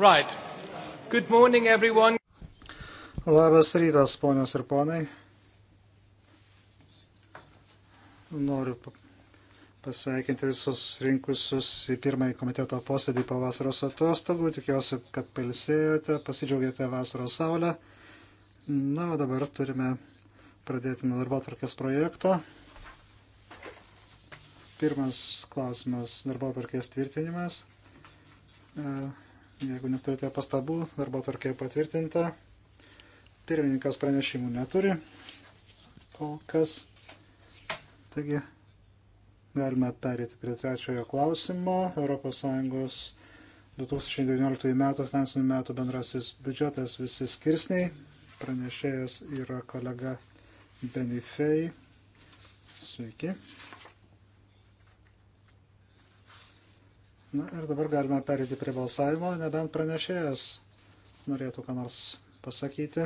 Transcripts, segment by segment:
Right. Good morning, everyone. Labas rytas, ponios ir ponai. Noriu pasveikinti visus rinkusius į pirmąjį komiteto posėdį po vasaros atostogų. Tikiuosi, kad palsėjote, pasidžiaugėte vasaros saulę. Na, o dabar turime pradėti nuo darbo atvarkės projekto. Pirmas klausimas - darbo atvarkės tvirtinimas. Uh, Jeigu neturite pastabų, darbo tarkė patvirtinta. Pirmininkas pranešimų neturi kol kas. Taigi galime perėti prie trečiojo klausimo. ES 2019 metų finansinių metų bendrasis biudžetas visi skirsniai. Pranešėjas yra kolega Benifei. Sveiki. Na ir dabar galime perėti prie balsavimo, nebent pranešėjas norėtų ką nors pasakyti.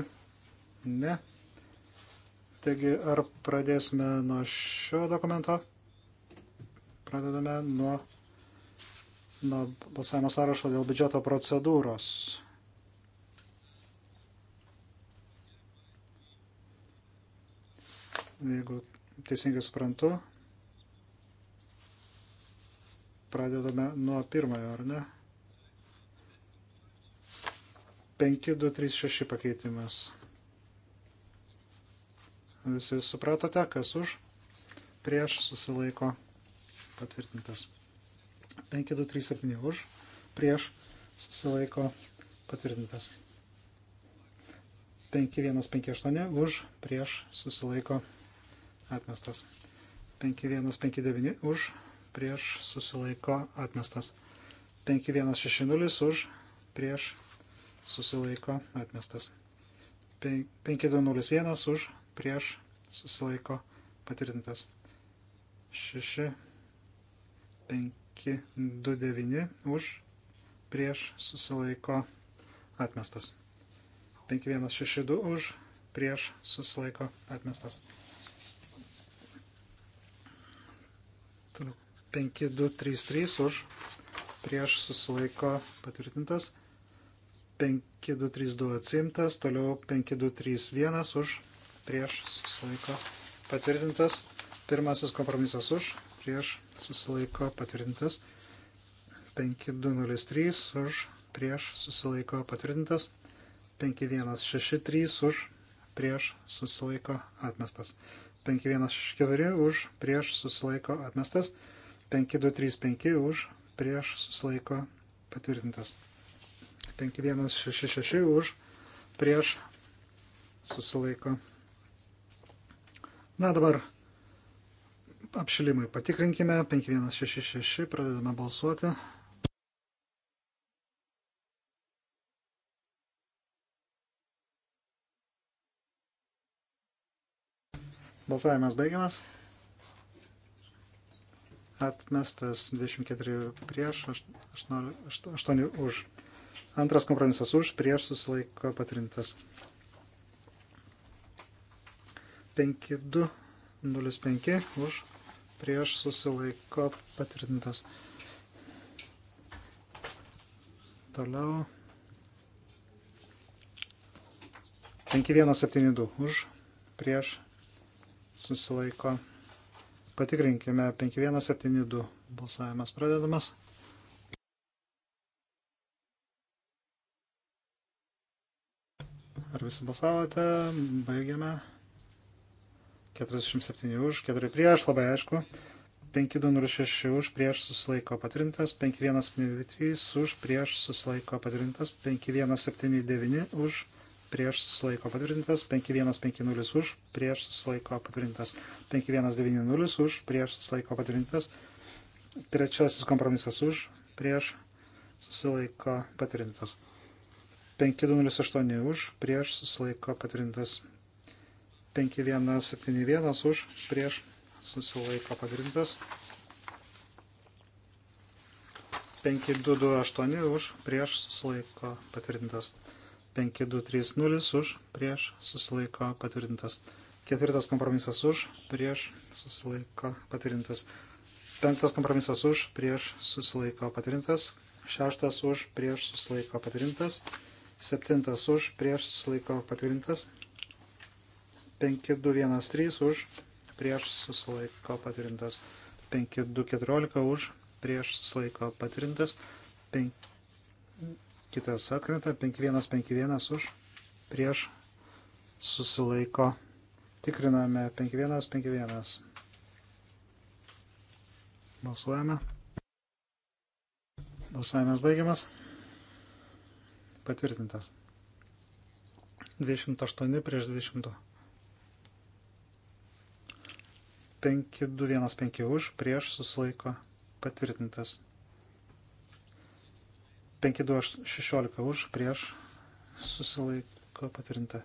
Ne. Taigi, ar pradėsime nuo šio dokumento? Pradedame nuo, nuo balsavimo sąrašo dėl biudžeto procedūros. Jeigu teisingai suprantu, Pradedame nuo pirmojo, ar ne? 5236 pakeitimas. Visi supratote, kas už? Prieš susilaiko patvirtintas. 5237 už, prieš susilaiko patvirtintas. 5158 už, prieš susilaiko atmestas. 5159 už, prieš susilaiko atmestas. 5160 už prieš susilaiko atmestas. 5201 už prieš susilaiko patvirtintas. 6529 už prieš susilaiko atmestas. 5162 už prieš susilaiko atmestas. 5233 už, prieš susilaiko patvirtintas, 5232 atsimtas, toliau 5231 už, prieš susilaiko patvirtintas, pirmasis kompromisas už, prieš susilaiko patvirtintas, 5203 už, prieš susilaiko patvirtintas, 5163 už, prieš susilaiko atmestas. 5164 už prieš susilaiko atmestas, 5235 už, prieš susilaiko patvirtintas. 5166 už, prieš susilaiko. Na dabar apšilimui patikrinkime. 5166 pradedame balsuoti. Balsavimas baigiamas atmestas 24 prieš, 8, 8 už. Antras kompromisas už, prieš susilaiko patrintas. 5205 už, prieš susilaiko patrintas. Toliau. 5172 už, prieš susilaiko patrintas Patikrinkime 5172 balsavimas pradedamas. Ar visi balsavote? Baigiame. 47 už, 4 prieš, labai aišku. 5206 už, prieš susilaiko patrintas, 5173 už, prieš susilaiko patrintas, 5179 už, prieš susilaiko patvirtintas, 5150 už, prieš susilaiko patvirtintas, 5190 už, prieš susilaiko patvirtintas, trečiasis kompromisas už, prieš susilaiko patvirtintas, 5208 už, prieš susilaiko patvirtintas, 5171 už, prieš susilaiko patvirtintas. 5228 už prieš susilaiko patvirtintas 5230 už, prieš, susilaiko patvirtintas. Ketvirtas kompromisas už, prieš, susilaiko patvirtintas. Penktas kompromisas už, prieš, susilaiko patvirtintas. Šeštas už, prieš, susilaiko patvirtintas. Septintas už, prieš, susilaiko patvirtintas. 5213 už, prieš, susilaiko patvirtintas. 5214 už, prieš, susilaiko patvirtintas. 5 kitas atkrenta, 5151 už, prieš, susilaiko, tikriname 5151. Balsuojame. Balsavimas baigiamas. Patvirtintas. 208 prieš 200. 5215 už, prieš susilaiko patvirtintas. 5216 už, prieš, susilaiko patvirtinta.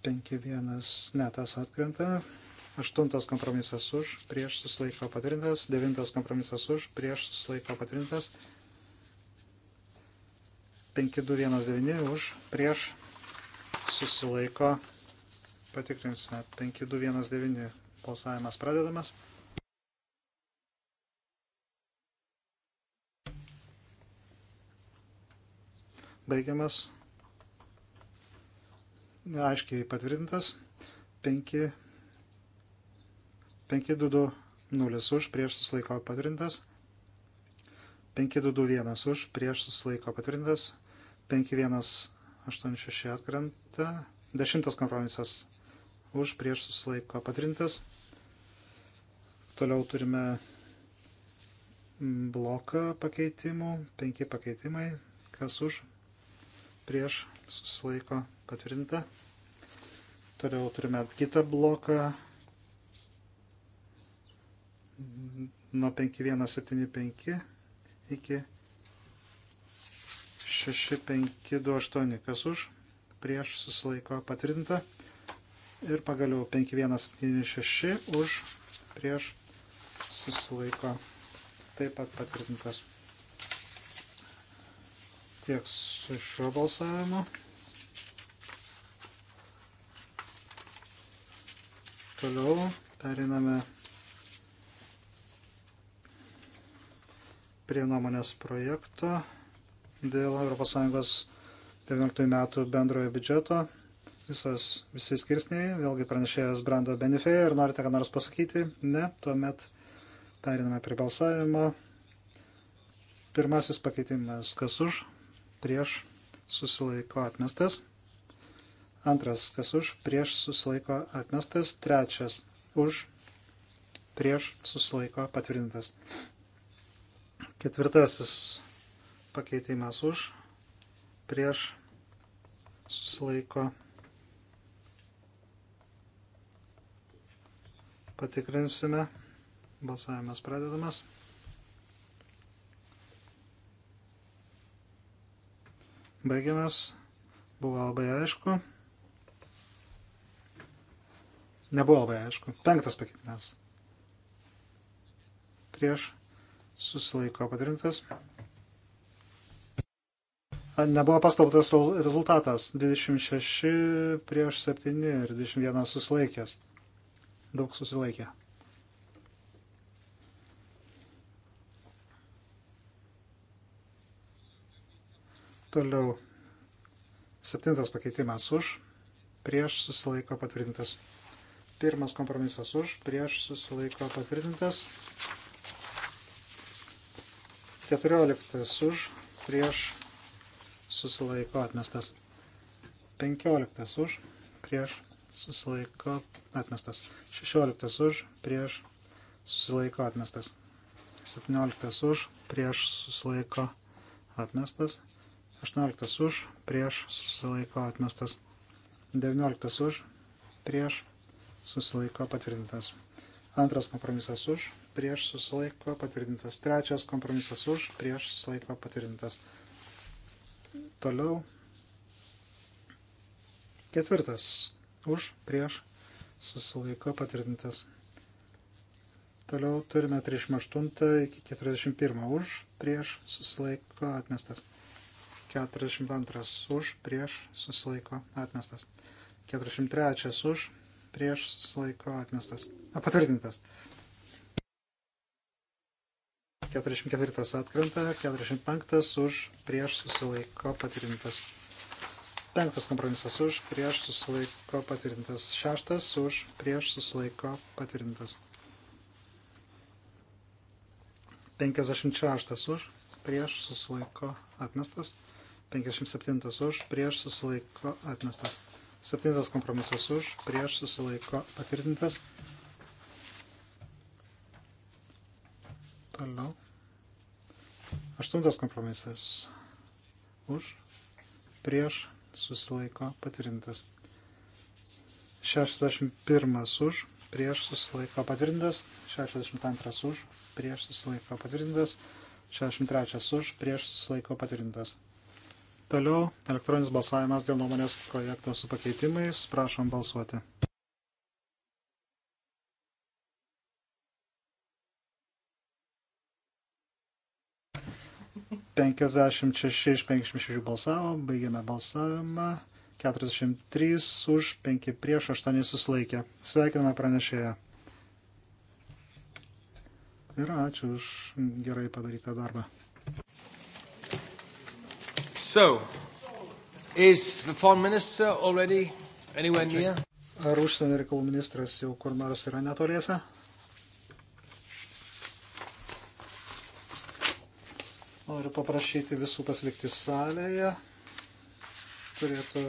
51, ne, tas atkrenta. 8 kompromisas už, prieš, susilaiko patvirtintas. 9 kompromisas už, prieš, susilaiko patvirtintas. 5219 už, prieš, susilaiko. Patikrinsime. 5219 balsavimas pradedamas. Baigiamas. Aiškiai patvirtintas. 5, 5, 2, 2, 0 už, prieš susilaiko patvirtintas. 5, 2, 2, 1 už, prieš susilaiko patvirtintas. 5, 1, 8, 6 atkrenta. 10 kompromisas už, prieš susilaiko patvirtintas. Toliau turime mm, bloką pakeitimų, penki pakeitimai, kas už, prieš susilaiko patvirtinta. Toliau turime kitą bloką nuo 5175 iki 6528, kas už, prieš susilaiko patvirtinta. Ir pagaliau 5176 už, prieš susilaiko taip pat patvirtintas. Tiek su šiuo balsavimu. Toliau periname prie nuomonės projekto dėl ES 19 metų bendrojo biudžeto. Visos, visi skirsniai, vėlgi pranešėjas Brando Benefeja, ar norite ką nors pasakyti? Ne, tuomet periname prie balsavimo. Pirmasis pakeitimas, kas už? prieš susilaiko atmestas. Antras, kas už, prieš susilaiko atmestas. Trečias, už, prieš susilaiko patvirtintas. Ketvirtasis pakeitimas už, prieš susilaiko. Patikrinsime. Balsavimas pradedamas. Baigiamas. Buvo labai aišku. Nebuvo labai aišku. Penktas pakeitimas. Prieš susilaiko patrintas. Nebuvo paskelbtas rezultatas. 26 prieš 7 ir 21 susilaikęs. Daug susilaikė. Toliau septintas pakeitimas už, prieš susilaiko patvirtintas. Pirmas kompromisas už, prieš susilaiko patvirtintas. Keturioliktas už, prieš susilaiko atmestas. Penkioliktas už, prieš susilaiko atmestas. Šešioliktas už, prieš susilaiko atmestas. Septynioliktas už, prieš susilaiko atmestas. 18 už, prieš susilaiko atmestas. 19 už, prieš susilaiko patvirtintas. Antras kompromisas už, prieš susilaiko patvirtintas. Trečias kompromisas už, prieš susilaiko patvirtintas. Toliau. Ketvirtas už, prieš susilaiko patvirtintas. Toliau turime 38 iki 41 už, prieš susilaiko atmestas. 42 už, prieš, susilaiko, atmestas. 43 už, prieš, susilaiko, atmestas. A, patvirtintas. 44 atkrenta, 45 už, prieš, susilaiko, patvirtintas. 5 kompromisas už, prieš, susilaiko, patvirtintas. 6 už, prieš, susilaiko, patvirtintas. 56 už, prieš, susilaiko, atmestas. 57 už, prieš susilaiko atmestas. 7 kompromisas už, prieš susilaiko patvirtintas. Toliau. 8 kompromisas už, prieš susilaiko patvirtintas. 61 už, prieš susilaiko patvirtintas. 62 už, prieš susilaiko patvirtintas. 63 už, prieš susilaiko patvirtintas. Toliau elektroninis balsavimas dėl nuomonės projekto su pakeitimais. Prašom balsuoti. Penkiasdešimt šeši iš penkiasdešimt šešių balsavo, baigėme balsavimą. 43 už 5 prieš 8 susilaikė. Sveikiname pranešėją. Ir ačiū už gerai padarytą darbą. So, is the foreign minister already anywhere near? Ar užsienio reikalų ministras jau kur nors yra netoliese? Noriu paprašyti visų pasilikti salėje. Turėtų,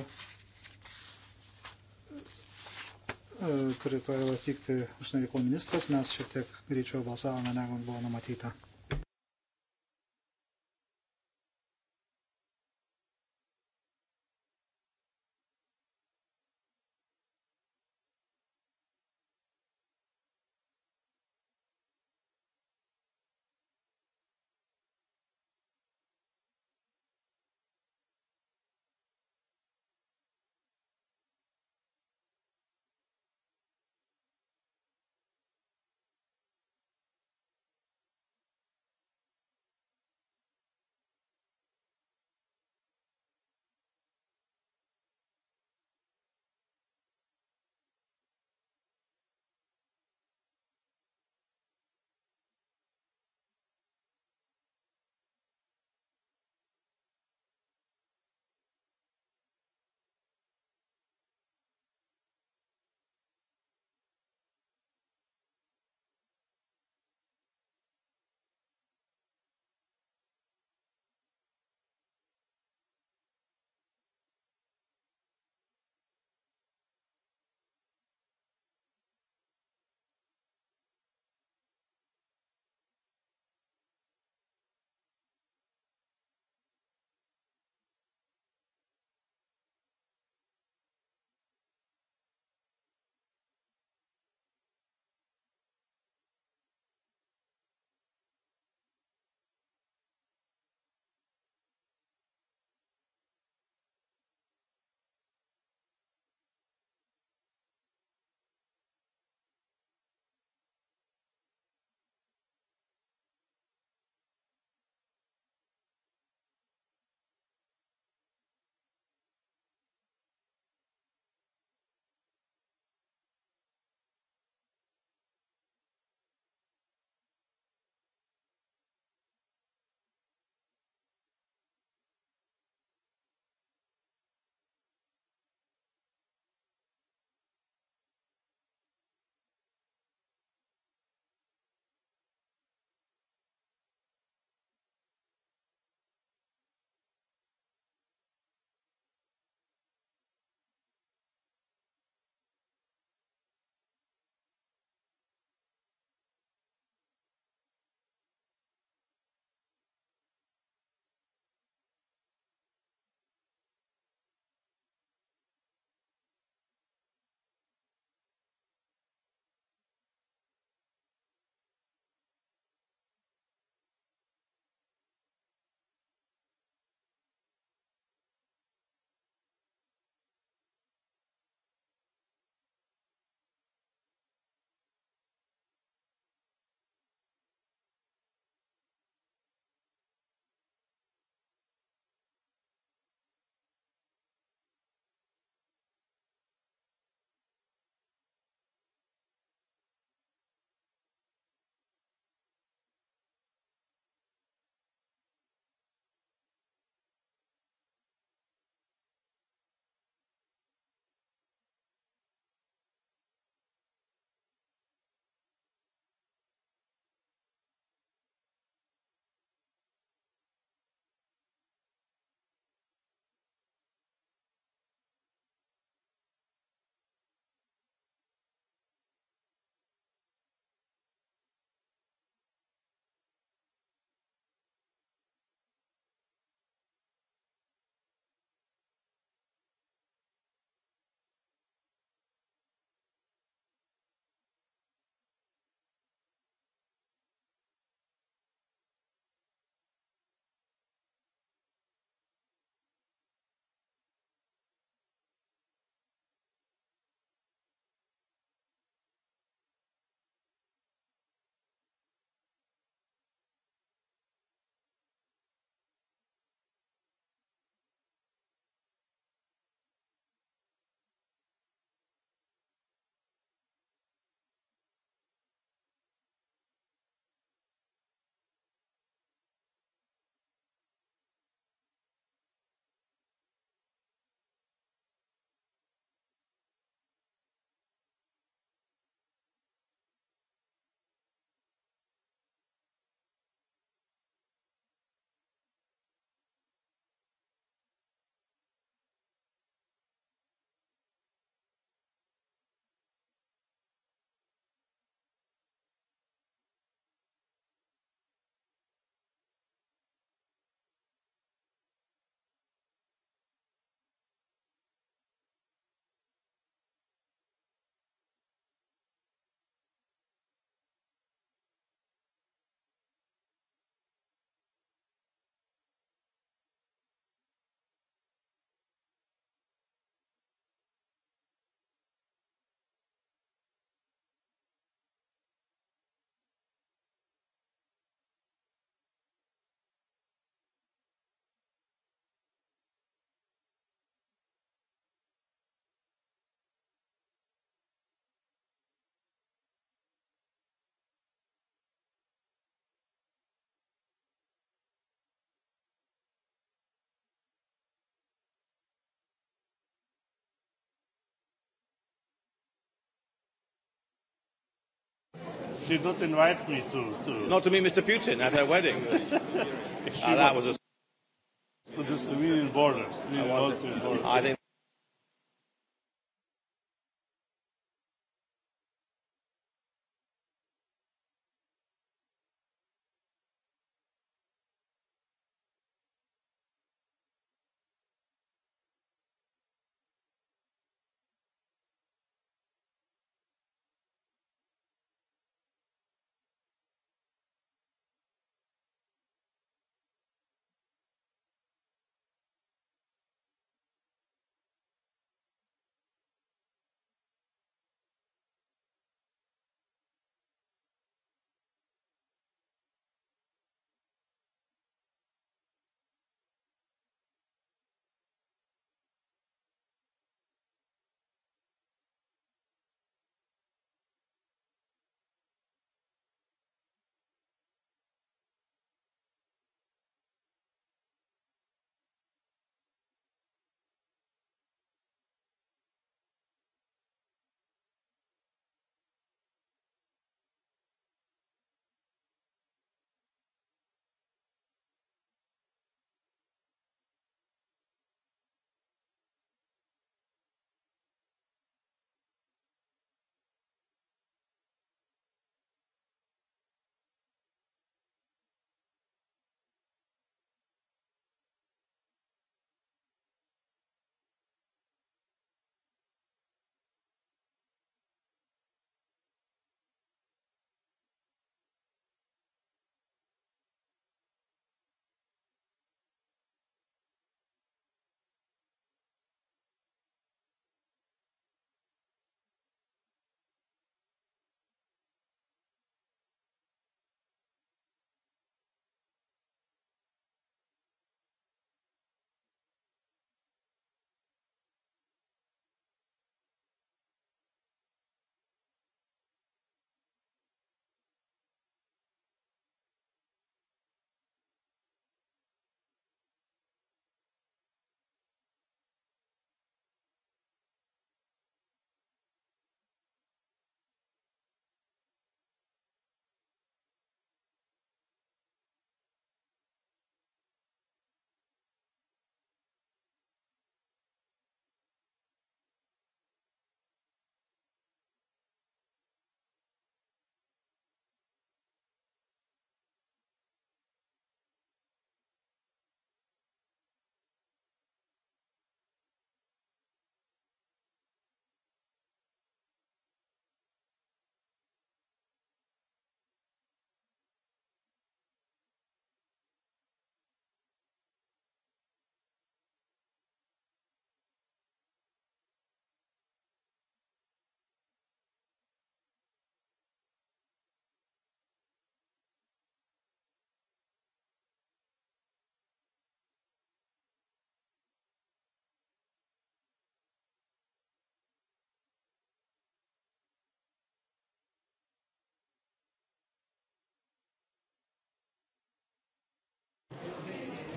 e, turėtų atvykti užsienio reikalų ministras, mes šiek tiek greičiau balsavome, negu buvo numatyta. she did not invite me to. to not to meet Mr. Putin at her wedding. she oh, that was a. To the civilian borders. Civilian I, borders. I think.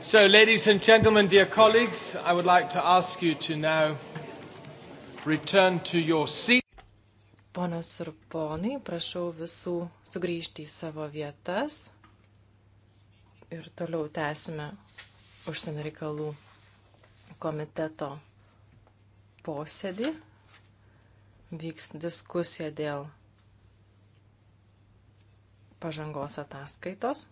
So, ladies and gentlemen, dear colleagues, I would like to ask you to now return to your seat. Ponios ir ponai, prašau visų sugrįžti į savo vietas ir toliau tęsime užsienio reikalų komiteto posėdį. Vyks diskusija dėl pažangos ataskaitos.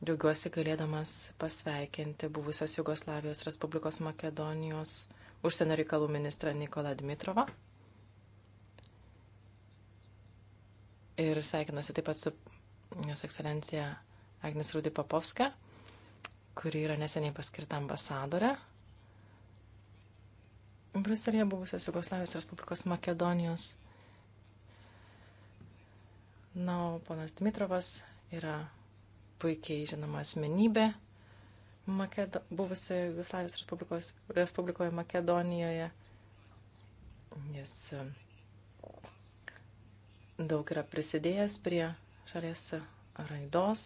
Džiaugiuosi galėdamas pasveikinti buvusios Jugoslavijos Respublikos Makedonijos užsienio reikalų ministrą Nikolą Dmitrovą. Ir sveikinuosi taip pat su jos ekscelencija Agnes Rūdi Papovska, kuri yra neseniai paskirta ambasadorė Bruselėje buvusios Jugoslavijos Respublikos Makedonijos. Na, o ponas Dmitrovas yra puikiai žinoma asmenybė Makedo, buvusioje Jugoslavijos Respublikos, Respublikoje Makedonijoje. Jis e, daug yra prisidėjęs prie šalies raidos,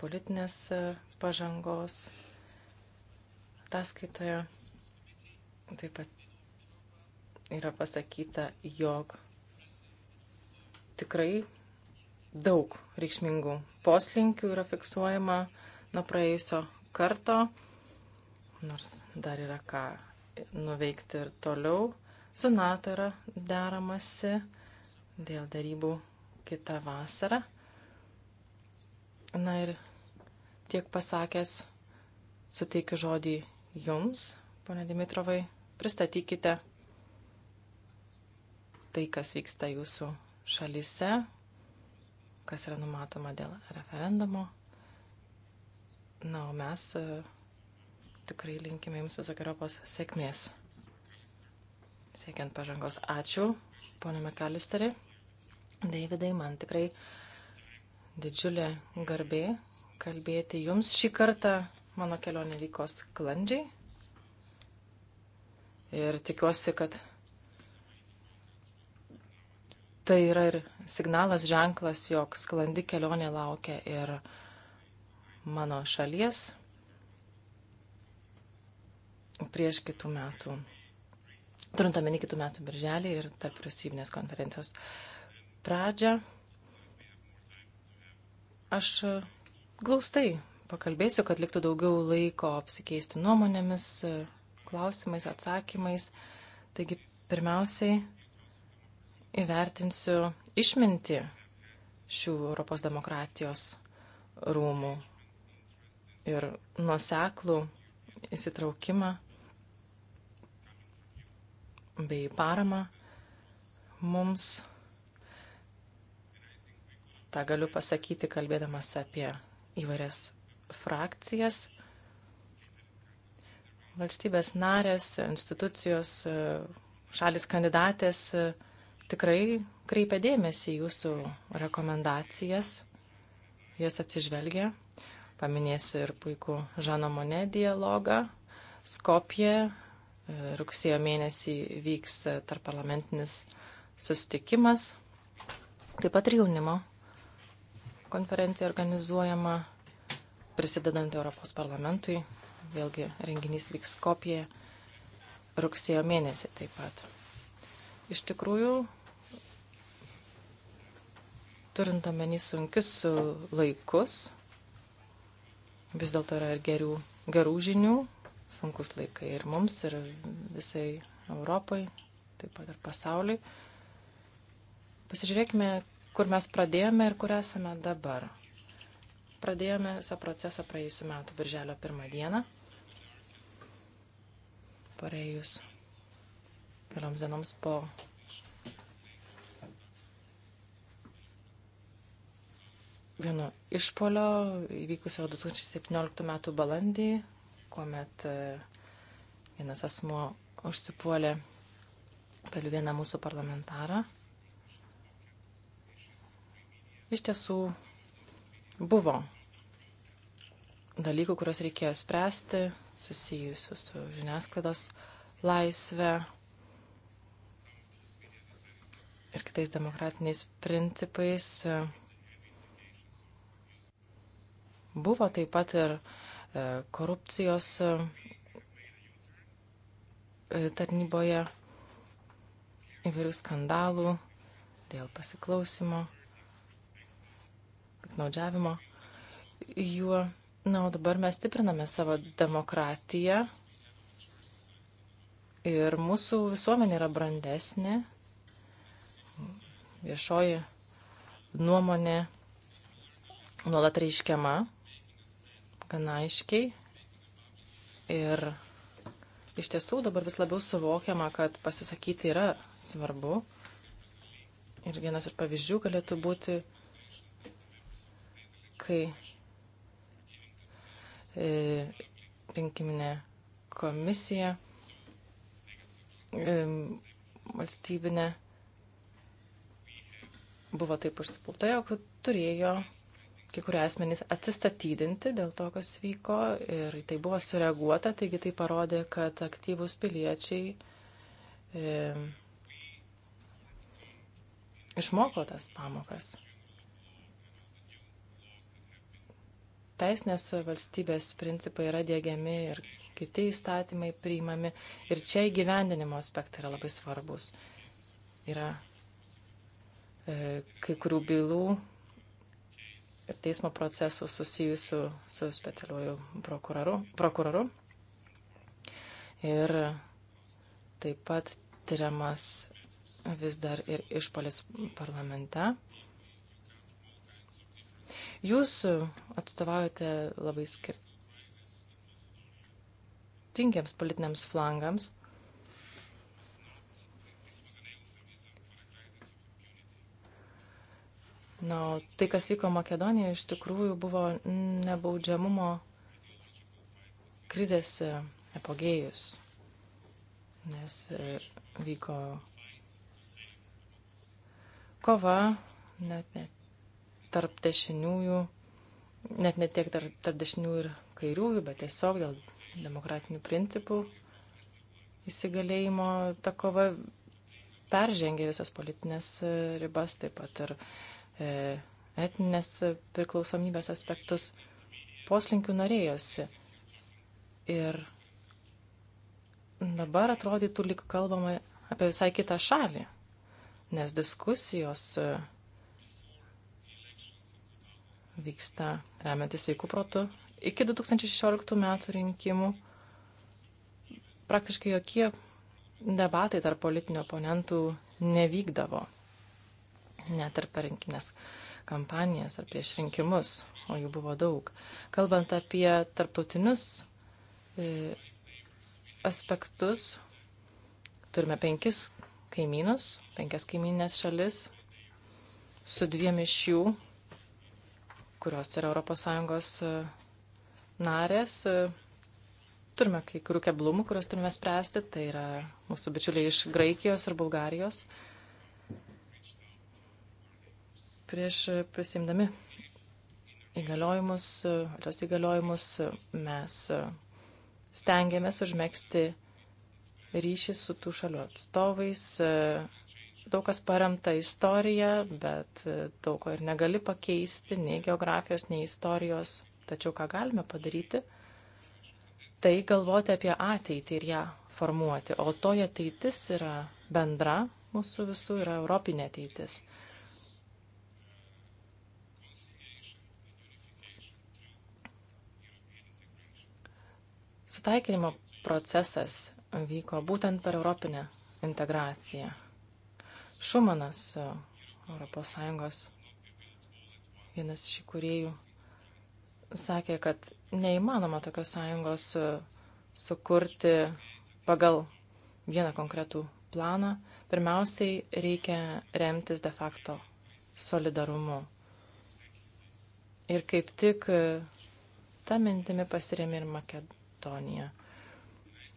politinės e, pažangos. Ataskaitoje taip pat yra pasakyta, jog tikrai daug reikšmingų poslinkių yra fiksuojama nuo praėjusio karto, nors dar yra ką nuveikti ir toliau. Su NATO yra deramasi dėl darybų kitą vasarą. Na ir tiek pasakęs, suteikiu žodį jums, pone Dimitrovai, pristatykite tai, kas vyksta jūsų šalise, kas yra numatoma dėl referendumo. Na, o mes e, tikrai linkime jums visokiojopos sėkmės. Siekiant pažangos, ačiū, ponė Mekalisteri. Davidai, man tikrai didžiulė garbė kalbėti jums. Šį kartą mano kelionė vyko sklandžiai. Ir tikiuosi, kad Tai yra ir signalas, ženklas, jog sklandi kelionė laukia ir mano šalies prieš kitų metų, turint omeny kitų metų birželį ir tarp vyriausybinės konferencijos pradžią. Aš glaustai pakalbėsiu, kad liktų daugiau laiko apsikeisti nuomonėmis, klausimais, atsakymais. Taigi, pirmiausiai, įvertinsiu išminti šių Europos demokratijos rūmų ir nuoseklų įsitraukimą bei paramą mums. Ta galiu pasakyti, kalbėdamas apie įvairias frakcijas. Valstybės narės, institucijos, šalis kandidatės tikrai kreipia dėmesį jūsų rekomendacijas, jas atsižvelgia. Paminėsiu ir puikų Žano Monė dialogą. Skopje e, rugsėjo mėnesį vyks e, tarp parlamentinis sustikimas. Taip pat ir jaunimo konferencija organizuojama prisidedant Europos parlamentui. Vėlgi renginys vyks kopijoje rugsėjo mėnesį taip pat. Iš tikrųjų, turint omeny sunkius laikus, vis dėlto yra ir gerų, gerų žinių, sunkus laikai ir mums, ir visai Europai, taip pat ir pasauliui. Pasižiūrėkime, kur mes pradėjome ir kur esame dabar. Pradėjome visą procesą praėjusiu metu, birželio pirmą dieną. Pareijus kelioms dienoms po vieno išpolio įvykusio 2017 m. balandį, kuomet e, vienas asmuo užsipuolė per vieną mūsų parlamentarą. Iš tiesų buvo dalykų, kuriuos reikėjo spręsti, susijusių su žiniasklaidos laisvė ir kitais demokratiniais principais. Uh, Buvo taip pat ir e, korupcijos e, tarnyboje įvairių skandalų dėl pasiklausimo, piknaudžiavimo juo. Na, o dabar mes stipriname savo demokratiją ir mūsų visuomenė yra brandesnė, viešoji nuomonė nuolat reiškiama gana aiškiai. Ir iš tiesų dabar vis labiau suvokiama, kad pasisakyti yra svarbu. Ir vienas iš pavyzdžių galėtų būti, kai e, rinkiminė komisija e, valstybinė buvo taip užsipulta, jog turėjo kai kurie asmenys atsistatydinti dėl to, kas vyko ir tai buvo sureaguota, taigi tai parodė, kad aktyvus piliečiai e, išmoko tas pamokas. Teisinės valstybės principai yra dėgiami ir kiti įstatymai priimami ir čia įgyvendinimo aspektai yra labai svarbus. Yra e, kai kurių bylų ir teismo procesų susijusių su specialiuoju prokuroru, prokuroru. Ir taip pat tyriamas vis dar ir išpolis parlamente. Jūs atstovaujate labai skirtingiems politiniams flangams Na, o tai, kas vyko Makedonijoje, iš tikrųjų buvo nebaudžiamumo krizės e, apogėjus, nes e, vyko kova net, net tarp dešiniųjų, net ne tiek tarp, tarp dešiniųjų ir kairiųjų, bet tiesiog dėl demokratinių principų įsigalėjimo ta kova peržengė visas politinės e, ribas, taip pat ir uh, E, etinės priklausomybės aspektus. Poslinkių norėjosi. Ir dabar atrodytų, lyg kalbama apie visai kitą šalį, nes diskusijos e, vyksta remiantis veikų protų. Iki 2016 metų rinkimų praktiškai jokie debatai tarp politinių oponentų nevykdavo net ir per rinkinės kampanijas ar prieš rinkimus, o jų buvo daug. Kalbant apie tarptautinius e, aspektus, turime penkis kaimynus, penkias kaiminės šalis, su dviem iš jų, kurios yra ES e, narės, e, turime kai kurių keblumų, kuriuos turime spręsti, tai yra mūsų bičiuliai iš Graikijos ir Bulgarijos. Prieš prisimdami įgaliojimus, jos įgaliojimus mes stengiamės užmėgsti ryšį su tų šalių atstovais. Daug kas paremta istorija, bet daug ko ir negali pakeisti, nei geografijos, nei istorijos. Tačiau ką galime padaryti, tai galvoti apie ateitį ir ją formuoti. O toje ateitis yra bendra mūsų visų, yra europinė ateitis. Susitaikinimo procesas vyko būtent per Europinę integraciją. Šumanas, ES vienas iš įkūrėjų, sakė, kad neįmanoma tokios sąjungos e, sukurti pagal vieną konkretų planą. Pirmiausiai reikia remtis de facto solidarumu. Ir kaip tik e, tą mintimį pasiremė ir Makedonija. Lettoniją.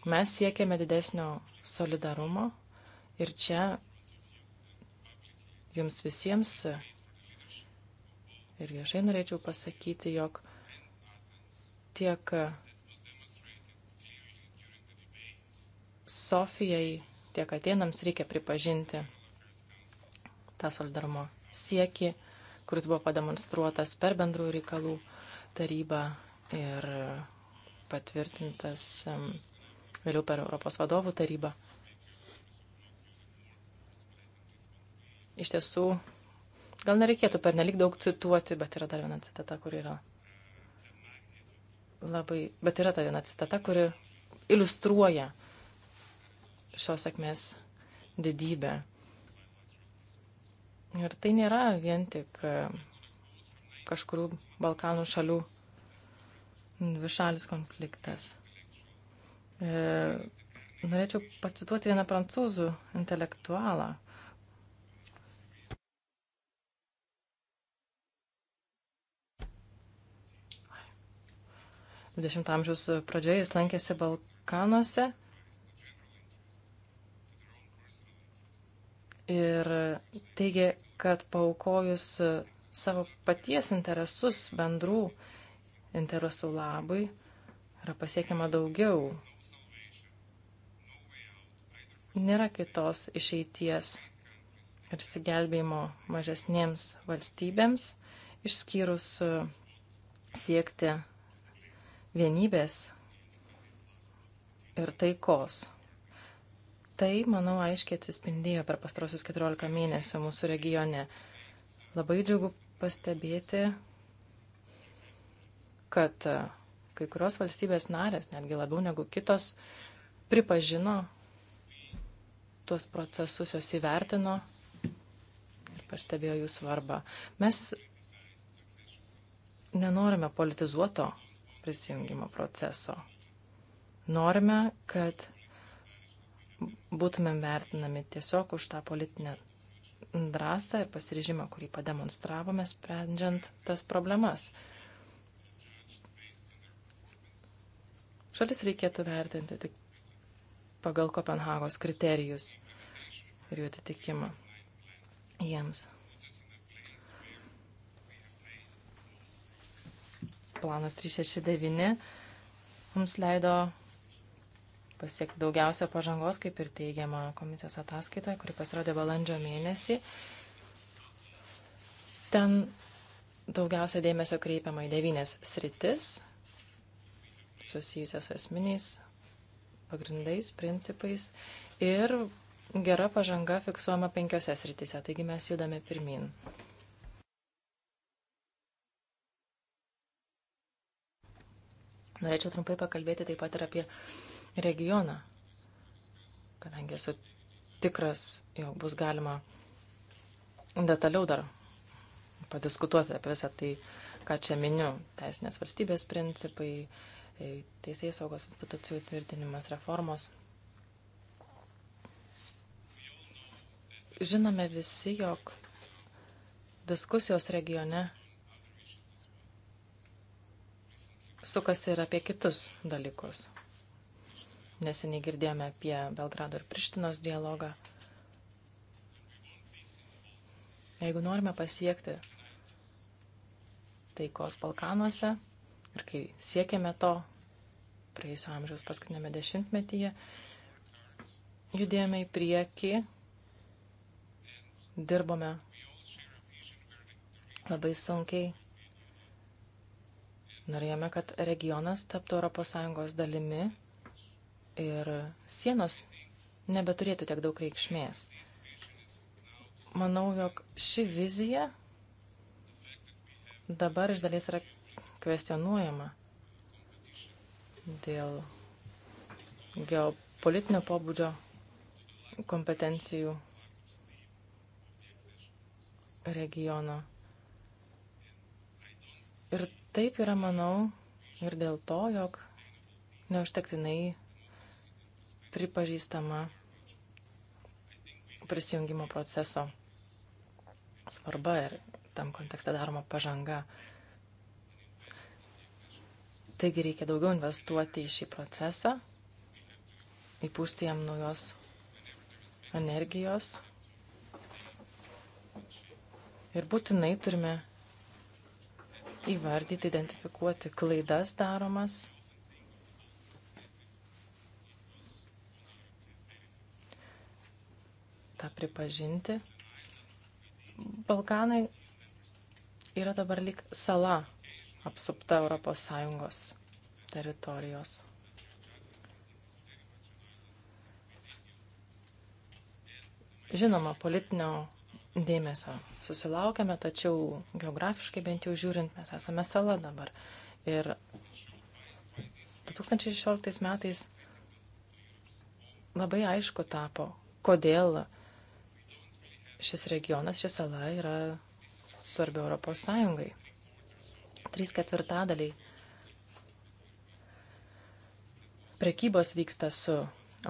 Mes siekiame didesnio solidarumo ir čia jums visiems ir viešai norėčiau pasakyti, jog tiek Sofijai, tiek Atenams reikia pripažinti tą solidarumo siekį, kuris buvo pademonstruotas per bendrųjų reikalų tarybą ir patvirtintas vėliau per Europos vadovų tarybą. Iš tiesų, gal nereikėtų per nelik daug cituoti, bet yra dar viena citata, kuri yra labai, bet yra ta viena citata, kuri iliustruoja šios sėkmės didybę. Ir tai nėra vien tik kažkurių Balkanų šalių dvišalis konfliktas. E, norėčiau pacituoti vieną prancūzų intelektualą. XX amžiaus pradžioje jis lankėsi Balkanuose ir teigė, kad paukojus savo paties interesus bendrų interesų labui yra pasiekiama daugiau. Nėra kitos išeities ir sigelbėjimo mažesnėms valstybėms, išskyrus e, siekti vienybės ir taikos. Tai, manau, aiškiai atsispindėjo per pastarosius 14 mėnesių mūsų regione. Labai džiugu pastebėti, kad e, kai kurios valstybės narės, netgi labiau negu kitos, pripažino tuos procesus, juos įvertino ir pastebėjo jų svarbą. Mes nenorime politizuoto prisijungimo proceso. Norime, kad būtumėm vertinami tiesiog už tą politinę drąsą ir pasiryžimą, kurį pademonstravome, sprendžiant tas problemas. Šalis reikėtų vertinti tik pagal Kopenhagos kriterijus ir jų atitikimą jiems. Planas 369 mums leido pasiekti daugiausia pažangos, kaip ir teigiama komisijos ataskaitoje, kuri pasirodė balandžio mėnesį. Ten daugiausia dėmesio kreipiama į devynės sritis susijusias su esminiais pagrindais, principais ir gera pažanga fiksuojama penkiose srityse, taigi mes judame pirmin. Norėčiau trumpai pakalbėti taip pat ir apie regioną, kadangi esu tikras, jog bus galima detaliau dar padiskutuoti apie visą tai, ką čia miniu - teisinės valstybės principai, uh, Tai teisėjai saugos institucijų tvirtinimas reformos. Žinome visi, jog diskusijos regione sukasi ir apie kitus dalykus. Neseniai girdėjome apie Belgrado ir Prištinos dialogą. Jeigu norime pasiekti taikos Balkanuose ir kai siekiame to, praėjusio amžiaus paskutinėme dešimtmetyje. Judėjome į priekį, dirbome labai sunkiai. Norėjome, kad regionas taptų ES dalimi ir sienos nebeturėtų tiek daug reikšmės. Manau, jog ši vizija dabar iš dalies yra kvestionuojama dėl geopolitinio pobūdžio kompetencijų regiono. Ir taip yra, manau, ir dėl to, jog neužtektinai pripažįstama prisijungimo proceso svarba ir tam kontekste daroma pažanga. Taigi reikia daugiau investuoti į šį procesą, įpūsti jam naujos energijos. Ir būtinai turime įvardyti, identifikuoti klaidas daromas. Ta pripažinti. Balkanai yra dabar lik sala apsupta ES teritorijos. Žinoma, politinio dėmesio susilaukiame, tačiau geografiškai bent jau žiūrint mes esame sala dabar. Ir 2016 metais labai aišku tapo, kodėl šis regionas, ši sala yra svarbi Europos Sąjungai trys ketvirtadaliai prekybos vyksta su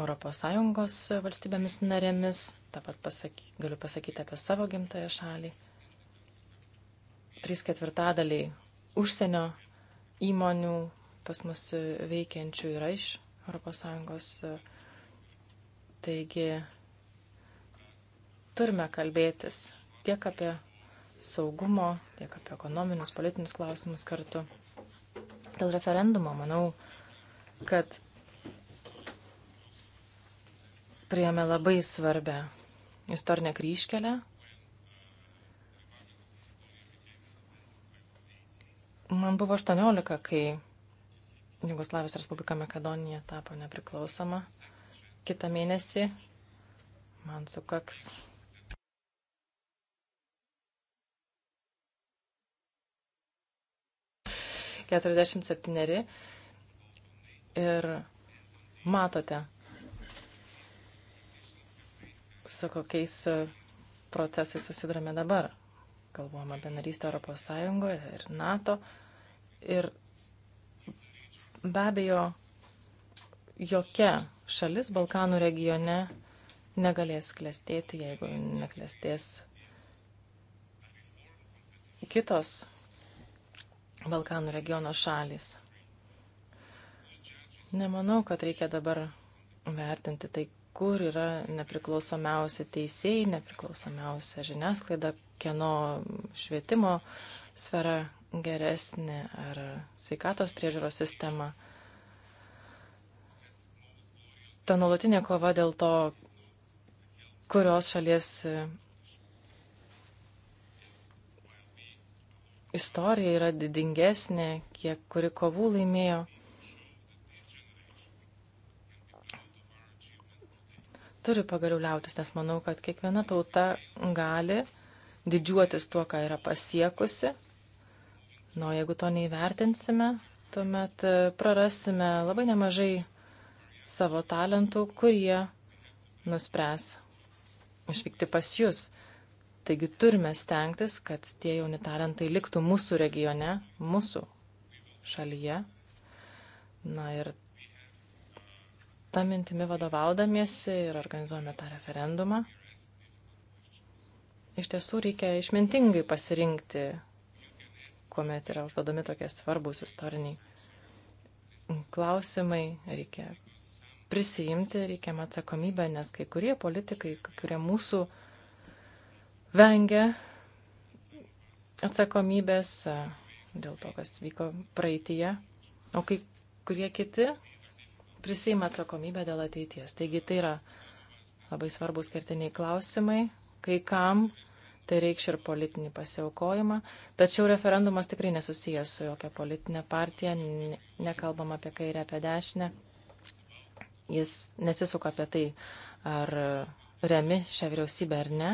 ES valstybėmis narėmis, taip pat pasaky, galiu pasakyti apie savo gimtąją šalį. Trys ketvirtadaliai užsienio įmonių pas mus veikiančių yra iš ES. Taigi turime kalbėtis tiek apie saugumo, tiek apie ekonominius, politinius klausimus kartu. Dėl referendumo manau, kad priėmė labai svarbę istorinę kryškelę. Man buvo 18, kai Jugoslavijos Respublika Makedonija tapo nepriklausoma. Kita mėnesį man sukaks 47 ir matote, su kokiais procesais susidurime dabar. Galvojam apie narystę Europos Sąjungoje ir NATO. Ir be abejo, jokia šalis Balkanų regione negalės klestėti, jeigu neklestės kitos Balkanų regiono šalis. Nemanau, kad reikia dabar vertinti tai, kur yra nepriklausomiausi teisėjai, nepriklausomiausia žiniasklaida, kieno švietimo sfera geresnė ar sveikatos priežiūros sistema. Ta nuolatinė kova dėl to, kurios šalies istorija yra didingesnė, kiek kuri kovų laimėjo. Turi pagaliau liautis, nes manau, kad kiekviena tauta gali didžiuotis tuo, ką yra pasiekusi. Na, nu, jeigu to neįvertinsime, tuomet e, prarasime labai nemažai savo talentų, kurie nuspręs išvykti pas jūs. Taigi turime stengtis, kad tie jauni talentai liktų mūsų regione, mūsų šalyje. Na ir tą mintimį vadovaudamiesi ir organizuojame tą referendumą. Iš tiesų reikia išmintingai pasirinkti, kuomet yra užduodami tokie svarbus istoriniai klausimai, reikia prisijimti, reikiamą atsakomybę, nes kai kurie politikai, kai kurie mūsų uh, vengia atsakomybės e, dėl to, kas vyko praeitie, o kai kurie kiti prisima atsakomybę dėl ateities. Taigi tai yra labai svarbus kertiniai klausimai, kai kam tai reikš ir politinį pasiaukojimą, tačiau referendumas tikrai nesusijęs su jokia politinė partija, nekalbam apie kairę, apie dešinę. Jis nesisuka apie tai, ar remi šią vyriausybę ar ne,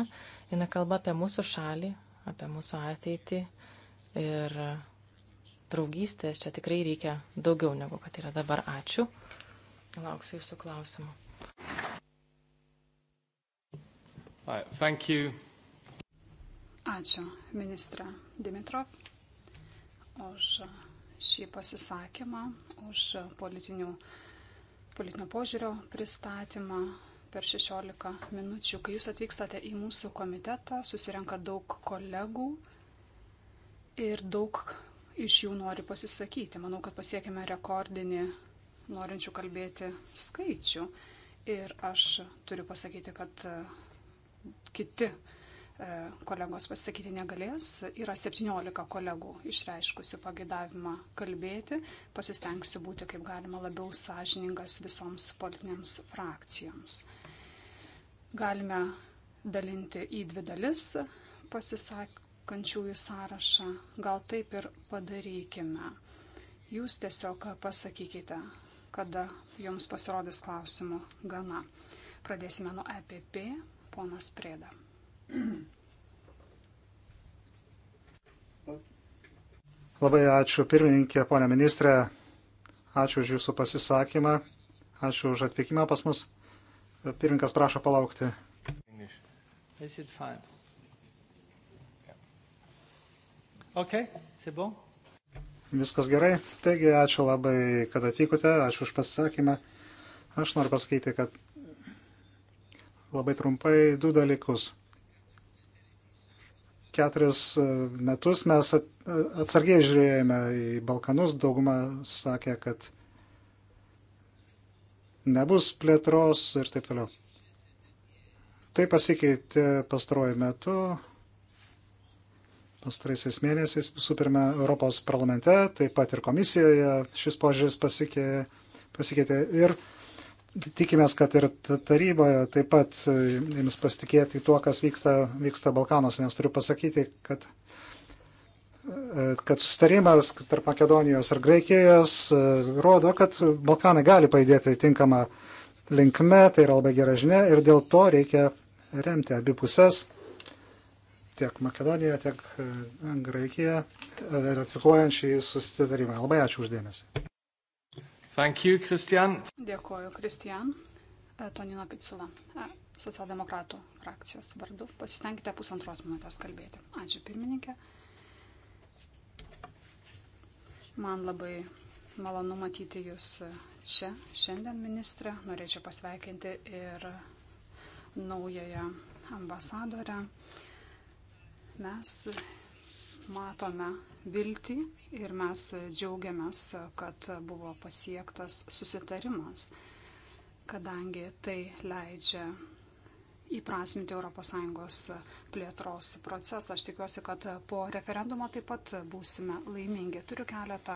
Eina kalba apie mūsų šalį, apie mūsų ateitį ir draugystės čia tikrai reikia daugiau negu kad yra dabar. Ačiū. Lauksiu jūsų klausimų. Ačiū, ministra Dimitrov, už šį pasisakymą, už politinių, politinio požiūrio pristatymą, per 16 minučių. Kai jūs atvykstate į mūsų komitetą, susirenka daug kolegų ir daug iš jų nori pasisakyti. Manau, kad pasiekime rekordinį norinčių kalbėti skaičių. Ir aš turiu pasakyti, kad e, kiti e, kolegos pasakyti negalės. Yra 17 kolegų išreiškusių pagėdavimą kalbėti. Pasistengsiu būti kaip galima labiau sąžiningas visoms politinėms frakcijoms. Galime dalinti į dvi dalis pasisakančiųjų sąrašą. Gal taip ir padarykime. Jūs tiesiog pasakykite, kada jums pasirodys klausimų gana. Pradėsime nuo EPP, ponas Prėda. Labai ačiū pirmininkė, ponė ministrė. Ačiū už jūsų pasisakymą. Ačiū už atvykimą pas mus. Pirinkas prašo palaukti. Is it fine? Okay, c'est bon? Viskas gerai. Taigi, ačiū labai, kad atvykote, ačiū už pasisakymą. Aš noriu pasakyti, kad labai trumpai du dalykus. Keturis e, metus mes atsargiai žiūrėjome į Balkanus, dauguma sakė, kad nebus plėtros ir taip toliau. Tai pasikeitė pastaruoju metu, pastaraisiais mėnesiais, visų pirma, Europos parlamente, taip pat ir komisijoje šis požiūris pasikeitė, pasikeitė ir tikimės, kad ir taryboje taip pat jums e, pasitikėti tuo, kas vyksta, vyksta Balkanos, nes turiu pasakyti, kad kad sustarimas tarp Makedonijos ir Graikijos e, rodo, kad Balkanai gali pajudėti tinkamą linkme, tai yra labai gera žinia ir dėl to reikia remti abi pusės, tiek Makedoniją, tiek e, Graikiją, e, ratifikuojant šį susitarimą. Labai ačiū uždėmesi. You, Christian. Dėkuoju, Kristijan. Tonino Pitsula, socialdemokratų frakcijos vardu. Pasistengite pusantros minutės kalbėti. Ačiū pirmininkė. Man labai malonu matyti Jūs čia šiandien, ministrė. Norėčiau pasveikinti ir naująją ambasadorę. Mes matome viltį ir mes džiaugiamės, kad buvo pasiektas susitarimas, kadangi tai leidžia įprasminti ES plėtros procesą. Aš tikiuosi, kad po referendumo taip pat būsime laimingi. Turiu keletą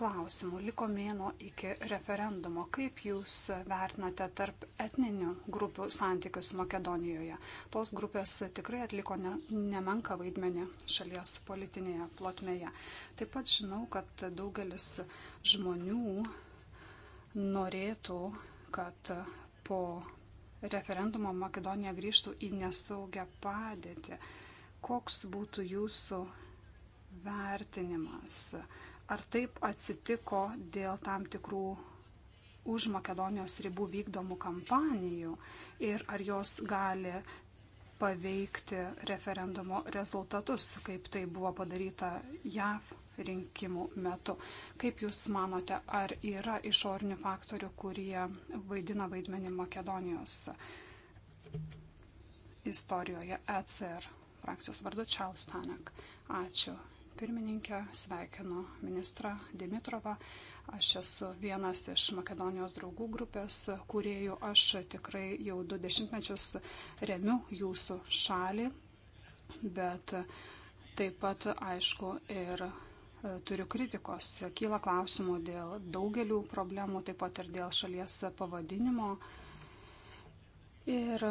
klausimų. Liko mėno iki referendumo. Kaip Jūs vertinate tarp etninių grupių santykius Makedonijoje? Tos grupės tikrai atliko ne, nemenka vaidmenį šalies politinėje plotmėje. Taip pat žinau, kad daugelis žmonių norėtų, kad po referendumo Makedonija grįžtų į nesaugę padėtį, koks būtų jūsų vertinimas? Ar taip atsitiko dėl tam tikrų už Makedonijos ribų vykdomų kampanijų ir ar jos gali paveikti referendumo rezultatus, kaip tai buvo padaryta JAV rinkimų metu. Kaip Jūs manote, ar yra išorinių faktorių, kurie vaidina vaidmenį Makedonijos istorijoje ECR frakcijos vardu Charles Tanak? Ačiū. Pirmininkė, sveikinu ministrą Dimitrovą. Aš esu vienas iš Makedonijos draugų grupės kuriejų. Aš tikrai jau du dešimtmečius remiu jūsų šalį, bet taip pat, aišku, ir turiu kritikos. Kyla klausimų dėl daugelių problemų, taip pat ir dėl šalies pavadinimo. Ir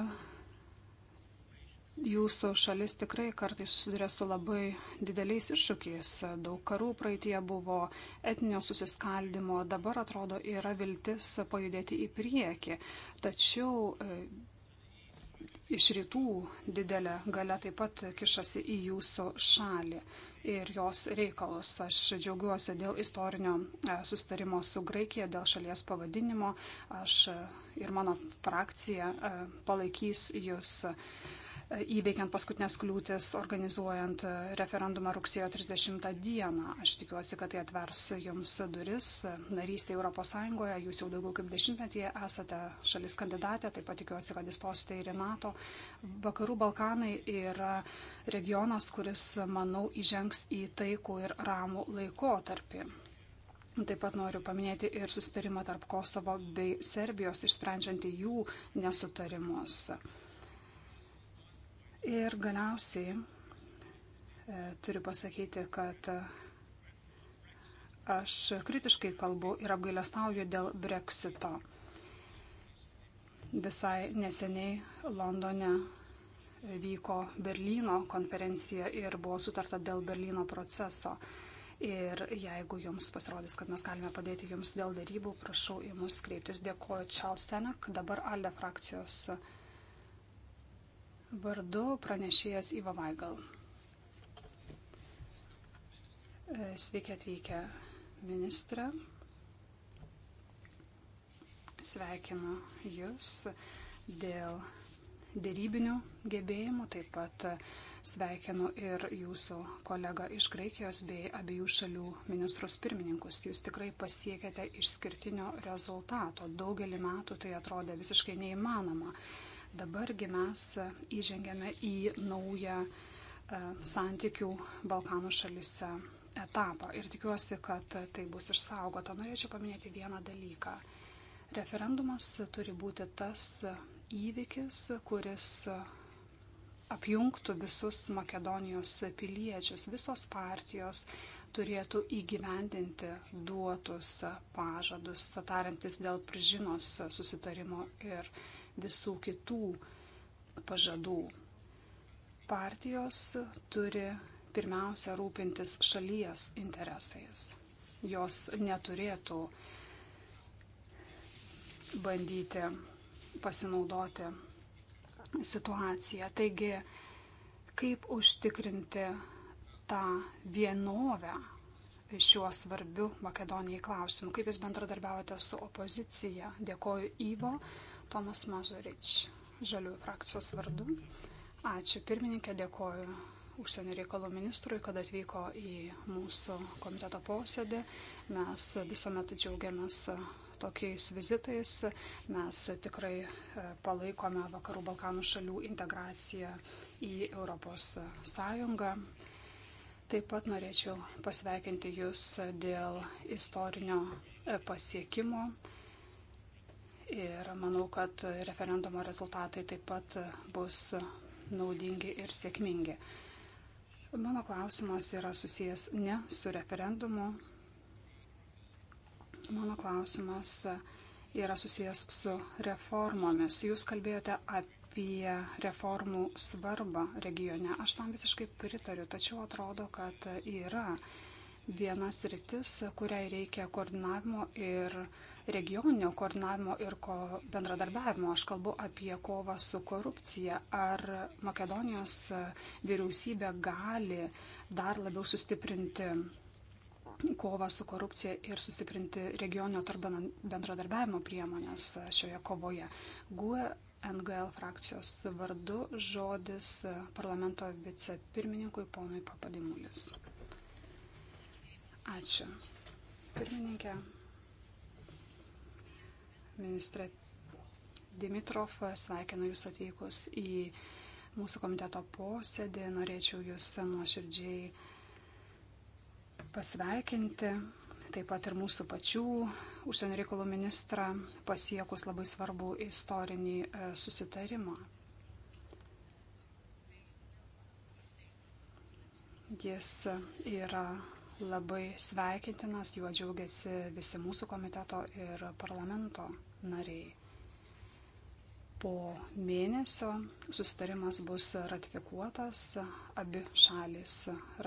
jūsų šalis tikrai kartais susiduria su labai dideliais iššūkiais. Daug karų praeitie buvo etninio susiskaldimo, dabar atrodo yra viltis pajudėti į priekį. Tačiau iš rytų didelė gale taip pat kišasi į jūsų šalį ir jos reikalus. Aš džiaugiuosi dėl istorinio e, sustarimo su Graikija, dėl šalies pavadinimo. Aš ir mano frakcija e, palaikys jūs įveikiant paskutinės kliūtis, organizuojant e, referendumą rugsėjo 30 dieną. Aš tikiuosi, kad tai atvers jums duris e, narystė ES. Jūs jau daugiau kaip dešimtmetyje esate šalis kandidatė, taip pat tikiuosi, kad įstosite ir į NATO. Vakarų Balkanai yra regionas, kuris, manau, įžengs į taikų ir ramų laikotarpį. Taip pat noriu paminėti ir susitarimą tarp Kosovo bei Serbijos, išsprendžiantį jų nesutarimus. Ir galiausiai e, turiu pasakyti, kad aš kritiškai kalbu ir apgailestauju dėl breksito. Visai neseniai Londone vyko Berlyno konferencija ir buvo sutarta dėl Berlyno proceso. Ir jeigu jums pasirodys, kad mes galime padėti jums dėl darybų, prašau į mus kreiptis. Dėkuoju Charles Tenek, dabar Alde frakcijos vardu vardu pranešėjas Iva Vaigal. E, sveiki atvykę ministrą. Sveikinu Jūs dėl dėrybinių gebėjimų, taip pat sveikinu ir Jūsų kolegą iš Graikijos bei abiejų šalių ministrus pirmininkus. Jūs tikrai pasiekėte išskirtinio rezultato. Daugelį metų tai atrodė visiškai neįmanoma. Dabargi mes įžengėme į naują e, santykių Balkanų šalise etapą ir tikiuosi, kad tai bus išsaugota. Norėčiau paminėti vieną dalyką. Referendumas turi būti tas įvykis, kuris apjungtų visus Makedonijos piliečius, visos partijos turėtų įgyvendinti duotus pažadus, tarantis dėl prižinos susitarimo ir visų kitų pažadų. Partijos turi pirmiausia rūpintis šalies interesais. Jos neturėtų bandyti pasinaudoti situaciją. Taigi, kaip užtikrinti tą vienovę šiuo svarbiu Makedonijai klausimu? Kaip jūs bendradarbiavote su opozicija? Dėkoju Ivo. Mm Tomas Mazurič, Žaliųjų frakcijos vardu. Ačiū pirmininkė, dėkoju užsienio reikalų ministrui, kad atvyko į mūsų komiteto posėdį. Mes visuomet džiaugiamės tokiais vizitais. Mes tikrai e, palaikome Vakarų Balkanų šalių integraciją į Europos Sąjungą. Taip pat norėčiau pasveikinti Jūs dėl istorinio e, pasiekimo. Ir manau, kad referendumo rezultatai taip pat bus naudingi ir sėkmingi. Mano klausimas yra susijęs ne su referendumu. Mano klausimas yra susijęs su reformomis. Jūs kalbėjote apie reformų svarbą regione. Aš tam visiškai pritariu, tačiau atrodo, kad yra vienas rytis, kuriai reikia koordinavimo ir regioninio koordinavimo ir ko bendradarbiavimo. Aš kalbu apie kovą su korupcija. Ar Makedonijos vyriausybė gali dar labiau sustiprinti kovą su korupcija ir sustiprinti regioninio tarp bendradarbiavimo priemonės šioje kovoje. GUE NGL frakcijos vardu žodis parlamento vicepirmininkui ponui Papadimulis. Ačiū. Pirmininkė, ministrė Dimitrov, sveikinu Jūs atvykus į mūsų komiteto posėdį. Norėčiau Jūs nuoširdžiai pasveikinti, taip pat ir mūsų pačių užsienio reikalų ministrą pasiekus labai svarbų istorinį e, susitarimą. Jis yra labai sveikintinas, juo džiaugiasi visi mūsų komiteto ir parlamento nariai. Po mėnesio susitarimas bus ratifikuotas, abi šalis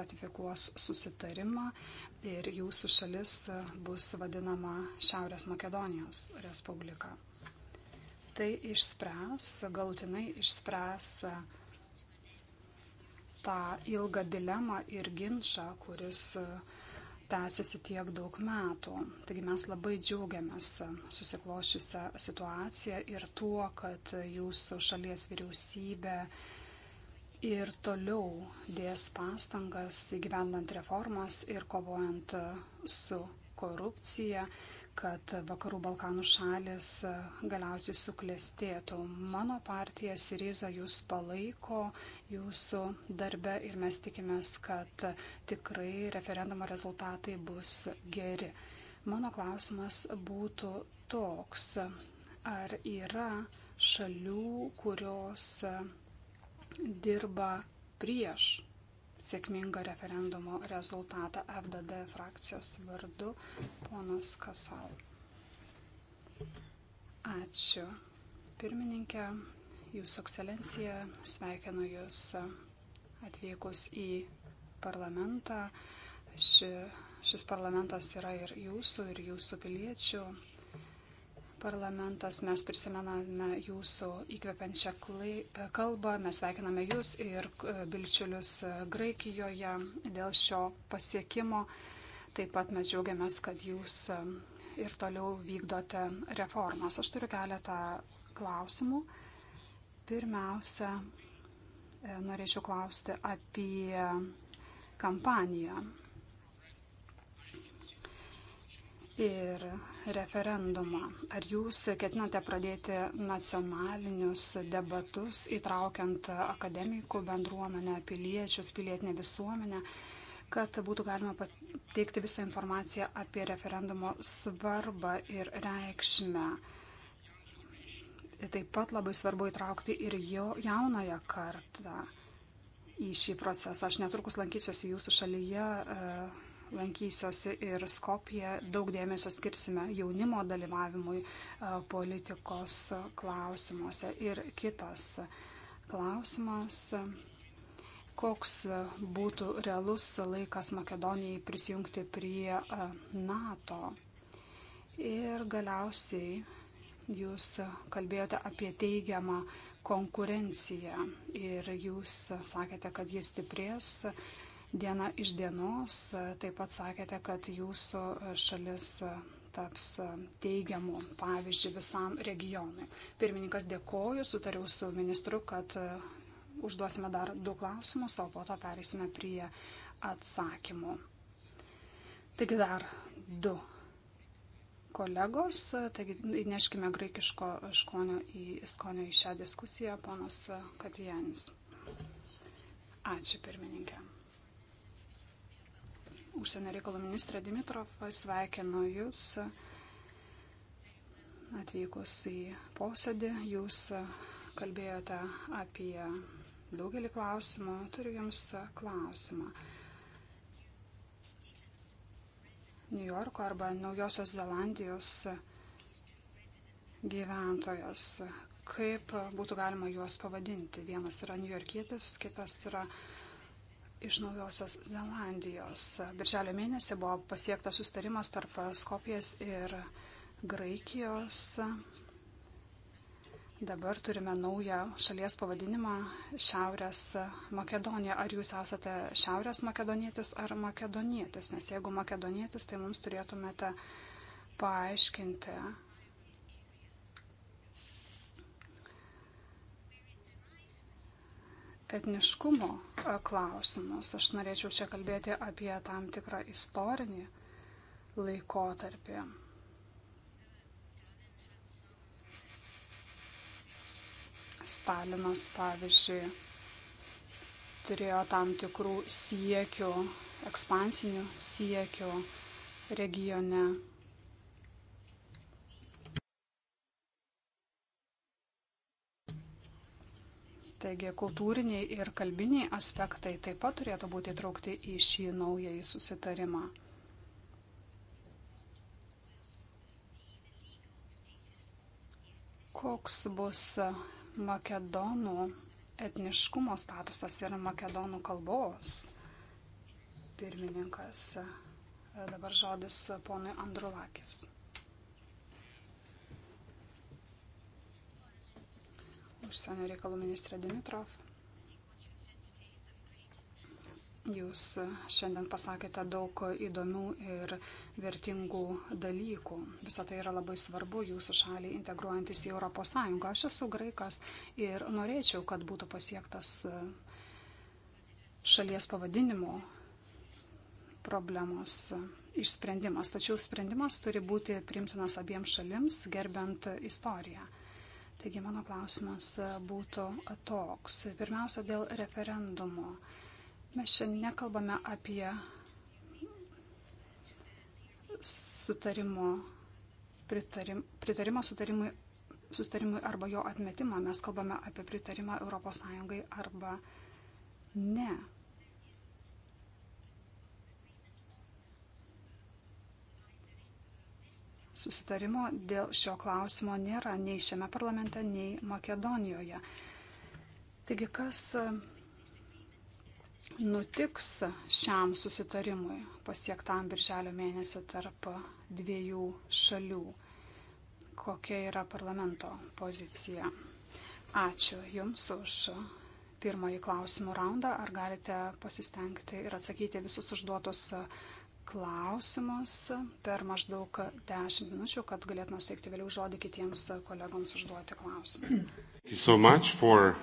ratifikuos susitarimą ir jūsų šalis bus vadinama Šiaurės Makedonijos Respublika. Tai išspręs, galutinai išspręs tą ilgą dilemą ir ginčą, kuris e, tęsiasi tiek daug metų. Taigi mes labai džiaugiamės susiklošiusią situaciją ir tuo, kad jūsų šalies vyriausybė ir toliau dės pastangas įgyvendant reformas ir kovojant su korupcija kad Vakarų Balkanų šalis galiausiai suklestėtų. Mano partija Siriza jūs palaiko jūsų darbe ir mes tikimės, kad tikrai referendumo rezultatai bus geri. Mano klausimas būtų toks, ar yra šalių, kurios dirba prieš sėkmingą referendumo rezultatą FDD frakcijos vardu ponas Kasal. Ačiū. Pirmininkė, Jūsų ekscelencija, sveikinu Jūs atvykus į parlamentą. Ši, šis parlamentas yra ir Jūsų, ir Jūsų piliečių parlamentas, mes prisimename jūsų įkvepiančią kalbą, mes sveikiname jūs ir e, bilčiulius e, Graikijoje dėl šio pasiekimo. Taip pat mes džiaugiamės, kad jūs e, ir toliau vykdote reformas. Aš turiu keletą klausimų. Pirmiausia, norėčiau klausti apie kampaniją ir referendumą. Ar jūs ketinate pradėti nacionalinius debatus, įtraukiant akademikų bendruomenę, piliečius, pilietinę visuomenę, kad būtų galima pateikti visą informaciją apie referendumo svarbą ir reikšmę? Taip pat labai svarbu įtraukti ir jaunąją kartą į šį procesą. Aš netrukus lankysiuosi jūsų šalyje lankysiuosi ir Skopje. Daug dėmesio skirsime jaunimo dalyvavimui e, politikos klausimuose. Ir kitas klausimas koks būtų realus laikas Makedonijai prisijungti prie e, NATO. Ir galiausiai jūs kalbėjote apie teigiamą konkurenciją ir jūs sakėte, kad jis stiprės diena iš dienos. Taip pat sakėte, kad jūsų šalis taps teigiamu pavyzdžiu visam regionui. Pirmininkas dėkoju, sutariau su ministru, kad užduosime dar du klausimus, o po to perėsime prie atsakymų. Taigi dar du kolegos, taigi įneškime graikiško skonio į, skonio į šią diskusiją, ponas Katijanis. Ačiū pirmininkė užsienio reikalų ministrė Dimitrova, sveikinu Jūs atvykus į posėdį. Jūs kalbėjote apie daugelį klausimų. Turiu Jums klausimą. New Yorko arba Naujosios Zelandijos gyventojas. Kaip būtų galima juos pavadinti? Vienas yra New Yorkietis, kitas yra uh, iš Naujosios Zelandijos. Birželio mėnesį buvo pasiektas sustarimas tarp Skopijas ir Graikijos. Dabar turime naują šalies pavadinimą Šiaurės Makedonija. Ar jūs esate Šiaurės Makedonietis ar Makedonietis? Nes jeigu Makedonietis, tai mums turėtumėte paaiškinti, etniškumo klausimus. Aš norėčiau čia kalbėti apie tam tikrą istorinį laikotarpį. Stalinas, pavyzdžiui, turėjo tam tikrų siekių, ekspansinių siekių regione Taigi kultūriniai ir kalbiniai aspektai taip pat turėtų būti įtraukti į šį naująjį susitarimą. Koks bus makedonų etniškumo statusas ir makedonų kalbos? Pirmininkas. Dabar žodis ponui Andrulakis. užsienio reikalų ministrė Dimitrov. Jūs šiandien pasakėte daug įdomių ir vertingų dalykų. Visą tai yra labai svarbu jūsų šaliai integruojantis į ES. Aš esu graikas ir norėčiau, kad būtų pasiektas uh, šalies pavadinimo problemos uh, išsprendimas. Tačiau sprendimas turi būti priimtinas abiems šalims, gerbent istoriją. Taigi mano klausimas e, būtų toks. Pirmiausia, dėl referendumo. Mes čia nekalbame apie sutarimo, pritarim, pritarimą sutarimui, sustarimui arba jo atmetimą. Mes kalbame apie pritarimą ES arba ne. Susitarimo dėl šio klausimo nėra nei šiame parlamente, nei Makedonijoje. Taigi kas e, nutiks šiam susitarimui pasiektam birželio mėnesį tarp dviejų šalių? Kokia yra parlamento pozicija? Ačiū Jums už pirmąjį klausimų raundą. Ar galite pasistengti ir atsakyti visus užduotus klausimus? klausimus per maždaug 10 minučių, kad galėtume suteikti vėliau žodį kitiems kolegoms užduoti klausimus. So for...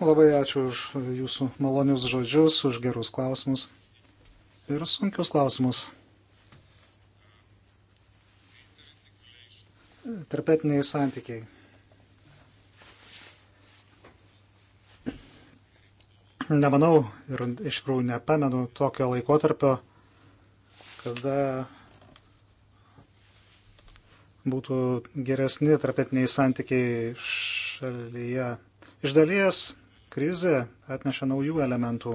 Labai ačiū už jūsų malonius žodžius, už gerus klausimus ir sunkius klausimus. Tarpetiniai santykiai. Nemanau ir iš tikrųjų nepamenu tokio laikotarpio, kada būtų geresni tarpetiniai santykiai šalyje. Iš dalies krizė atneša naujų elementų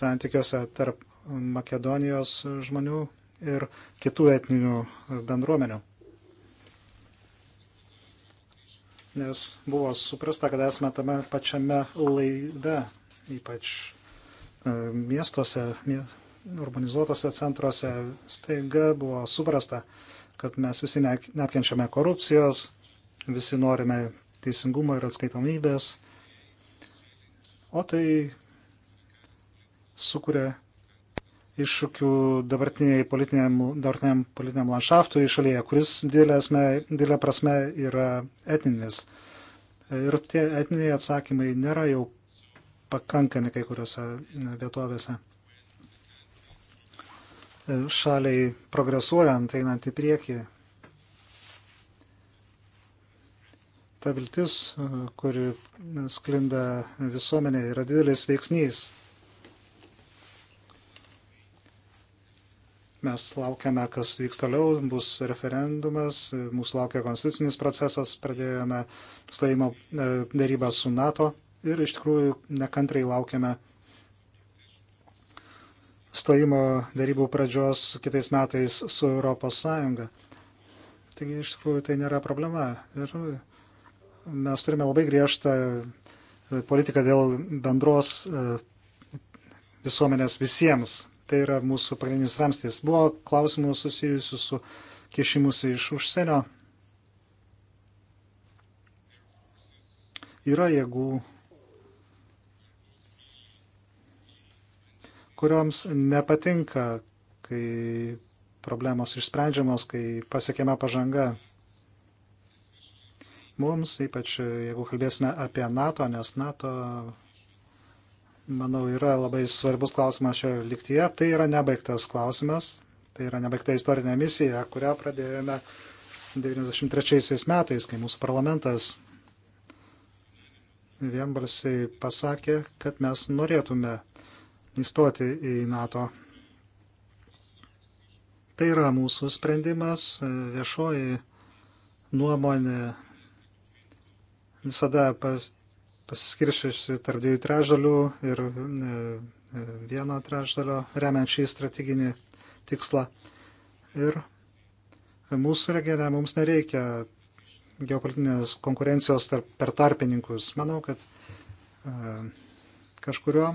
santykiuose tarp Makedonijos žmonių ir kitų etninių bendruomenių. Nes buvo suprasta, kad esame tame pačiame laive, ypač e, miestuose, urbanizuotose centruose staiga buvo suprasta, kad mes visi ne, neapkenčiame korupcijos, visi norime teisingumo ir atskaitomybės, o tai sukuria iššūkių dabartiniai politiniam, dabartiniam politiniam landšaftui šalyje, kuris didelė prasme yra etninis. Ir tie etniniai atsakymai nėra jau pakankami kai kuriuose vietovėse šaliai progresuojant, einant į priekį. Ta viltis, kuri sklinda visuomenė, yra didelis veiksnys. Mes laukiame, kas vyks toliau, bus referendumas, mūsų laukia konstitucinis procesas, pradėjome stojimo e, darybą su NATO ir iš tikrųjų nekantrai laukiame stojimo darybų pradžios kitais metais su Europos Sąjunga. Taigi iš tikrųjų tai nėra problema. Ir mes turime labai griežtą e, politiką dėl bendros e, visuomenės visiems. Tai yra mūsų pagrindinis ramstis. Buvo klausimų susijusių su kišimus iš užsienio. Yra jėgų kurioms nepatinka, kai problemos išsprendžiamos, kai pasiekėme pažanga. Mums, ypač jeigu kalbėsime apie NATO, nes NATO, manau, yra labai svarbus klausimas šioje liktyje, tai yra nebaigtas klausimas, tai yra nebaigta istorinė misija, kurią pradėjome 1993 metais, kai mūsų parlamentas vienbalsiai pasakė, kad mes norėtume įstoti į NATO. Tai yra mūsų sprendimas, viešoji nuomonė visada pas, pasiskiršiusi tarp dviejų trešdalių ir e, e vieno trešdalio remiant šį strateginį tikslą. Ir mūsų regione mums nereikia geopolitinės konkurencijos tarp, per tarpininkus. Manau, kad e, kažkurio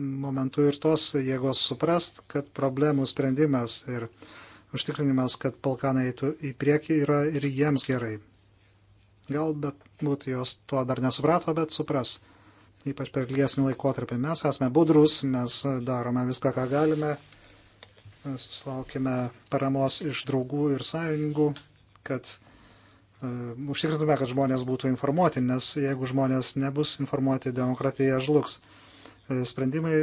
momentu ir tos jėgos suprast, kad problemų sprendimas ir užtikrinimas, kad Balkanai eitų į priekį, yra ir jiems gerai. Gal, bet būtų jos tuo dar nesuprato, bet supras. Ypač per ilgesnį laikotarpį. Mes esame budrus, mes darome viską, ką galime. Mes susilaukime paramos iš draugų ir sąjungų, kad uh, užtikrintume, kad žmonės būtų informuoti, nes jeigu žmonės nebus informuoti, demokratija žlugs. Uh, E, sprendimai,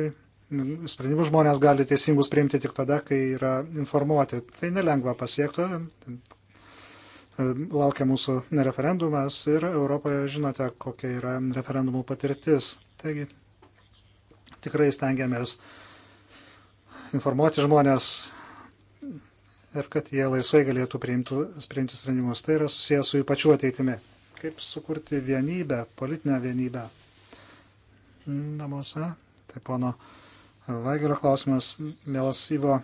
sprendimus žmonės gali teisingus priimti tik tada, kai yra informuoti. Tai nelengva pasiekti. E, laukia mūsų referendumas ir Europoje žinote, kokia yra referendumų patirtis. Taigi tikrai stengiamės informuoti žmonės ir kad jie laisvai galėtų priimti, priimti sprendimus. Tai yra susijęs su jų pačiu ateitimi. Kaip sukurti vienybę, politinę vienybę namuose. Tai pono Vaigelio klausimas, mielas Ivo,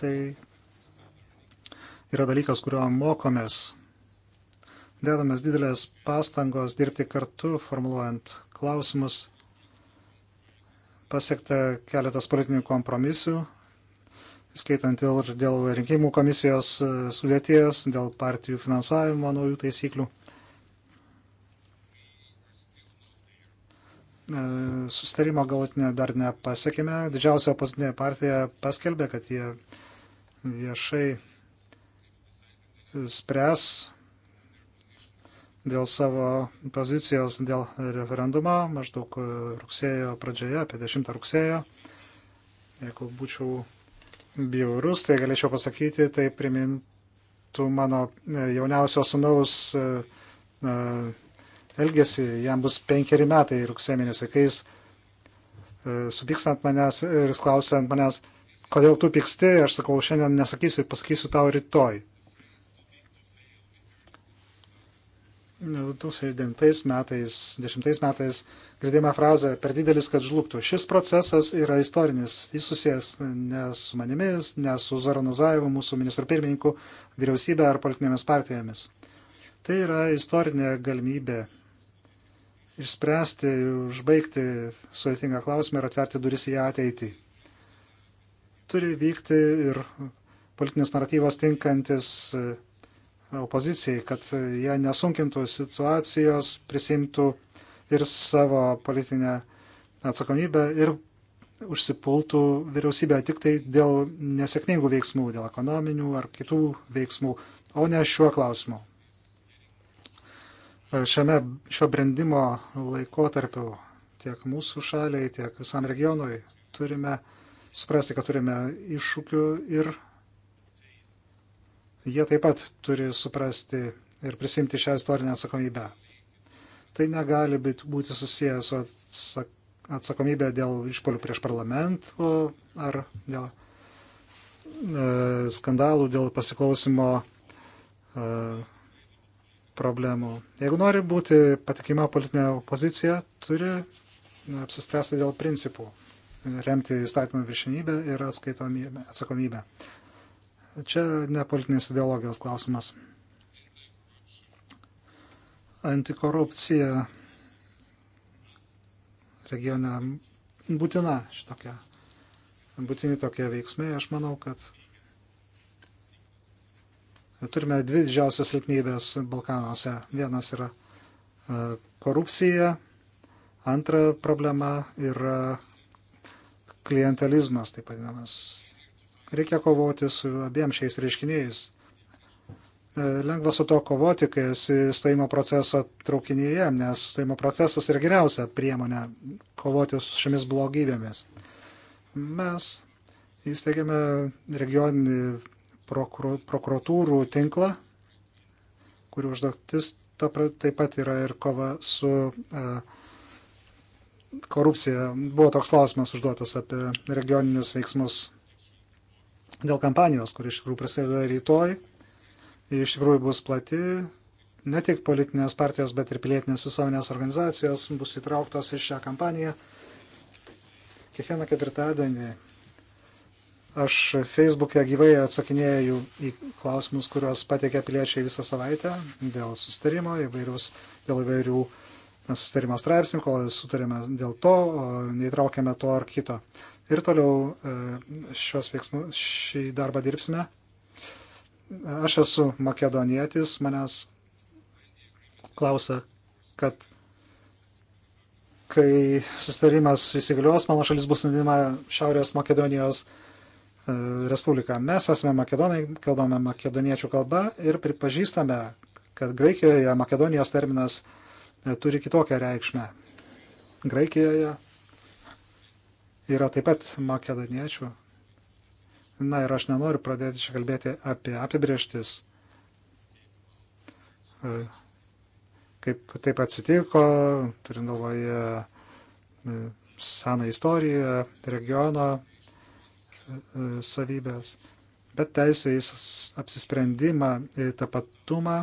tai yra dalykas, kurio mokomės. Dėdamės didelės pastangos dirbti kartu, formuluojant klausimus, pasiekta keletas politinių kompromisų, skaitant ir dėl rinkimų komisijos e, sudėties, dėl partijų finansavimo naujų taisyklių. E, sustarimo galutinio dar nepasiekime. Didžiausia opozicinė partija paskelbė, kad jie viešai spręs dėl savo pozicijos dėl referendumo maždaug rugsėjo pradžioje, apie 10 rugsėjo. Jeigu būčiau bjaurus, tai galėčiau pasakyti, tai primintų mano jauniausio sunaus uh, e, uh, elgesį, jam bus penkeri metai rugsėjo mėnesį, kai jis e, supyksta ant manęs ir jis klausia ant manęs, kodėl tu pyksti, aš sakau, šiandien nesakysiu, pasakysiu tau rytoj. 2009 nu, metais, 10 metais girdėjome frazę per didelis, kad žlugtų. Šis procesas yra istorinis, jis susijęs ne su manimis, ne su Zaranozaevu, mūsų ministru pirmininku, vyriausybė ar politinėmis partijomis. Tai yra istorinė galimybė išspręsti, užbaigti sudėtingą klausimą ir atverti duris į ateitį. Turi vykti ir politinis naratyvas tinkantis e, opozicijai, kad jie nesunkintų situacijos, prisimtų ir savo politinę atsakomybę ir užsipultų vyriausybę tik tai dėl nesėkmingų veiksmų, dėl ekonominių ar kitų veiksmų, o ne šiuo klausimu šiame šio brandimo laikotarpiu tiek mūsų šaliai, tiek visam regionui turime suprasti, kad turime iššūkių ir jie taip pat turi suprasti ir prisimti šią istorinę atsakomybę. Tai negali būti susijęs su atsakomybė dėl išpolių prieš parlamentų ar dėl e, skandalų, dėl pasiklausimo e, problemų. Jeigu nori būti patikima politinė opozicija, turi apsispręsti dėl principų, remti įstatymų viršinybę ir atsakomybę. Čia ne politinės ideologijos klausimas. Antikorupcija regione būtina šitokia, būtini tokie veiksmai. Aš manau, kad Turime dvi didžiausias silpnybės Balkanuose. Vienas yra e, korupcija, antra problema yra klientelizmas, taip vadinamas. Reikia kovoti su abiem šiais reiškiniais. E, lengva su to kovoti, kai esi stojimo proceso traukinyje, nes stojimo procesas yra geriausia priemonė kovoti su šiomis blogybėmis. Mes įsteigėme regioninį prokuratūrų tinklą, kurių užduotis taip pat yra ir kova su e, korupcija. Buvo toks klausimas užduotas apie regioninius veiksmus dėl kampanijos, kuri iš tikrųjų prasideda rytoj. Ji iš tikrųjų bus plati, ne tik politinės partijos, bet ir pilietinės visuomenės organizacijos bus įtrauktos į šią kampaniją. Kiekvieną ketvirtadienį Aš Facebook'e gyvai atsakinėjau į klausimus, kuriuos pateikė piliečiai visą savaitę dėl sustarimo, įvairius, dėl įvairių sustarimo straipsnių, kol sutarėme dėl to, neįtraukėme to ar kito. Ir toliau e, šios veiksmus, šį darbą dirbsime. Aš esu makedonietis, manęs klausia, kad kai sustarimas įsigalios, mano šalis bus vadinama Šiaurės Makedonijos uh, E, Respubliką. Mes esame makedonai, kalbame makedoniečių kalbą ir pripažįstame, kad Graikijoje Makedonijos terminas e, turi kitokią reikšmę. Graikijoje yra taip pat makedoniečių. Na ir aš nenoriu pradėti čia kalbėti apie apibrieštis, e, kaip taip atsitiko, turint galvoje seną istoriją, regiono E, savybės, bet teisė į apsisprendimą, į tapatumą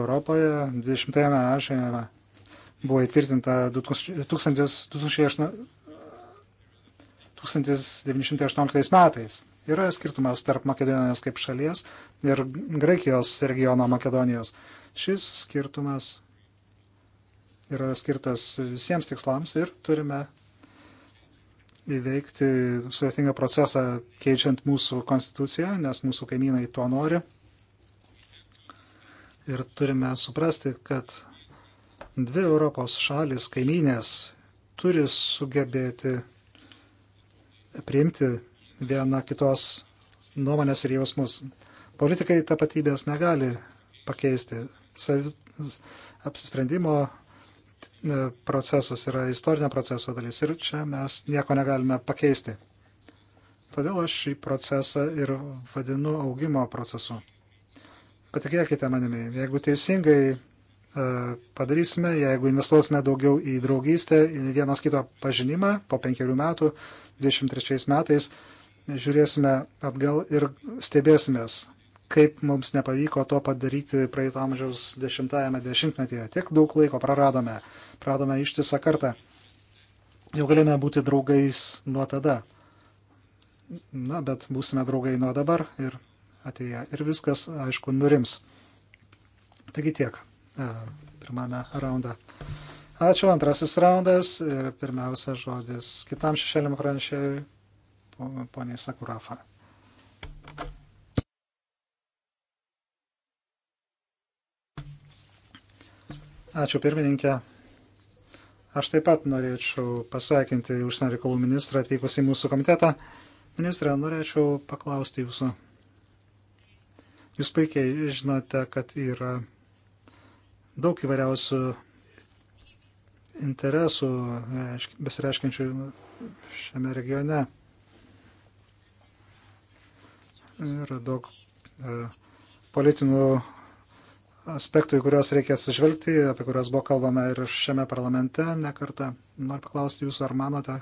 Europoje 20-ame amžiuje buvo įtvirtinta 1918 metais. Yra skirtumas tarp Makedonijos kaip šalies ir Graikijos regiono Makedonijos. Šis skirtumas yra skirtas visiems tikslams ir turime įveikti sudėtingą procesą keičiant mūsų konstituciją, nes mūsų kaimynai to nori. Ir turime suprasti, kad dvi Europos šalis kaimynės turi sugebėti priimti viena kitos nuomonės ir jausmus. Politikai tapatybės negali pakeisti. Savi, apsisprendimo E, procesas yra istorinio proceso dalis ir čia mes nieko negalime pakeisti. Todėl aš šį procesą ir vadinu augimo procesu. Patikėkite manimi, jeigu teisingai e, padarysime, jeigu investuosime daugiau į draugystę, į vienas kito pažinimą po penkerių metų, 23 metais, žiūrėsime atgal ir stebėsimės, kaip mums nepavyko to padaryti praeito amžiaus dešimtajame dešimtmetyje. Tiek daug laiko praradome, praradome ištisą kartą. Jau galime būti draugais nuo tada. Na, bet būsime draugai nuo dabar ir ateityje. Ir viskas, aišku, nurims. Taigi tiek e, pirmame raunde. Ačiū, antrasis raundas ir pirmiausia žodis kitam šešėlim pranešėjui, poniai Sakurafa. Ačiū pirmininkė. Aš taip pat norėčiau pasveikinti užsienio reikalų ministrą atvykus į mūsų komitetą. Ministrė, norėčiau paklausti jūsų. Jūs puikiai žinote, kad yra daug įvairiausių interesų besireiškiančių šiame regione. Yra daug e, politinių aspektų, į kuriuos reikia atsižvelgti, apie kuriuos buvo kalbama ir šiame parlamente nekartą. Noriu paklausti jūsų, ar manote,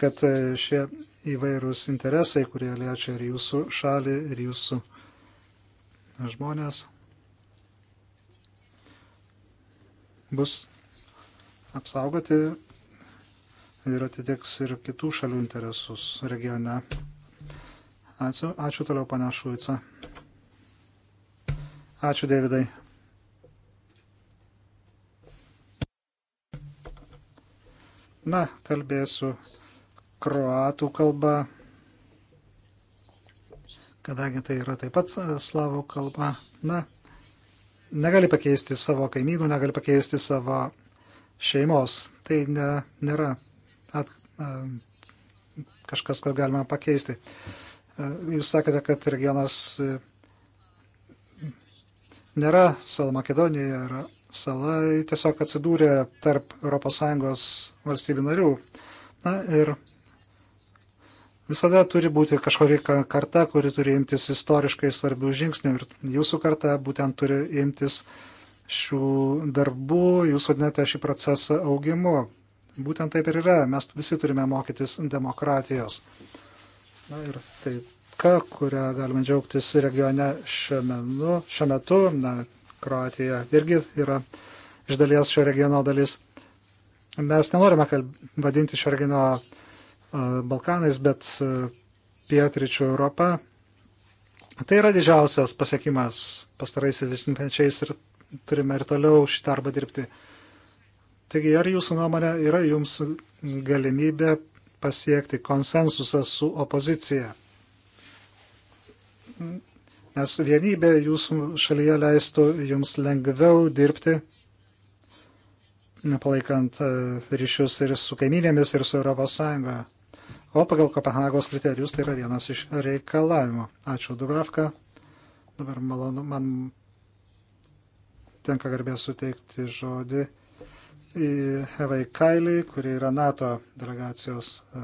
kad šie įvairūs interesai, kurie liečia ir jūsų šalį, ir jūsų žmonės, bus apsaugoti ir atitiks ir kitų šalių interesus regione. Ačiū, ačiū toliau, pane Šuica. Ačiū, Davidai. Na, kalbėsiu kroatų kalba, kadangi tai yra taip pat slavų kalba. Na, negali pakeisti savo kaimynų, negali pakeisti savo šeimos. Tai ne, nėra at, a, kažkas, kas galima pakeisti. A, Jūs sakėte, kad regionas e, nėra sala Makedonija, yra sala, tiesiog atsidūrė tarp ES valstybių narių. Na ir visada turi būti kažkokia karta, kuri turi imtis istoriškai svarbių žingsnių ir jūsų karta būtent turi imtis šių darbų, jūs vadinate šį procesą augimu. Būtent taip ir yra, mes visi turime mokytis demokratijos. Na ir taika, kurią galime džiaugtis regione šiuo, šiuo metu, na, Kroatija irgi yra iš dalies šio regiono dalis. Mes nenorime kalb... vadinti šio regiono Balkanais, bet pietričių Europą. Tai yra didžiausias pasiekimas pastaraisiais dešimtmečiais ir turime ir toliau šį darbą dirbti. Taigi, ar jūsų nuomonė yra jums galimybė pasiekti konsensusą su opozicija. Nes vienybė jūsų šalyje leistų jums lengviau dirbti, palaikant e, ryšius ir su kaiminėmis, ir su ES. O pagal Kopenhagos kriterijus tai yra vienas iš reikalavimų. Ačiū, Dubravka. Dabar malonu, man tenka garbė suteikti žodį į Hevai Kailį, kuri yra NATO delegacijos e,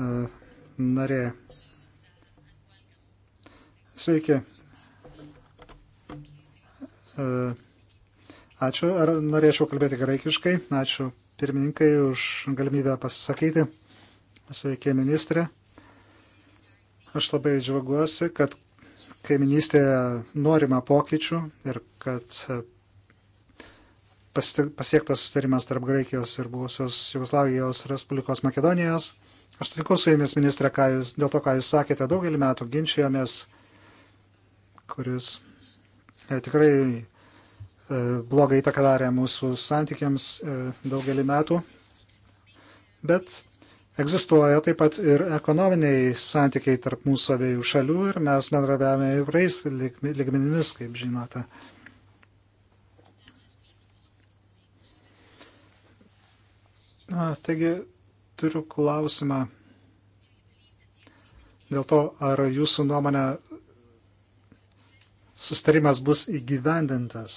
e, narė. Sveiki. E, ačiū. Ar norėčiau kalbėti graikiškai? Ačiū pirmininkai už galimybę pasisakyti. Sveiki, ministrė. Aš labai džiaugiuosi, kad kaiminystėje norima pokyčių ir kad pasiektas sustarimas tarp Graikijos ir buvusios Jugoslavijos Respublikos Makedonijos. Aš sutinku su jumis, ministrė, jūs, dėl to, ką jūs sakėte, daugelį metų ginčijomės, kuris e, tikrai e, blogai įtaką darė mūsų santykiams e, daugelį metų. Bet egzistuoja taip pat ir ekonominiai santykiai tarp mūsų abiejų šalių ir mes bendrabiavame įvairiais ligmenimis, kaip žinote. E, A, taigi turiu klausimą dėl to, ar jūsų nuomonė sustarimas bus įgyvendintas.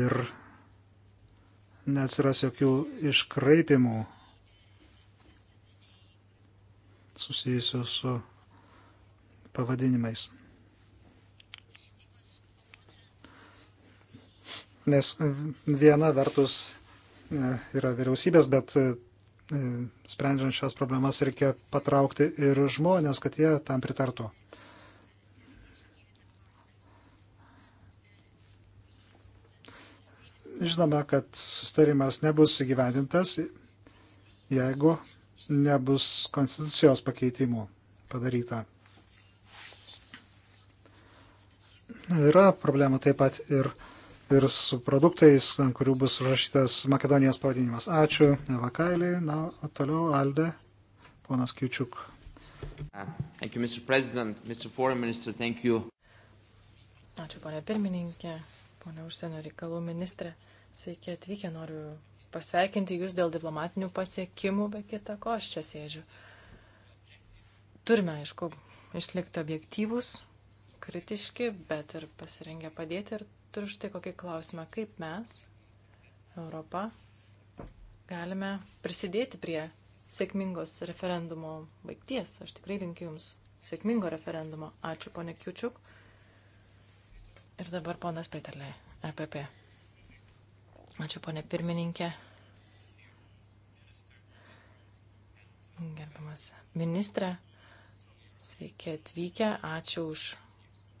Ir neatsiras jokių iškraipimų susijusių su pavadinimais. nes e, viena vertus e, yra vyriausybės, bet e, sprendžiant šias problemas reikia patraukti ir žmonės, kad jie tam pritartų. Žinome, kad sustarimas nebus įgyvendintas, jeigu nebus konstitucijos pakeitimų padaryta. Yra problemų taip pat ir ir su produktais, ant kurių bus užrašytas Makedonijos pavadinimas. Ačiū, Eva Kailį. Na, o toliau Alde, ponas Kiučiuk. Uh, thank you, Mr. President, Mr. Foreign Minister, thank you. Ačiū, ponia pirmininkė, ponia užsienio reikalų ministrė. Sveiki atvykę, noriu pasveikinti jūs dėl diplomatinių pasiekimų, be kita ko aš čia sėdžiu. Turime, aišku, išlikti objektyvus, kritiški, bet ir pasirengę padėti ir Turiu štai kokį klausimą. Kaip mes, Europa, galime prisidėti prie sėkmingos referendumo baigties? Aš tikrai linkiu Jums sėkmingo referendumo. Ačiū, ponė Kiučiuk. Ir dabar ponas Peterle, EPP. Ačiū, ponė pirmininkė. Gerbiamas ministrė, sveiki atvykę. Ačiū už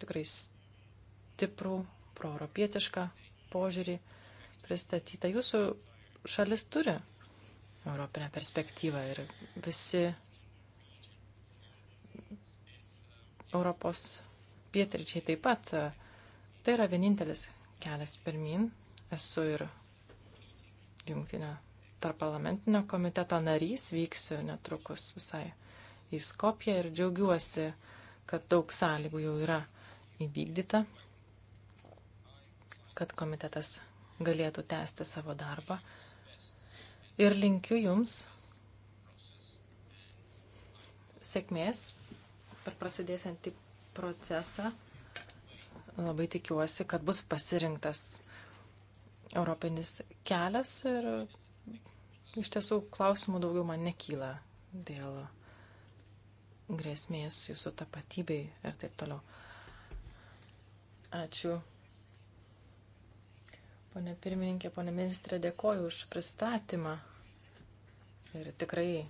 tikrai stiprų proeuropietišką požiūrį pristatytą. Jūsų šalis turi europinę perspektyvą ir visi Europos pietričiai taip pat. Tai yra vienintelis kelias pirmin. Esu ir jungtinio tarp parlamentinio komiteto narys, vyksiu netrukus visai į Skopiją ir džiaugiuosi, kad daug sąlygų jau yra įvykdyta kad komitetas galėtų tęsti savo darbą. Ir linkiu Jums sėkmės per prasidėsiantį procesą. Labai tikiuosi, kad bus pasirinktas europinis kelias ir iš tiesų klausimų daugiau man nekyla dėl grėsmės jūsų tapatybei ir taip toliau. Ačiū. Pone pirmininkė, pone ministrė, dėkoju už pristatymą. Ir tikrai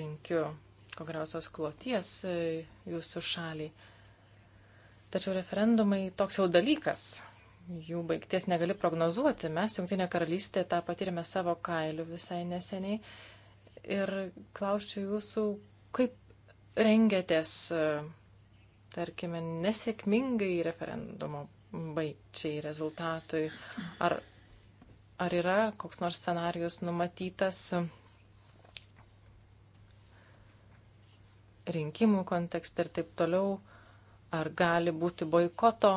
linkiu ko geriausios kloties e, jūsų šaliai. Tačiau referendumai toks jau dalykas. Jų baigties negali prognozuoti. Mes, Junktinė karalystė, tą patyrėme savo kailiu visai neseniai. Ir klausiu jūsų, kaip rengėtės, e, tarkime, nesėkmingai referendumo baigčiai rezultatui. Ar, ar yra koks nors scenarius numatytas rinkimų kontekste ir taip toliau? Ar gali būti boikoto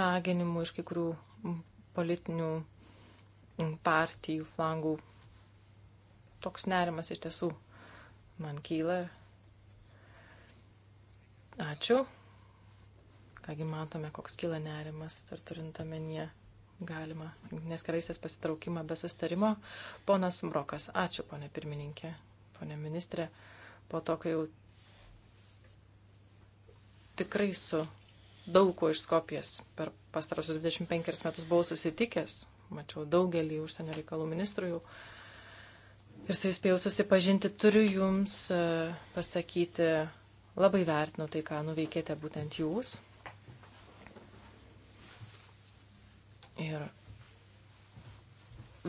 raginimų iš kai kurių politinių partijų flangų? Toks nerimas iš tiesų man kyla ir Ačiū. Kągi matome, koks kyla nerimas, ar turint omenyje galima, nes karalystės pasitraukimą be sustarimo. Ponas Brokas, ačiū, ponė pirmininkė, ponė ministrė, po to, kai jau tikrai su daug kuo iš Skopijas per pastarosius 25 metus buvau susitikęs, mačiau daugelį užsienio reikalų ministrų jau ir su jais spėjau susipažinti, turiu jums e, pasakyti Labai vertinu tai, ką nuveikėte būtent jūs. Ir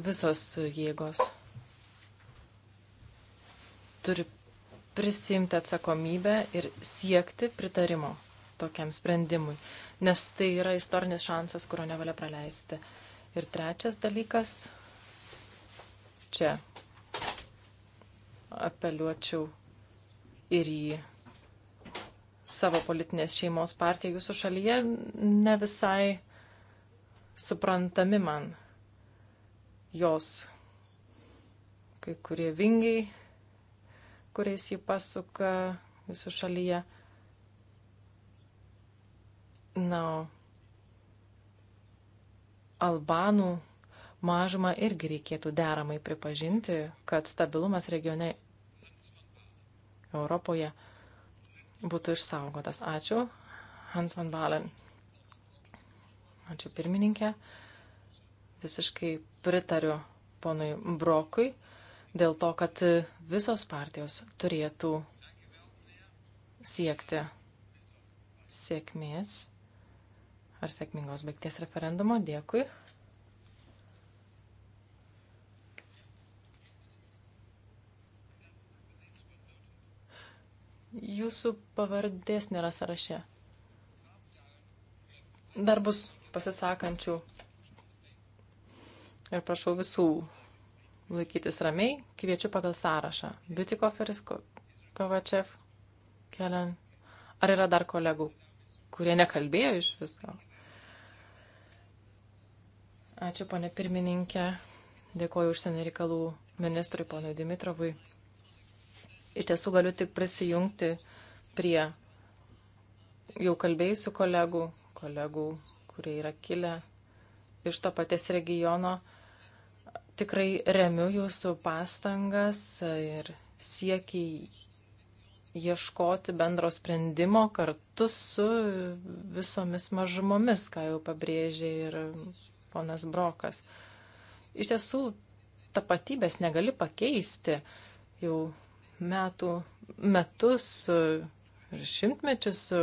visos jėgos turi prisimti atsakomybę ir siekti pritarimo tokiam sprendimui, nes tai yra istorinis šansas, kurio nevalia praleisti. Ir trečias dalykas čia apeliuočiau ir į savo politinės šeimos partiją jūsų šalyje, ne visai suprantami man jos kai kurie vingiai, kuriais jį pasuka jūsų šalyje. Na, o albanų mažumą irgi reikėtų deramai pripažinti, kad stabilumas regione Europoje – būtų išsaugotas. Ačiū, Hans van Balen. Ačiū pirmininkė. Visiškai pritariu ponui Brokui dėl to, kad visos partijos turėtų siekti sėkmės ar sėkmingos baigties referendumo. Dėkui. Jūsų pavardės nėra sąraše. Dar bus pasisakančių. Ir prašau visų laikytis ramiai. Kviečiu pagal sąrašą. Biutikoferis, Kovačev, Kelen. Ar yra dar kolegų, kurie nekalbėjo iš visko? Ačiū, ponė pirmininkė. Dėkoju užsienio reikalų ministrui, ponui Dimitrovui iš tiesų galiu tik prisijungti prie jau kalbėjusių kolegų, kolegų, kurie yra kilę iš to paties regiono. Tikrai remiu jūsų pastangas ir siekį ieškoti bendro sprendimo kartu su visomis mažumomis, ką jau pabrėžė ir ponas Brokas. Iš tiesų, tapatybės negali pakeisti, jau metų metus e, ir šimtmečius e,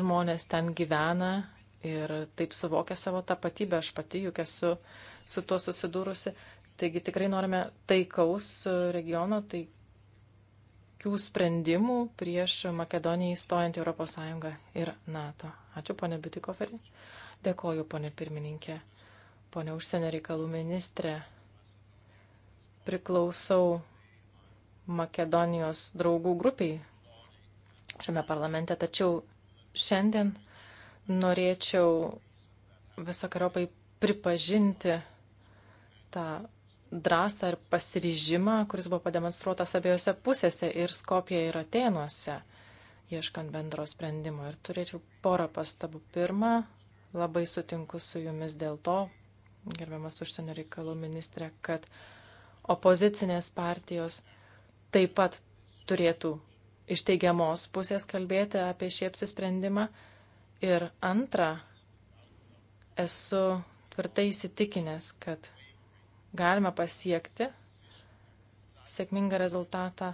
žmonės ten gyvena ir taip suvokia savo tapatybę. Aš pati juk esu su tuo susidūrusi. Taigi tikrai norime taikaus regiono, taikių sprendimų prieš Makedoniją įstojant Europos Sąjungą ir NATO. Ačiū, ponė Biutikoferi. Dėkoju, ponė pirmininkė. Pone užsienio reikalų ministrė, priklausau Makedonijos draugų grupiai šiame parlamente, tačiau šiandien norėčiau visokiojopai pripažinti tą drąsą ir pasiryžimą, kuris buvo pademonstruotas abiejose pusėse ir Skopje ir Atenuose, ieškant bendro sprendimo. Ir turėčiau porą pastabų. Pirma, labai sutinku su jumis dėl to, gerbiamas užsienio reikalų ministrė, kad uh, opozicinės partijos taip pat turėtų iš teigiamos pusės kalbėti apie šį apsisprendimą. Ir antra, esu tvirtai įsitikinęs, kad galima pasiekti sėkmingą rezultatą,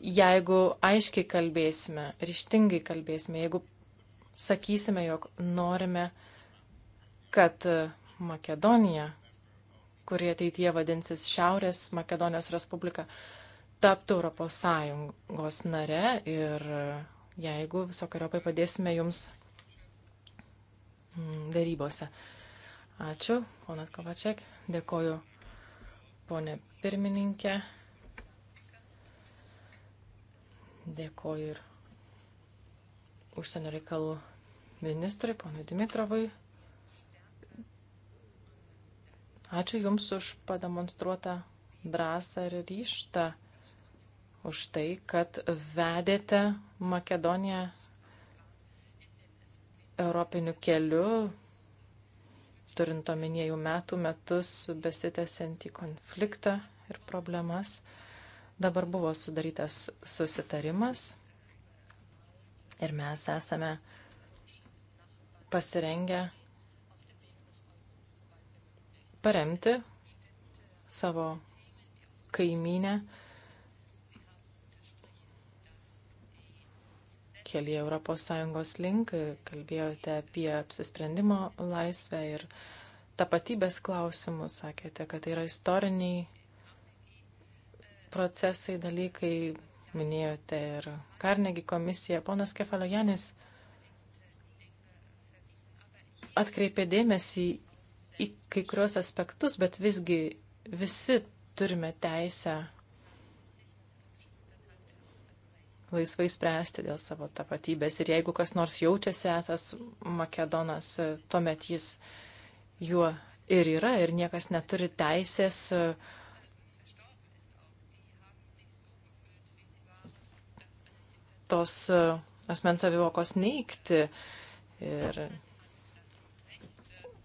jeigu aiškiai kalbėsime, ryštingai kalbėsime, jeigu sakysime, jog norime, kad Makedonija kurie ateityje vadinsis Šiaurės Makedonijos Respublika, taptų Europos Sąjungos nare ir jeigu visokiojopai padėsime jums mm, darybose. Ačiū, ponas Kovačiak, dėkoju, ponė pirmininkė, dėkoju ir užsienio reikalų ministrui, ponui Dimitrovui. Ačiū Jums už pademonstruotą drąsą ir ryštą, už tai, kad vedėte Makedoniją europiniu keliu, turint omenyje jau metų metus besitęsiantį konfliktą ir problemas. Dabar buvo sudarytas susitarimas ir mes esame pasirengę paremti savo kaimynę kelyje Europos Sąjungos link, kalbėjote apie apsisprendimo laisvę ir tapatybės klausimus, sakėte, kad tai yra istoriniai procesai, dalykai, minėjote ir Karnegi komisiją. Ponas Kefalojanis atkreipė dėmesį į kai kuriuos aspektus, bet visgi visi turime teisę laisvai spręsti dėl savo tapatybės. Ir jeigu kas nors jaučiasi esas Makedonas, tuomet jis juo ir yra ir niekas neturi teisės tos e, asmens savivokos neikti. Ir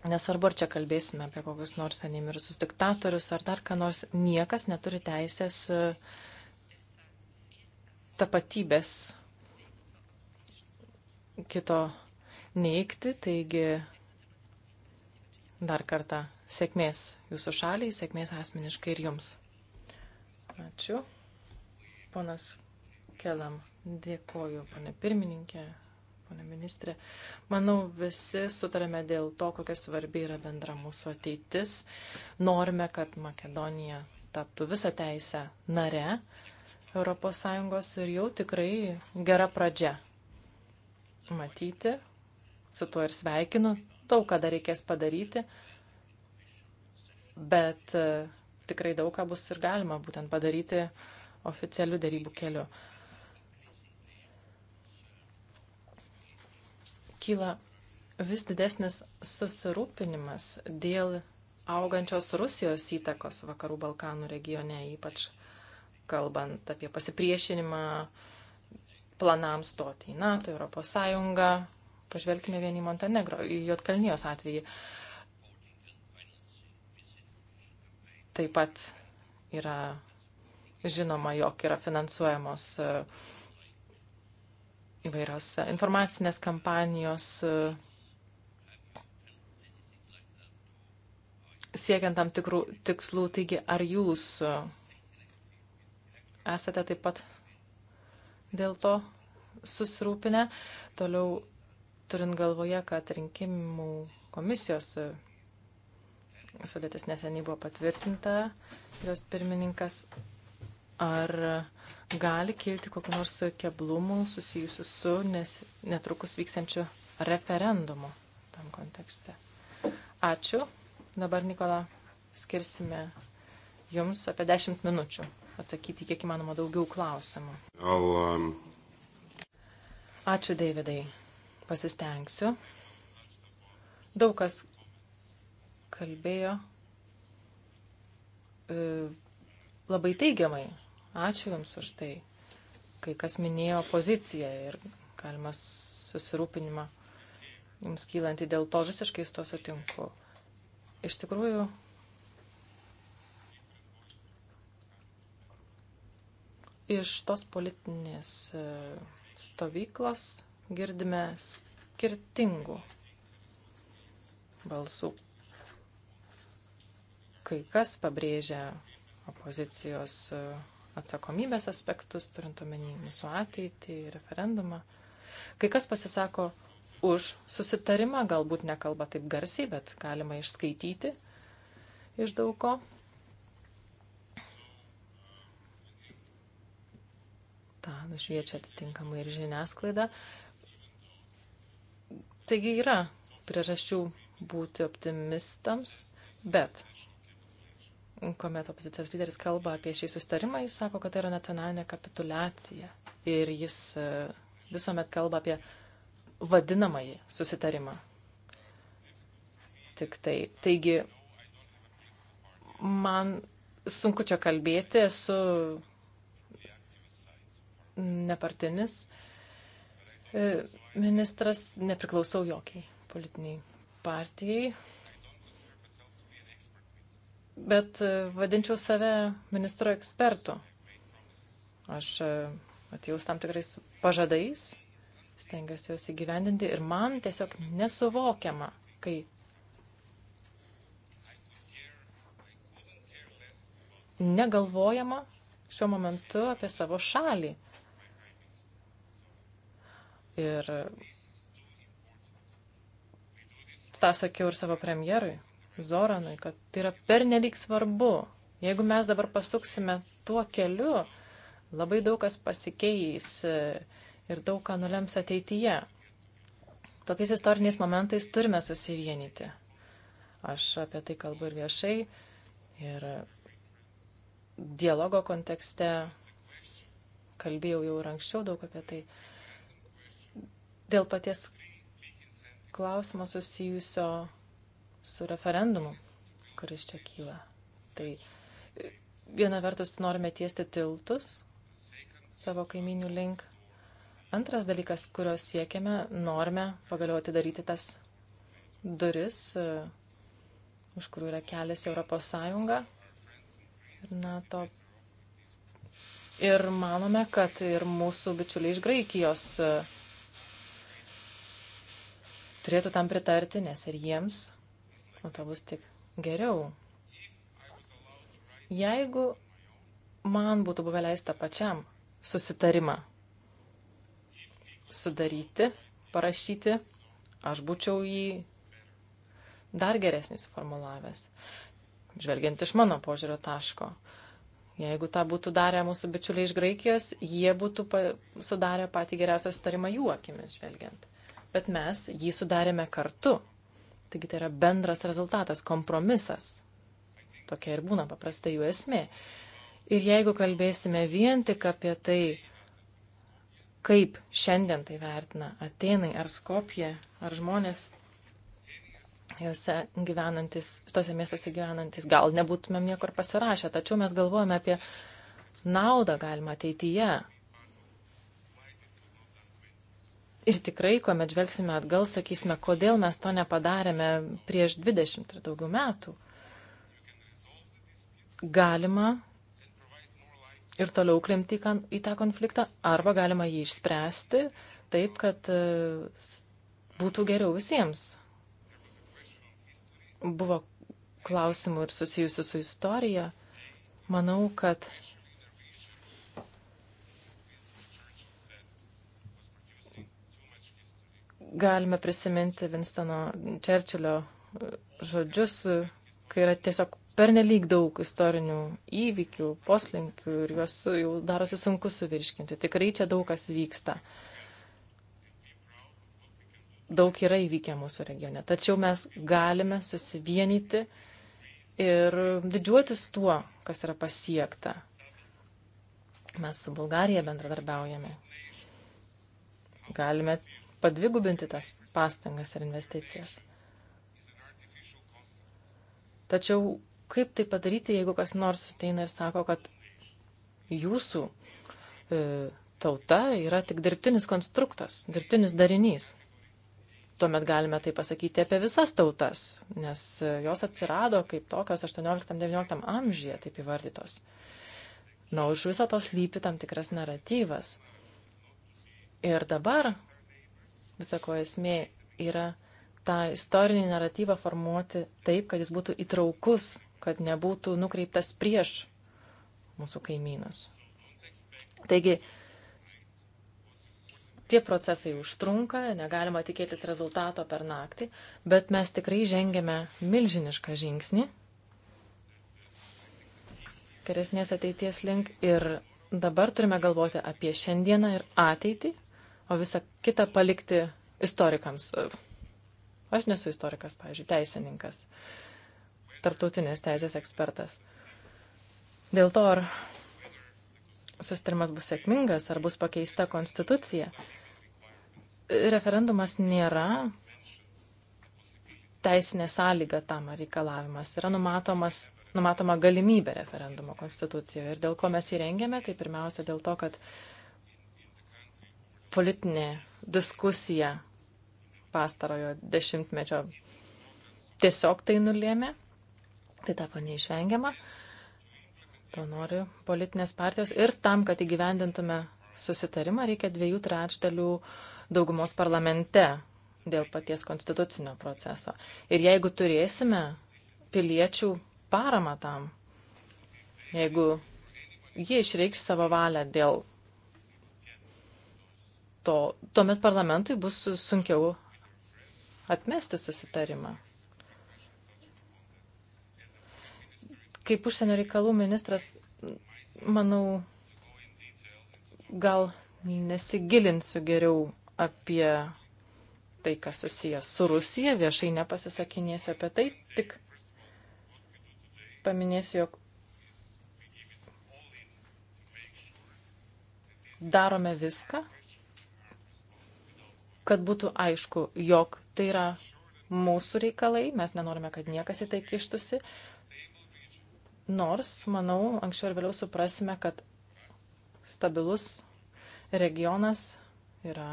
Nesvarbu, ar čia kalbėsime apie kokius nors animirusius diktatorius ar dar ką nors, niekas neturi teisės e, tapatybės kito neikti, taigi dar kartą sėkmės jūsų šaliai, sėkmės asmeniškai ir jums. Ačiū. Ponas Kelam, dėkoju, pane pirmininkė, ponė ministrė. Manau, visi sutarėme dėl to, kokia svarbi yra bendra mūsų ateitis. Norime, kad Makedonija taptų visą teisę nare ES ir jau tikrai gera pradžia. Matyti, su tuo ir sveikinu, daug ką dar reikės padaryti, bet e, tikrai daug ką bus ir galima būtent padaryti oficialių darybų keliu. kyla vis didesnis susirūpinimas dėl augančios Rusijos įtakos Vakarų Balkanų regione, ypač kalbant apie pasipriešinimą planams stoti į NATO, Europos Sąjungą. Pažvelkime vieni Montenegro, į Jotkalnijos atvejį. Taip pat yra žinoma, jog yra finansuojamos uh, įvairios informacinės kampanijos e, siekiant tam tikrų tikslų. Taigi, ar jūs e, esate taip pat dėl to susirūpinę? Toliau turint galvoje, kad rinkimų komisijos e, sudėtis neseniai buvo patvirtinta, jos pirmininkas, ar gali kilti kokiu nors keblumu susijusiu su nes, netrukus vyksiančiu referendumu tam kontekste. Ačiū. Dabar, Nikola, skirsime jums apie 10 minučių atsakyti kiek įmanoma daugiau klausimų. I'll, um... Ačiū, Davidai. Pasistengsiu. Daug kas kalbėjo e, labai teigiamai Ačiū Jums už tai. Kai kas minėjo poziciją ir galima susirūpinimą Jums kylanti, dėl to visiškai su to sutinku. Iš tikrųjų, iš tos politinės e, stovyklos girdime skirtingų balsų. Kai kas pabrėžia opozicijos uh, atsakomybės aspektus, turint omeny mūsų ateitį, referendumą. Kai kas pasisako už susitarimą, galbūt nekalba taip garsiai, bet galima išskaityti iš daug ko. Ta nušviečia atitinkamai ir žiniasklaida. Taigi yra priežasčių būti optimistams, bet kuomet opozicijos lyderis kalba apie šį sustarimą, jis sako, kad tai yra nacionalinė kapitulacija. Ir jis e, visuomet kalba apie vadinamąjį susitarimą. Tik tai. Taigi, man sunku čia kalbėti, esu nepartinis e, ministras, nepriklausau jokiai politiniai partijai bet e, vadinčiau save ministro ekspertu. Aš e, atėjau tam tikrais pažadais, stengiuosi juos įgyvendinti ir man tiesiog nesuvokiama, kai negalvojama šiuo momentu apie savo šalį. Ir tą sakiau ir savo premjerui. Zoranui, kad tai yra pernelyg svarbu. Jeigu mes dabar pasuksime tuo keliu, labai daug kas pasikeis e, ir daug ką nulems ateityje. Tokiais istoriniais momentais turime susivienyti. Aš apie tai kalbu ir viešai, ir dialogo kontekste kalbėjau jau ir anksčiau daug apie tai. Dėl paties klausimo susijusio su referendumu, kuris čia kyla. Tai e, viena vertus norime tiesti tiltus savo kaiminių link. Antras dalykas, kurio siekiame, norime pagaliau atidaryti tas duris, e, už kurių yra kelias į Europos Sąjungą ir NATO. Ir manome, kad ir mūsų bičiuliai iš Graikijos e, turėtų tam pritarti, nes ir jiems nuo to bus tik geriau. Jeigu man būtų buvę leista pačiam susitarimą sudaryti, parašyti, aš būčiau jį dar geresnį suformulavęs, žvelgiant iš mano požiūrio taško. Jeigu tą būtų darę mūsų bičiuliai iš Graikijos, jie būtų pa sudarę patį geriausią sutarimą jų akimis žvelgiant. Bet mes jį sudarėme kartu Taigi tai yra bendras rezultatas, kompromisas. Tokia ir būna paprastai jų esmė. Ir jeigu kalbėsime vien tik apie tai, kaip šiandien tai vertina Atenai ar Skopje, ar žmonės juose gyvenantis, tose miestuose gyvenantis, gal nebūtumėm niekur pasirašę, tačiau mes galvojame apie naudą galimą ateityje Ir tikrai, kuomet žvelgsime atgal, sakysime, kodėl mes to nepadarėme prieš 20 ar daugiau metų. Galima ir toliau klimti į tą konfliktą, arba galima jį išspręsti taip, kad e, būtų geriau visiems. Buvo klausimų ir susijusių su istorija. Manau, kad galime prisiminti Winstono Čerčilio e, žodžius, e, kai yra tiesiog pernelyg daug istorinių įvykių, poslinkių ir juos jau darosi sunku suvirškinti. Tikrai čia daug kas vyksta. Daug yra įvykę mūsų regione. Tačiau mes galime susivienyti ir didžiuotis tuo, kas yra pasiekta. Mes su Bulgarija bendradarbiaujame. Galime padvigubinti tas pastangas ir investicijas. Tačiau kaip tai padaryti, jeigu kas nors ateina ir sako, kad jūsų e, tauta yra tik dirbtinis konstruktas, dirbtinis darinys. Tuomet galime tai pasakyti apie visas tautas, nes e, jos atsirado kaip tokios 18-19 amžyje, taip įvardytos. Na, už viso tos lypi tam tikras naratyvas. Ir dabar visako esmė yra tą istorinį naratyvą formuoti taip, kad jis būtų įtraukus, kad nebūtų nukreiptas prieš mūsų kaimynus. Taigi, tie procesai užtrunka, negalima tikėtis rezultato per naktį, bet mes tikrai žengėme milžinišką žingsnį geresnės ateities link ir dabar turime galvoti apie šiandieną ir ateitį o visą kitą palikti istorikams. Aš nesu istorikas, pavyzdžiui, teisininkas, tarptautinės teisės ekspertas. Dėl to, ar sustarimas bus sėkmingas, ar bus pakeista konstitucija, referendumas nėra teisinė sąlyga tam reikalavimas. Yra numatomas, numatoma galimybė referendumo konstitucijoje. Ir dėl ko mes jį rengėme, tai pirmiausia dėl to, kad politinė diskusija pastarojo dešimtmečio tiesiog tai nulėmė, tai tapo neišvengiama. To nori politinės partijos. Ir tam, kad įgyvendintume susitarimą, reikia dviejų trečdalių daugumos parlamente dėl paties konstitucinio proceso. Ir jeigu turėsime piliečių paramą tam, jeigu jie išreikš savo valią dėl to, tuomet parlamentui bus sunkiau atmesti susitarimą. Kaip užsienio reikalų ministras, manau, gal nesigilinsiu geriau apie tai, kas susijęs su Rusija, viešai nepasisakinėsiu apie tai, tik paminėsiu, jog darome viską, kad būtų aišku, jog tai yra mūsų reikalai, mes nenorime, kad niekas į tai kištusi. Nors, manau, anksčiau ir vėliau suprasime, kad stabilus regionas yra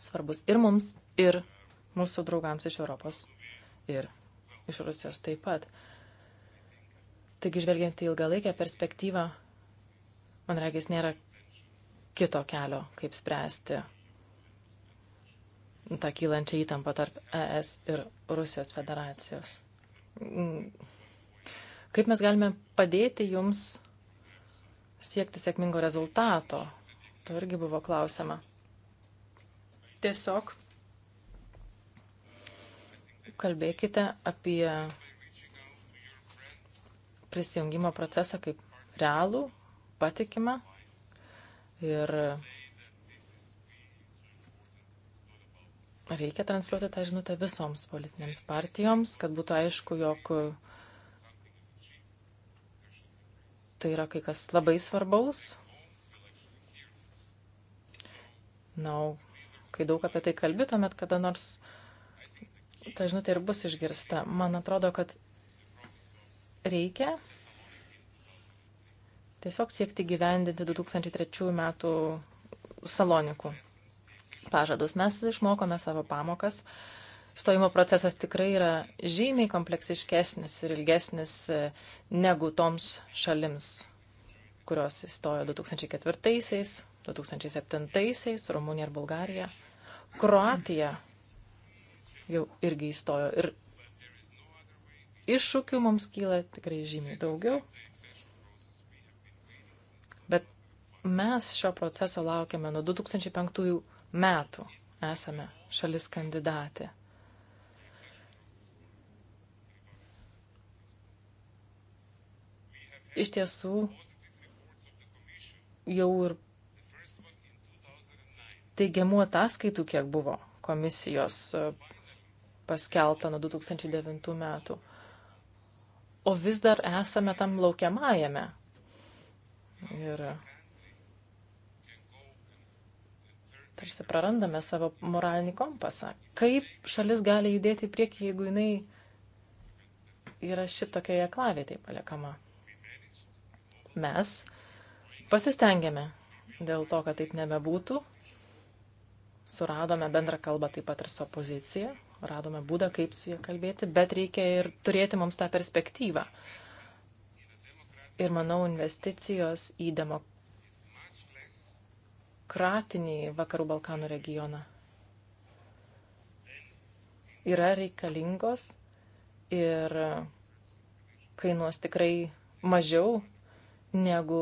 svarbus ir mums, ir mūsų draugams iš Europos, ir iš Rusijos taip pat. Taigi, žvelgiant į ilgalaikę perspektyvą, man reikės nėra kito kelio, kaip spręsti tą kylančią įtampą tarp ES ir Rusijos federacijos. Kaip mes galime padėti jums siekti sėkmingo rezultato? To irgi buvo klausima. Tiesiog kalbėkite apie prisijungimo procesą kaip realų, patikimą ir reikia transliuoti tą žinutę visoms politinėms partijoms, kad būtų aišku, jog tai yra kai kas labai svarbaus. Na, kai daug apie tai kalbi, tuomet kada nors ta žinutė ir bus išgirsta. Man atrodo, kad reikia tiesiog siekti gyvendinti 2003 metų salonikų pažadus. Mes išmokome savo pamokas. Stojimo procesas tikrai yra žymiai kompleksiškesnis ir ilgesnis e, negu toms šalims, kurios įstojo 2004-aisiais, 2007-aisiais, Rumunija ir Bulgarija. Kroatija jau irgi įstojo ir iššūkių mums kyla tikrai žymiai daugiau. Bet mes šio proceso laukiame nuo 2005 metų esame šalis kandidatė. Iš tiesų, jau ir teigiamų ataskaitų, kiek buvo komisijos e, paskelbta nuo 2009 metų. O vis dar esame tam laukiamajame. Ir tarsi prarandame savo moralinį kompasą. Kaip šalis gali judėti į priekį, jeigu jinai yra šitokioje klavėtėje paliekama? Mes pasistengėme dėl to, kad taip nebebūtų, suradome bendrą kalbą taip pat ir su opozicija, radome būdą, kaip su jie kalbėti, bet reikia ir turėti mums tą perspektyvą. Ir manau, investicijos į demok demokratinį Vakarų Balkanų regioną. Yra reikalingos ir kainuos tikrai mažiau negu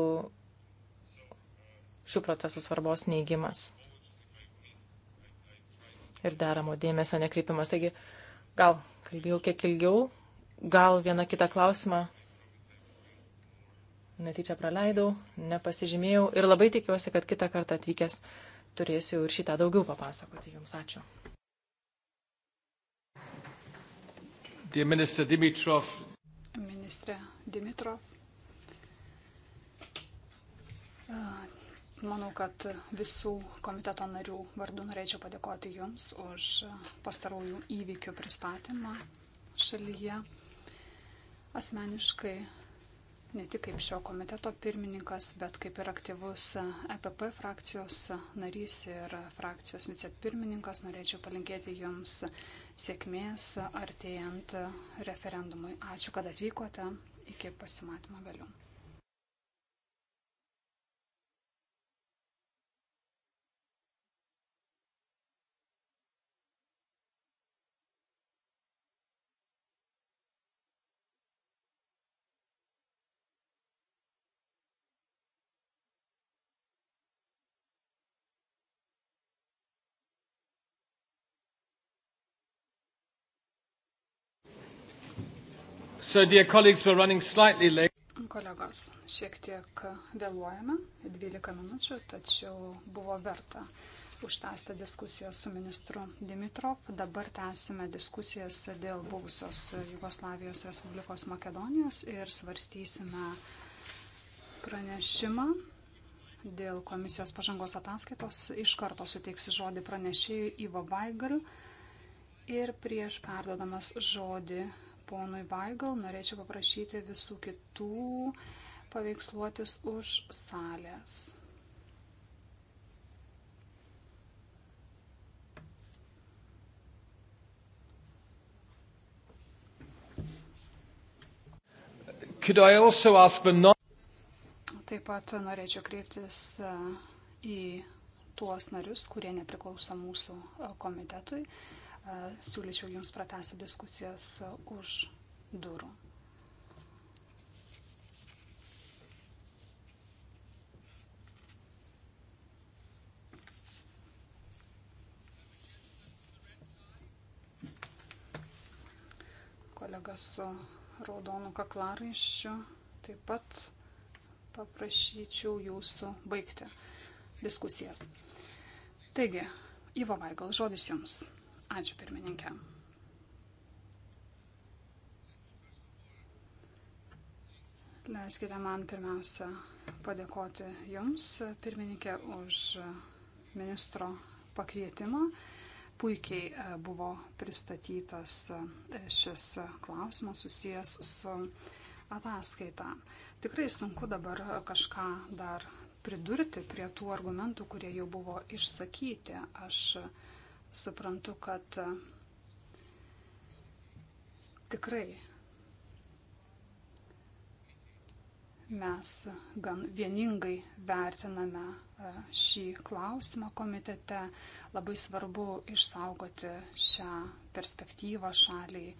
šių procesų svarbos neįgymas ir deramo dėmesio nekreipimas. Taigi, gal kalbėjau kiek ilgiau, gal vieną kitą klausimą netyčia praleidau, nepasižymėjau ir labai tikiuosi, kad kitą kartą atvykęs turėsiu ir šitą daugiau papasakoti jums. Ačiū. Ministrė Dimitrov. Ministrė Dimitrov. Manau, kad visų komiteto narių vardu norėčiau padėkoti Jums už pastarųjų įvykių pristatymą šalyje. Asmeniškai ne tik kaip šio komiteto pirmininkas, bet kaip ir aktyvus EPP frakcijos narys ir frakcijos vicepirmininkas, norėčiau palinkėti Jums sėkmės artėjant referendumui. Ačiū, kad atvykote. Iki pasimatymo vėliau. So, dear colleagues, we're running slightly late. Kolegos, šiek tiek vėluojame, 12 minučių, tačiau buvo verta užtęsti diskusiją su ministru Dimitrov. Dabar tęsime diskusijas dėl buvusios Jugoslavijos Respublikos Makedonijos ir svarstysime pranešimą dėl komisijos pažangos ataskaitos. Iš karto suteiksiu žodį pranešėjui Ivo Vaigal ir prieš perdodamas žodį ponui Vaigal. Norėčiau paprašyti visų kitų paveiksluotis už salės. Taip pat norėčiau kreiptis e, į tuos narius, kurie nepriklauso mūsų e, komitetui. Uh, siūlyčiau Jums pratesti diskusijas už durų. kolega su raudonu kaklaraiščiu, taip pat paprašyčiau jūsų baigti diskusijas. Taigi, Ivo Vaigal, žodis jums. Ačiū pirmininkė. Leiskite man pirmiausia padėkoti Jums, pirmininkė, už ministro pakvietimą. Puikiai e, buvo pristatytas e, šis klausimas susijęs su ataskaita. Tikrai sunku dabar kažką dar pridurti prie tų argumentų, kurie jau buvo išsakyti. Aš suprantu, kad e, tikrai mes gan vieningai vertiname e, šį klausimą komitete. Labai svarbu išsaugoti šią perspektyvą šaliai,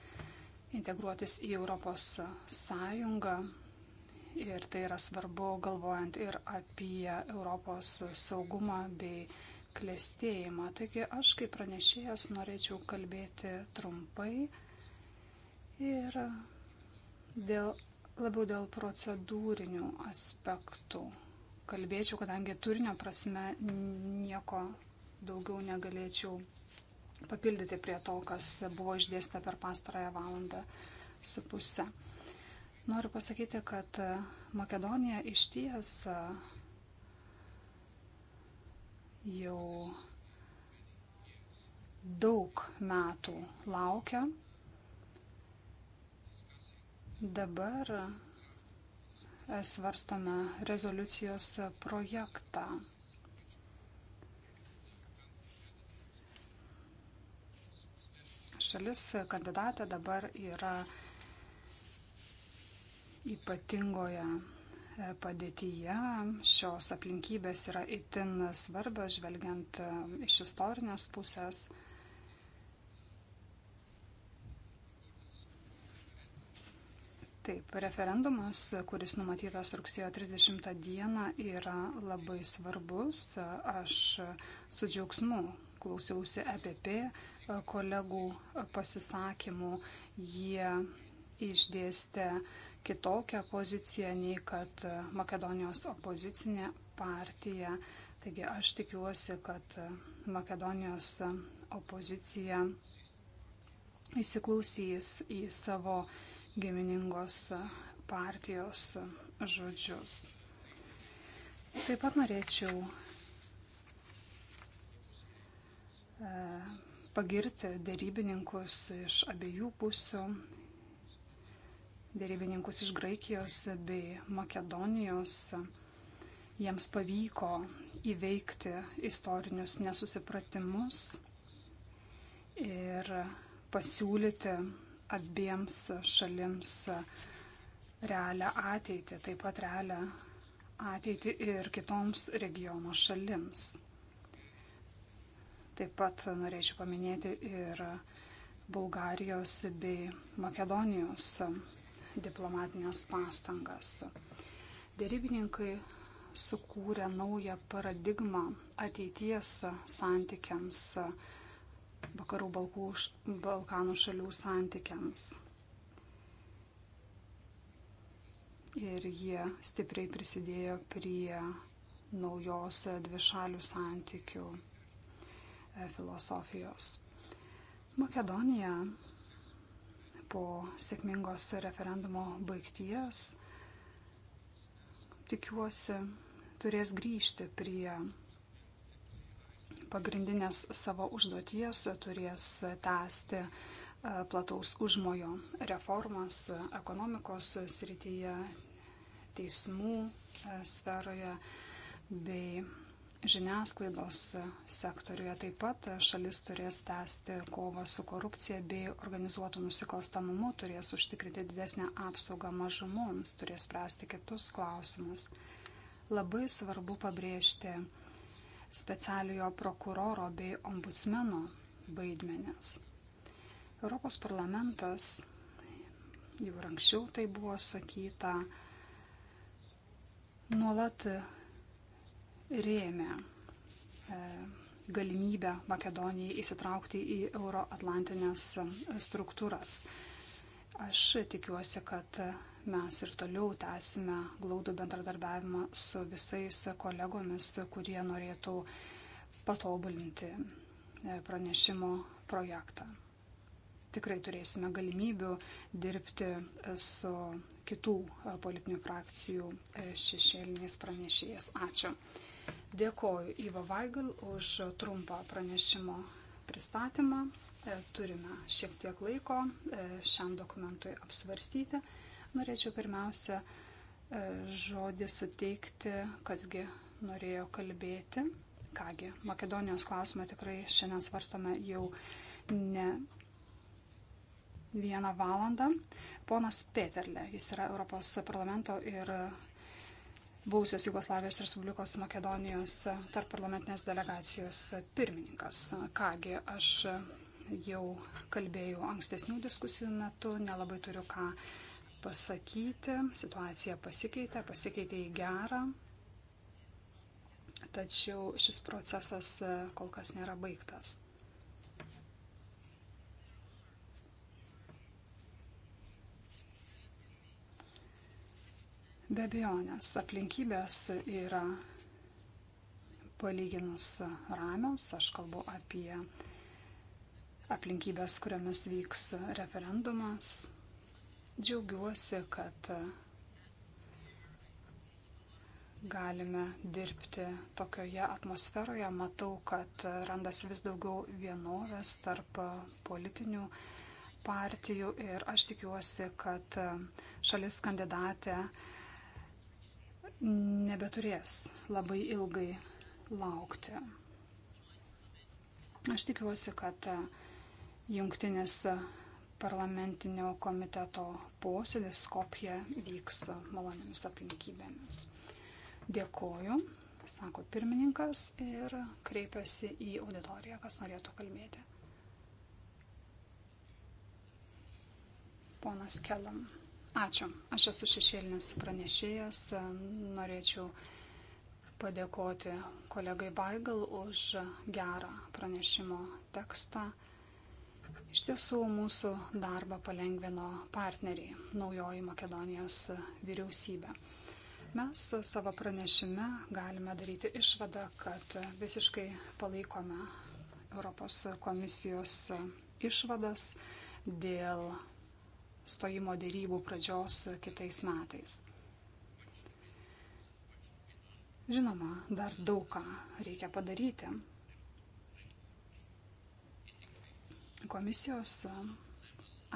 integruotis į Europos Sąjungą. Ir tai yra svarbu galvojant ir apie Europos saugumą bei klėstėjimą. Taigi aš kaip pranešėjas norėčiau kalbėti trumpai ir dėl, labiau dėl procedūrinių aspektų kalbėčiau, kadangi turinio prasme nieko daugiau negalėčiau papildyti prie to, kas buvo išdėsta per pastarąją valandą su pusę. Noriu pasakyti, kad Makedonija iš ties jau daug metų laukia. Dabar e, svarstome rezoliucijos projektą. Šalis kandidatė dabar yra ypatingoje padėtyje. Šios aplinkybės yra itin svarbios, žvelgiant e, iš istorinės pusės. Taip, referendumas, kuris numatytas rugsėjo 30 dieną, yra labai svarbus. Aš su džiaugsmu klausiausi EPP kolegų pasisakymų. Jie išdėstė uh, kitokią poziciją nei kad Makedonijos opozicinė partija. Taigi aš tikiuosi, kad Makedonijos opozicija įsiklausys į savo giminingos partijos žodžius. Taip pat norėčiau e, pagirti dėrybininkus iš abiejų pusių dėrybininkus iš Graikijos bei Makedonijos. Jiems pavyko įveikti istorinius nesusipratimus ir pasiūlyti abiems šalims realią ateitį, taip pat realią ateitį ir kitoms regiono šalims. Taip pat norėčiau paminėti ir Bulgarijos bei Makedonijos diplomatinės pastangas. Dėrybininkai sukūrė naują paradigmą ateities santykiams, vakarų Balkų, Balkanų šalių santykiams. Ir jie stipriai prisidėjo prie naujos dvišalių santykių e, filosofijos. Makedonija po sėkmingos referendumo baigties, tikiuosi, turės grįžti prie pagrindinės savo užduoties, turės tęsti e, plataus užmojo reformas ekonomikos srityje, teismų e, sferoje bei žiniasklaidos sektoriuje. Taip pat šalis turės tęsti kovą su korupcija bei organizuotų nusikalstamumu, turės užtikrinti didesnę apsaugą mažumoms, turės spręsti kitus klausimus. Labai svarbu pabrėžti specialiojo prokuroro bei ombudsmeno vaidmenis. Europos parlamentas, jau anksčiau tai buvo sakyta, nuolat rėmė e, galimybę Makedonijai įsitraukti į euroatlantinės e, struktūras. Aš tikiuosi, kad mes ir toliau tęsime glaudų bendradarbiavimą su visais kolegomis, kurie norėtų patobulinti e, pranešimo projektą. Tikrai turėsime galimybių dirbti su kitų politinių frakcijų šešėliniais pranešėjais. Ačiū. Dėkoju Ivo Vaigal už trumpą pranešimo pristatymą. E, turime šiek tiek laiko e, šiam dokumentui apsvarstyti. Norėčiau pirmiausia e, žodį suteikti, kasgi norėjo kalbėti. Kągi, Makedonijos klausimą tikrai šiandien svarstome jau ne vieną valandą. Ponas Peterle, jis yra Europos parlamento ir buvusios Jugoslavijos Respublikos Makedonijos tarp parlamentinės delegacijos pirmininkas. Kągi, aš jau kalbėjau ankstesnių diskusijų metu, nelabai turiu ką pasakyti. Situacija pasikeitė, pasikeitė į gerą. Tačiau šis procesas kol kas nėra baigtas. Be abejonės, aplinkybės yra palyginus ramios. Aš kalbu apie aplinkybės, kuriamis vyks referendumas. Džiaugiuosi, kad galime dirbti tokioje atmosferoje. Matau, kad randasi vis daugiau vienovės tarp politinių partijų ir aš tikiuosi, kad šalis kandidatė nebeturės labai ilgai laukti. Aš tikiuosi, kad jungtinis parlamentinio komiteto posėdis Skopje vyks malonėmis aplinkybėmis. Dėkoju, sako pirmininkas ir kreipiasi į auditoriją, kas norėtų kalbėti. Ponas Kelam. Ačiū. Aš esu šešėlinis pranešėjas. Norėčiau padėkoti kolegai Baigal už gerą pranešimo tekstą. Iš tiesų mūsų darbą palengvino partneriai, naujoji Makedonijos vyriausybė. Mes savo pranešime galime daryti išvadą, kad visiškai palaikome Europos komisijos išvadas dėl stojimo dėrybų pradžios kitais metais. Žinoma, dar daug ką reikia padaryti. Komisijos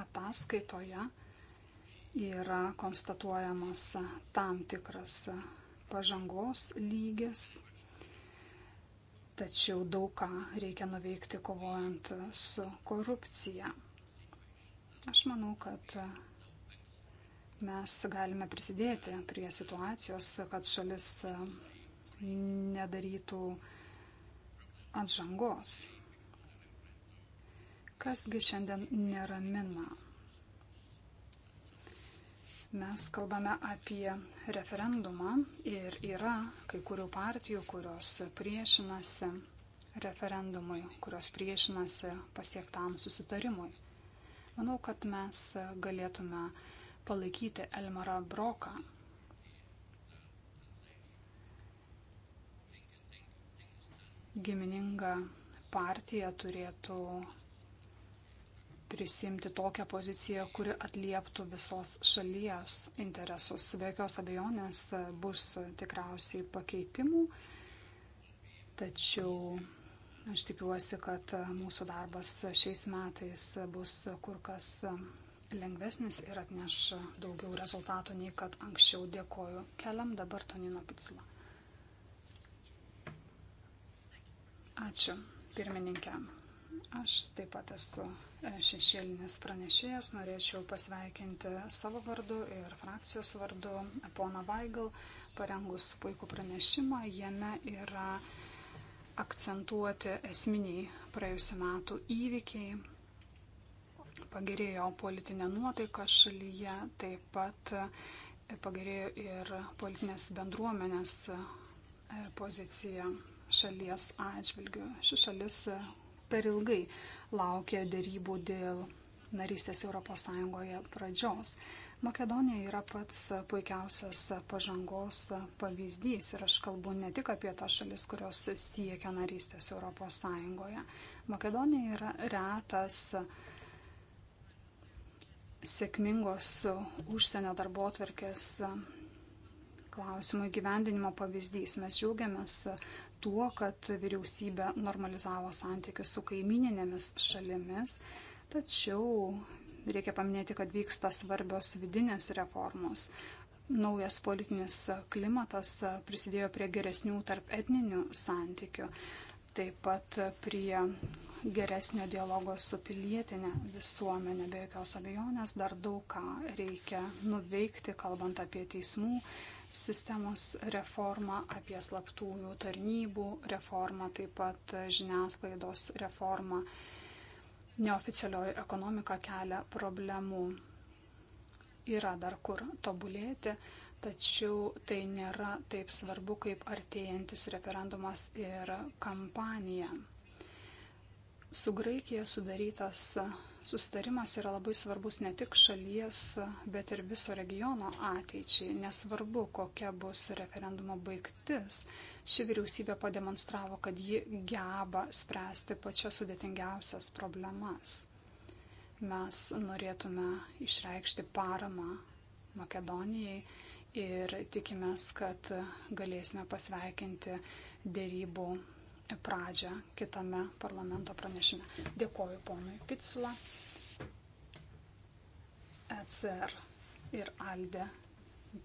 ataskaitoje yra konstatuojamas tam tikras pažangos lygis, tačiau daug ką reikia nuveikti kovojant su korupcija. Aš manau, kad mes galime prisidėti prie situacijos, kad šalis e, nedarytų ant žangos. Kasgi šiandien neramina? Mes kalbame apie referendumą ir yra kai kurių partijų, kurios priešinasi referendumui, kurios priešinasi pasiektam susitarimui. Manau, kad mes galėtume palaikyti Elmarą Broką. Gimininga partija turėtų prisimti tokią poziciją, kuri atlieptų visos šalies interesus. Be jokios abejonės bus tikriausiai pakeitimų, tačiau Aš tikiuosi, kad e, mūsų darbas šiais metais bus kur kas e, lengvesnis ir atneš daugiau rezultatų nei kad anksčiau dėkoju. Keliam dabar Tonino Picula. Ačiū pirmininkė. Aš taip pat esu e, šešėlinis pranešėjas. Norėčiau pasveikinti savo vardu ir frakcijos vardu poną Vaigal, parengus puikų pranešimą. Jame yra akcentuoti esminiai praėjusiu metu įvykiai. Pagerėjo politinė nuotaika šalyje, taip pat e, pagerėjo ir politinės bendruomenės e, pozicija šalies atžvilgiu. Ši šalis e, per ilgai laukė dėrybų dėl narystės ES pradžios. Makedonija yra pats puikiausias pažangos pavyzdys ir aš kalbu ne tik apie tą šalis, kurios siekia narystės Europos Sąjungoje. Makedonija yra retas sėkmingos užsienio darbo atverkės klausimų įgyvendinimo pavyzdys. Mes džiaugiamės tuo, kad vyriausybė normalizavo santykius su kaimininėmis šalimis, tačiau Reikia paminėti, kad vyksta svarbios vidinės reformos. Naujas politinis klimatas prisidėjo prie geresnių tarp etninių santykių, taip pat prie geresnio dialogo su pilietinė visuomenė. Be jokios abejonės dar daug ką reikia nuveikti, kalbant apie teismų sistemos reformą, apie slaptųjų tarnybų reformą, taip pat žiniasklaidos reformą neoficialioji ekonomika kelia problemų. Yra dar kur tobulėti, tačiau tai nėra taip svarbu kaip artėjantis referendumas ir kampanija. Su Graikija sudarytas sustarimas yra labai svarbus ne tik šalies, bet ir viso regiono ateičiai, nesvarbu, kokia bus referendumo baigtis Ši vyriausybė pademonstravo, kad ji geba spręsti pačias sudėtingiausias problemas. Mes norėtume išreikšti paramą Makedonijai ir tikimės, kad galėsime pasveikinti dėrybų pradžią kitame parlamento pranešime. Dėkoju ponui Pitsula, ECR ir Alde,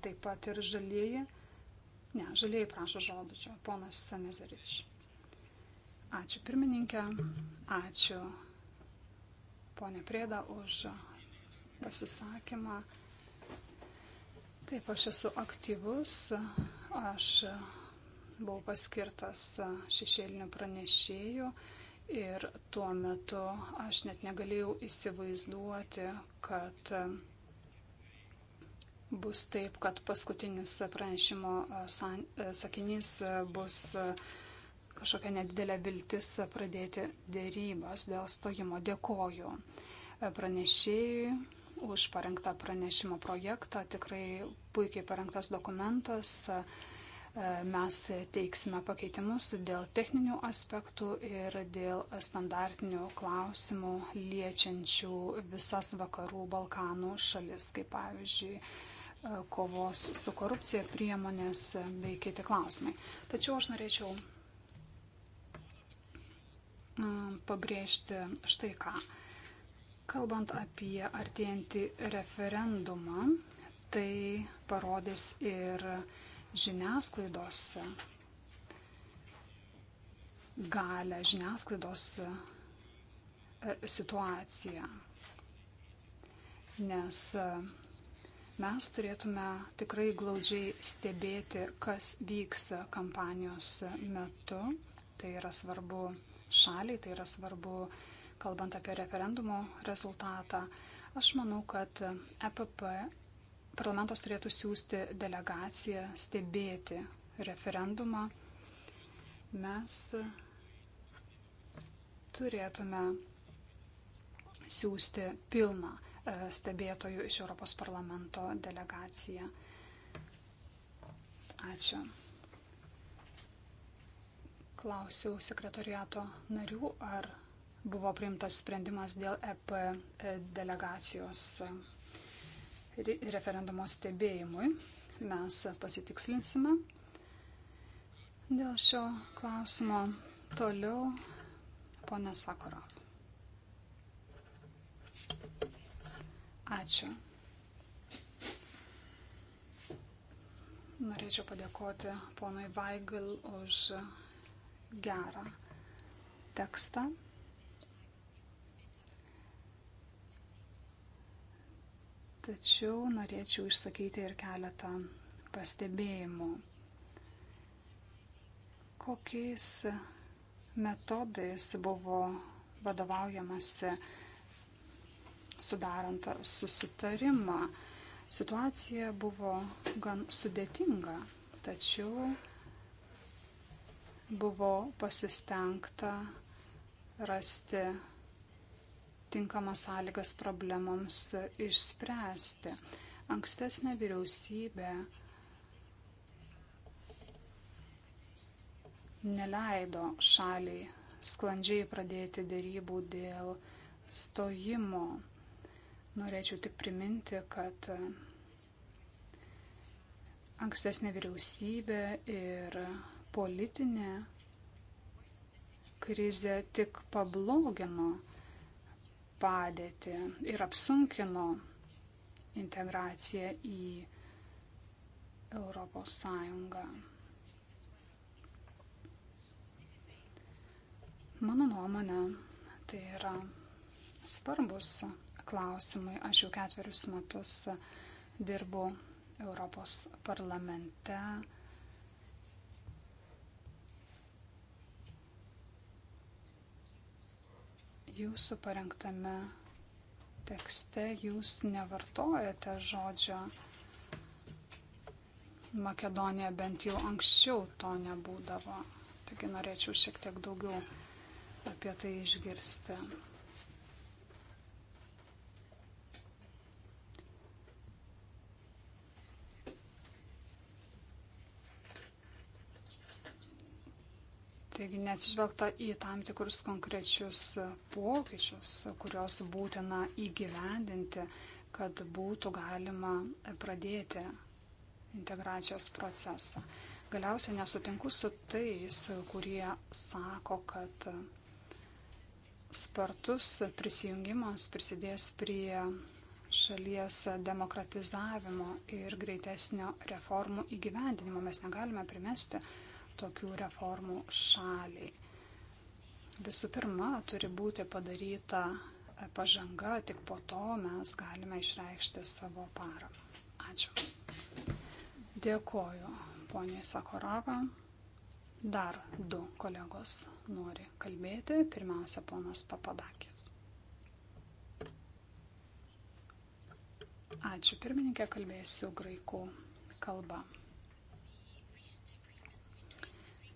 taip pat ir Žalieji. Ne, žaliai prašo žodžio, ponas Samezarič. Ačiū pirmininkė, ačiū ponė Prėda už pasisakymą. Taip, aš esu aktyvus, aš buvau paskirtas šešėliniu pranešėju ir tuo metu aš net negalėjau įsivaizduoti, kad bus taip, kad paskutinis pranešimo sakinys bus kažkokia nedidelė viltis pradėti dėrybas dėl stojimo. Dėkoju pranešėjui už parengtą pranešimo projektą. Tikrai puikiai parengtas dokumentas. Mes teiksime pakeitimus dėl techninių aspektų ir dėl standartinių klausimų liečiančių visas vakarų Balkanų šalis, kaip pavyzdžiui kovos su korupcija priemonės bei kiti klausimai. Tačiau aš norėčiau pabrėžti štai ką. Kalbant apie artėjantį referendumą, tai parodys ir žiniasklaidos galę, žiniasklaidos e, situaciją. Nes Mes turėtume tikrai glaudžiai stebėti, kas vyks kampanijos metu. Tai yra svarbu šaliai, tai yra svarbu, kalbant apie referendumo rezultatą. Aš manau, kad EPP parlamentas turėtų siūsti delegaciją stebėti referendumą. Mes turėtume siūsti pilną E, stebėtojų iš Europos parlamento delegaciją. Ačiū. Klausiau sekretoriato narių, ar buvo priimtas sprendimas dėl EP delegacijos referendumo stebėjimui. Mes pasitikslinsime dėl šio klausimo. Toliau ponė Sakura. Ačiū. Norėčiau padėkoti ponui Vaigl už gerą tekstą. Tačiau norėčiau išsakyti ir keletą pastebėjimų. Kokiais metodais buvo vadovaujamasi sudarant susitarimą. Situacija buvo gan sudėtinga, tačiau buvo pasistengta rasti tinkamas sąlygas problemoms išspręsti. Ankstesnė vyriausybė neleido šaliai sklandžiai pradėti dėrybų dėl stojimo. Norėčiau tik priminti, kad e, ankstesnė vyriausybė ir politinė krizė tik pablogino padėtį ir apsunkino integraciją į Europos Sąjungą. Mano nuomonė, tai yra svarbus klausimai. Aš jau ketverius metus dirbu Europos parlamente. Jūsų parengtame tekste jūs nevartojate žodžio Makedonija, bent jau anksčiau to nebūdavo. Taigi norėčiau šiek tiek daugiau apie tai išgirsti. Taigi neatsižvelgta į tam tikrus konkrečius pokyčius, kuriuos būtina įgyvendinti, kad būtų galima pradėti integracijos procesą. Galiausiai nesutinku su tais, kurie sako, kad spartus prisijungimas prisidės prie šalies demokratizavimo ir greitesnio reformų įgyvendinimo. Mes negalime primesti tokių reformų šaliai. Visų pirma, turi būti padaryta pažanga, tik po to mes galime išreikšti savo paramą. Ačiū. Dėkoju, poniai Sakorava. Dar du kolegos nori kalbėti. Pirmiausia, ponas Papadakis. Ačiū pirmininkė, kalbėsiu graikų kalbą.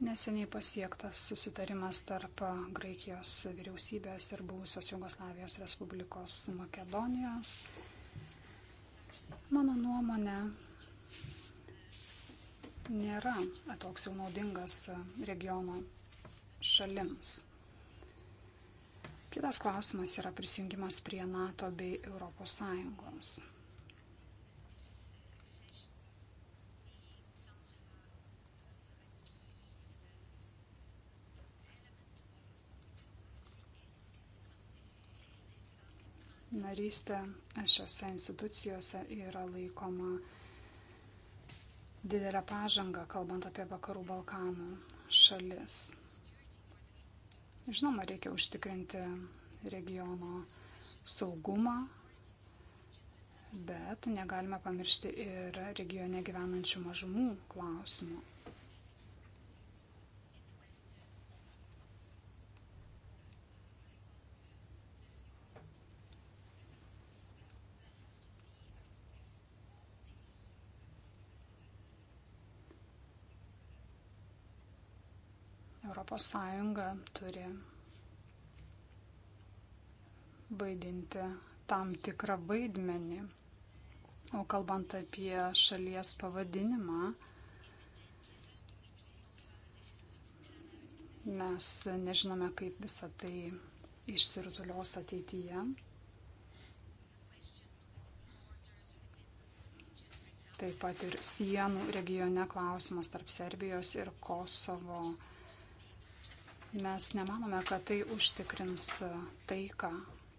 Neseniai pasiektas susitarimas tarp Graikijos vyriausybės ir buvusios Jugoslavijos Respublikos Makedonijos. Mano nuomonė nėra toks jau naudingas regiono šalims. Kitas klausimas yra prisijungimas prie NATO bei ES. narystė šiuose institucijose yra laikoma didelę pažangą, kalbant apie Vakarų Balkanų šalis. Žinoma, reikia užtikrinti regiono saugumą, bet negalime pamiršti ir regione gyvenančių mažumų klausimų. Europos Sąjunga turi vaidinti tam tikrą vaidmenį. O kalbant apie šalies pavadinimą, mes nežinome, kaip visą tai išsirutulios ateityje. Taip pat ir sienų regione klausimas tarp Serbijos ir Kosovo Mes nemanome, kad tai užtikrins e, taiką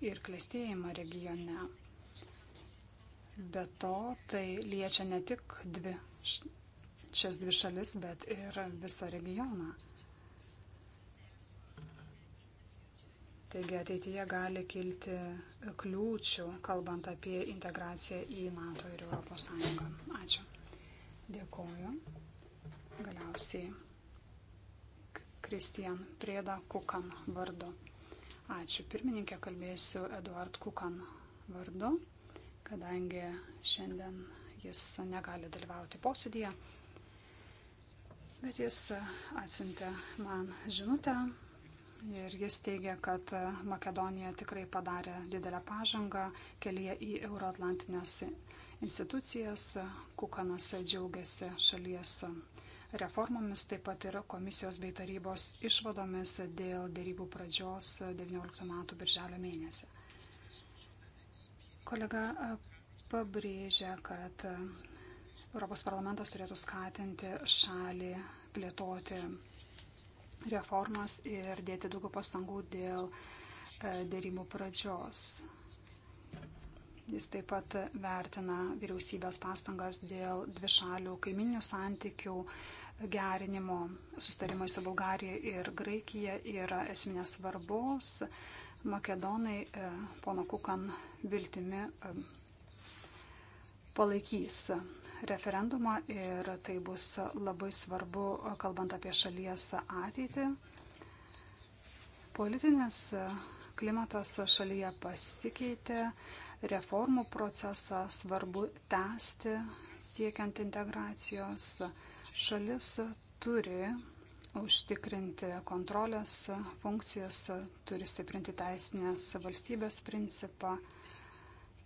ir klėstėjimą regione. Be to, tai liečia ne tik dvi, šias dvi šalis, bet ir visą regioną. Taigi ateityje gali kilti kliūčių, kalbant apie integraciją į NATO ir ES. Ačiū. Dėkoju. Galiausiai Kristijan Prieda Kukan vardu. Ačiū pirmininkė, kalbėsiu Eduard Kukan vardu, kadangi šiandien jis negali dalyvauti posėdėje. Bet jis atsiuntė man žinutę ir jis teigia, kad Makedonija tikrai padarė didelę pažangą kelyje į Euroatlantinės institucijas. Kukanas džiaugiasi šalies reformomis, taip pat ir komisijos bei tarybos išvadomis dėl dėrybų pradžios 19 metų birželio mėnesį. Kolega pabrėžia, kad Europos parlamentas turėtų skatinti šalį plėtoti reformas ir dėti daugiau pastangų dėl dėrybų pradžios. Jis taip pat vertina vyriausybės pastangas dėl dvišalių kaiminių santykių, gerinimo sustarimai su Bulgarija ir Graikija yra esminės svarbos. Makedonai e, pono Kukan viltimi e, palaikys referendumą ir tai bus labai svarbu, e, kalbant apie šalies ateitį. Politinis klimatas šalyje pasikeitė, reformų procesą svarbu tęsti siekiant integracijos. Šalis turi užtikrinti kontrolės funkcijas, turi stiprinti teisinės valstybės principą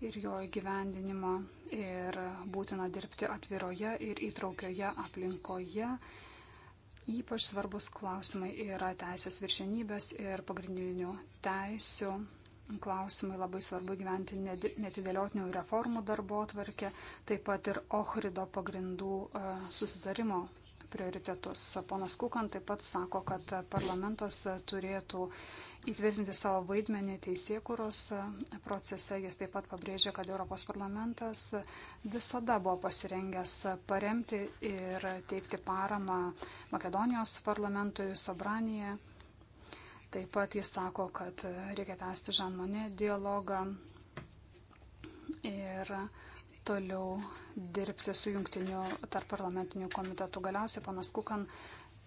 ir jo įgyvendinimą ir būtina dirbti atviroje ir įtraukioje aplinkoje. Ypač svarbus klausimai yra teisės viršenybės ir pagrindinių teisių klausimai labai svarbu gyventi netidėliotinių reformų darbo atvarkė, taip pat ir Ohrido pagrindų e, susitarimo prioritetus. Ponas Kukan taip pat sako, kad parlamentas turėtų įtvirtinti savo vaidmenį teisėkuros e, procese. Jis taip pat pabrėžė, kad Europos parlamentas visada buvo pasirengęs paremti ir teikti paramą Makedonijos parlamentui Sobranėje Taip pat jis sako, kad reikia tęsti žanmonė dialogą ir toliau dirbti su jungtiniu tarp parlamentiniu komitetu. Galiausiai panas Kukan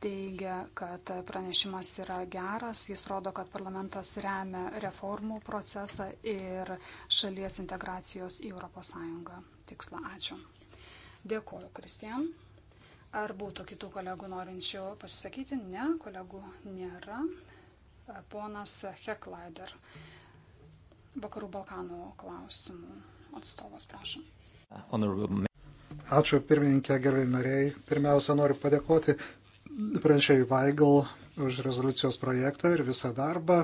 teigia, kad pranešimas yra geras, jis rodo, kad parlamentas remia reformų procesą ir šalies integracijos į ES tikslą. Ačiū. Dėkuoju, Kristian. Ar būtų kitų kolegų norinčių pasisakyti? Ne, kolegų nėra ponas Heklaider, Vakarų Balkanų klausimų atstovas, prašom. Ačiū pirmininkė, gerbėjai nariai. Pirmiausia, noriu padėkoti pranešėjui Vaigal už rezoliucijos projektą ir visą darbą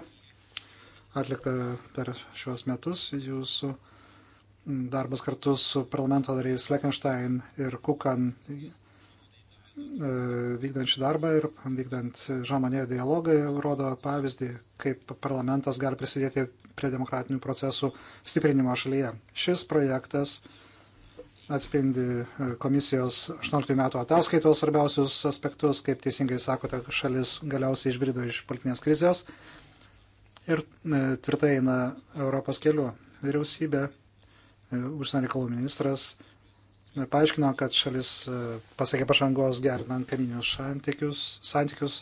atliktą per šiuos metus. Jūsų darbas kartu su parlamento nariais Fleckenstein ir Kukan E, vykdant šį darbą ir vykdant žamonė dialogą rodo pavyzdį, kaip parlamentas gali prisidėti prie demokratinių procesų stiprinimo šalyje. Šis projektas atspindi e, komisijos 18 metų ataskaitos svarbiausius aspektus, kaip teisingai sakote, šalis galiausiai išbrido iš politinės krizės ir e, tvirtai eina Europos keliu. Vyriausybė, užsienio reikalų ministras paaiškino, kad šalis e, pasiekė pažangos gerinant kaiminius santykius, santykius,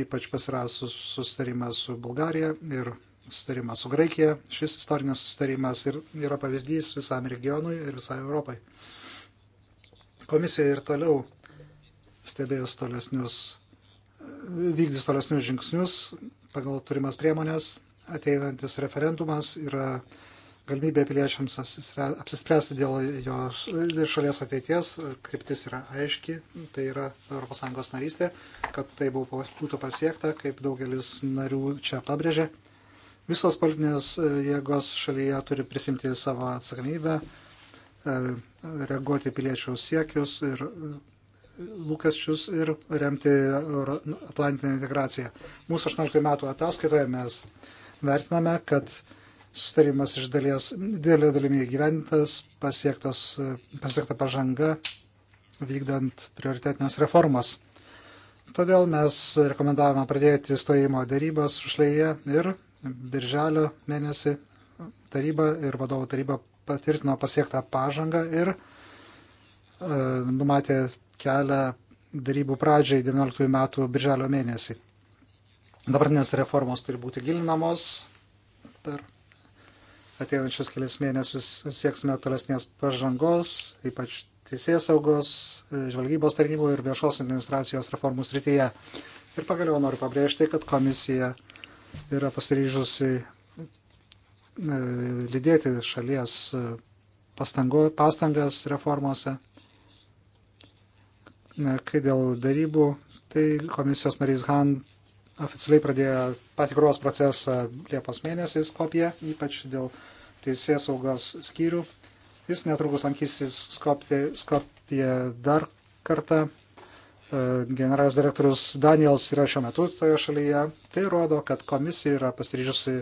ypač pasirasus sustarimą su Bulgarija ir sustarimą su Graikija. Šis istorinis sustarimas ir, yra pavyzdys visam regionui ir visai Europai. Komisija ir toliau stebės tolesnius, e, vykdys tolesnius žingsnius pagal turimas priemonės. Ateinantis referendumas yra uh, galimybė piliečiams apsispręsti dėl jos šalies ateities, kryptis yra aiški, tai yra ES narystė, kad tai būtų pasiekta, kaip daugelis narių čia pabrėžė. Visos politinės e, jėgos šalyje turi prisimti savo atsakomybę, e, reaguoti piliečių siekius ir e, lūkesčius ir remti Atlantinę integraciją. Mūsų 18 metų ataskaitoje mes vertiname, kad sustarimas iš dalies didelė dalimi įgyvendintas, pasiekta pažanga vykdant prioritetinės reformas. Todėl mes rekomendavome pradėti stojimo darybas užlėje ir birželio mėnesį taryba ir vadovų taryba patvirtino pasiektą pažangą ir e, numatė kelią darybų pradžiai 19 metų birželio mėnesį. Dabartinės reformos turi būti gilinamos per ateinančius kelias mėnesius sieksime tolesnės pažangos, ypač teisės saugos, žvalgybos tarnybų ir viešos administracijos reformų srityje. Ir pagaliau noriu pabrėžti, kad komisija yra pasiryžusi e, lydėti šalies e, pastango, pastangas reformose. E, kai dėl darybų, tai komisijos narys Han oficialiai pradėjo patikros procesą Liepos mėnesį Skopje, ypač dėl teisės saugos skyrių. Jis netrukus lankysis Skopje, Skopje dar kartą. E, Generalinis direktorius Daniels yra šiuo metu toje šalyje. Tai rodo, kad komisija yra pasiryžusi